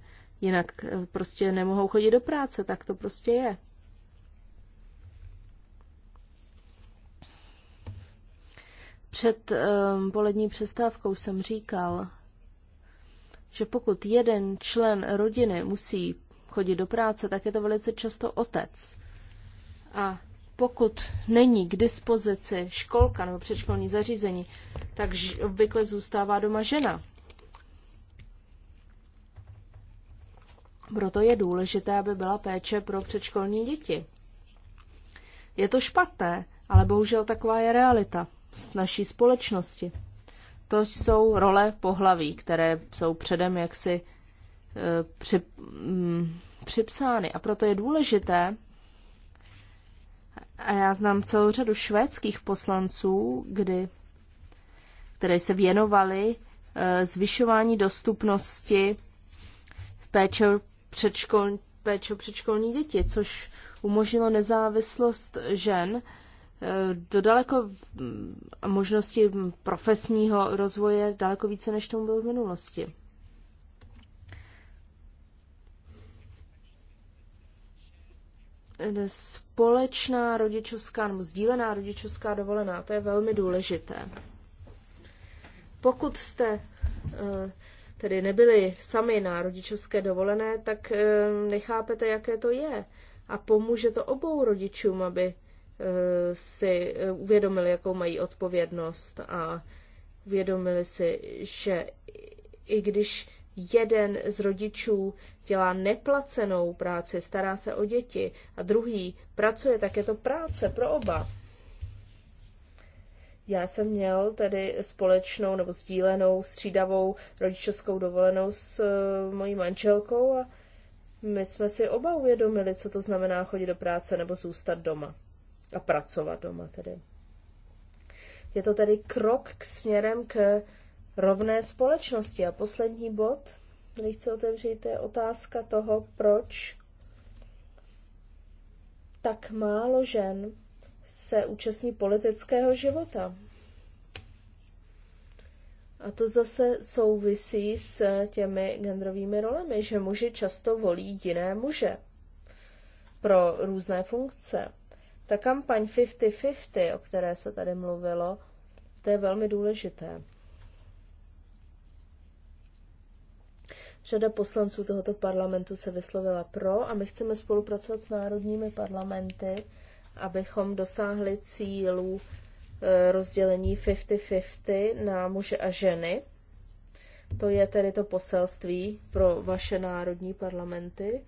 Jinak eh, prostě nemohou chodit do práce, tak to prostě je. Před ehm, polední přestávkou jsem říkal, že pokud jeden člen rodiny musí chodit do práce, tak je to velice často otec. A pokud není k dispozici školka nebo předškolní zařízení, tak obvykle zůstává doma žena. Proto je důležité, aby byla péče pro předškolní děti. Je to špatné, ale bohužel taková je realita z naší společnosti. To jsou role pohlaví, které jsou předem jaksi e, při, mm, připsány. A proto je důležité, a já znám celou řadu švédských poslanců, kdy, které se věnovaly e, zvyšování dostupnosti péče předškol, péče předškolní děti, což umožnilo nezávislost žen Eh, do daleko mm, možnosti profesního rozvoje daleko více, než tomu bylo v minulosti. Eh, společná rodičovská nebo sdílená rodičovská dovolená, to je velmi důležité. Pokud jste eh, tedy nebyli sami na rodičovské dovolené, tak nechápete, jaké to je. A pomůže to obou rodičům, aby Eh, si eh, uvědomili, jakou mají odpovědnost a uvědomili si, že i když jeden z rodičů dělá neplacenou práci, stará se o děti a druhý pracuje, tak je to práce pro oba. Já jsem měl tedy společnou nebo sdílenou střídavou rodičovskou dovolenou s eh, mojí manželkou a my jsme si oba uvědomili, co to znamená chodit do práce nebo zůstat doma a pracovat doma tedy. Je to tedy krok k směrem k rovné společnosti. A poslední bod, když chci otevřít, je otázka toho, proč tak málo žen se účastní politického života. A to zase souvisí s těmi genderovými rolemi, že muži často volí jiné muže pro různé funkce. Ta kampaň 50-50, o které se tady mluvilo, to je velmi důležité. Řada poslanců tohoto parlamentu se vyslovila pro a my chceme spolupracovat s národními parlamenty, abychom dosáhli cílů e, rozdělení 50-50 na muže a ženy. To je tedy to poselství pro vaše národní parlamenty.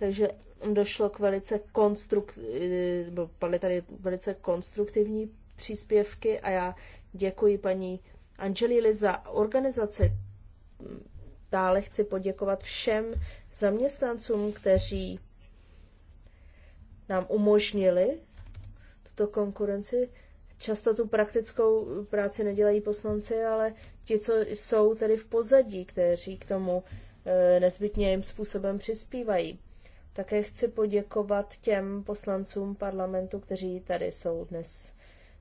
Takže došlo k velice konstruktivní, eh, padly tady velice konstruktivní příspěvky a já děkuji paní Angelili za organizaci. Dále chci poděkovat všem zaměstnancům, kteří nám umožnili tuto konkurenci. Často tu praktickou práci nedělají poslanci, ale ti, co jsou tedy v pozadí, kteří k tomu eh, nezbytně jim způsobem přispívají. Také chci poděkovat těm poslancům parlamentu, kteří tady jsou dnes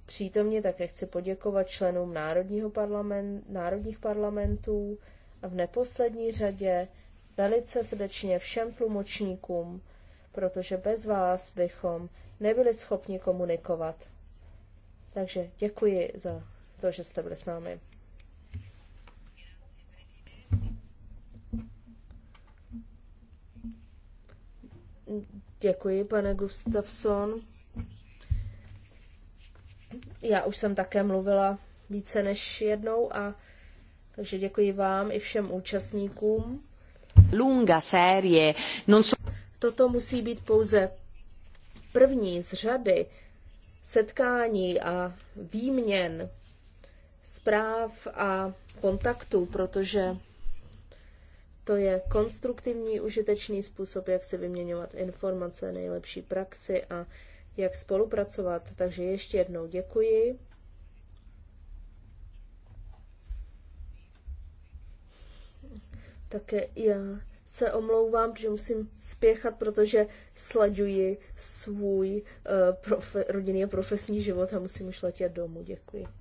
přítomně. Také chci poděkovat členům národního parlament, národních parlamentů a v neposlední řadě velice srdečně všem tlumočníkům, protože bez vás bychom nebyli schopni komunikovat. Takže děkuji za to, že jste byli s námi. Děkuji, pane Gustafson. Já už jsem také mluvila více než jednou a takže děkuji vám i všem účastníkům. Lunga série. Non so... Toto musí být pouze první z řady setkání a výměn zpráv a kontaktů, protože to je konstruktivní, užitečný způsob, jak si vyměňovat informace, nejlepší praxi a jak spolupracovat. Takže ještě jednou děkuji. Také já se omlouvám, že musím spěchat, protože sleduji svůj uh, profe- rodinný a profesní život a musím už letět domů. Děkuji.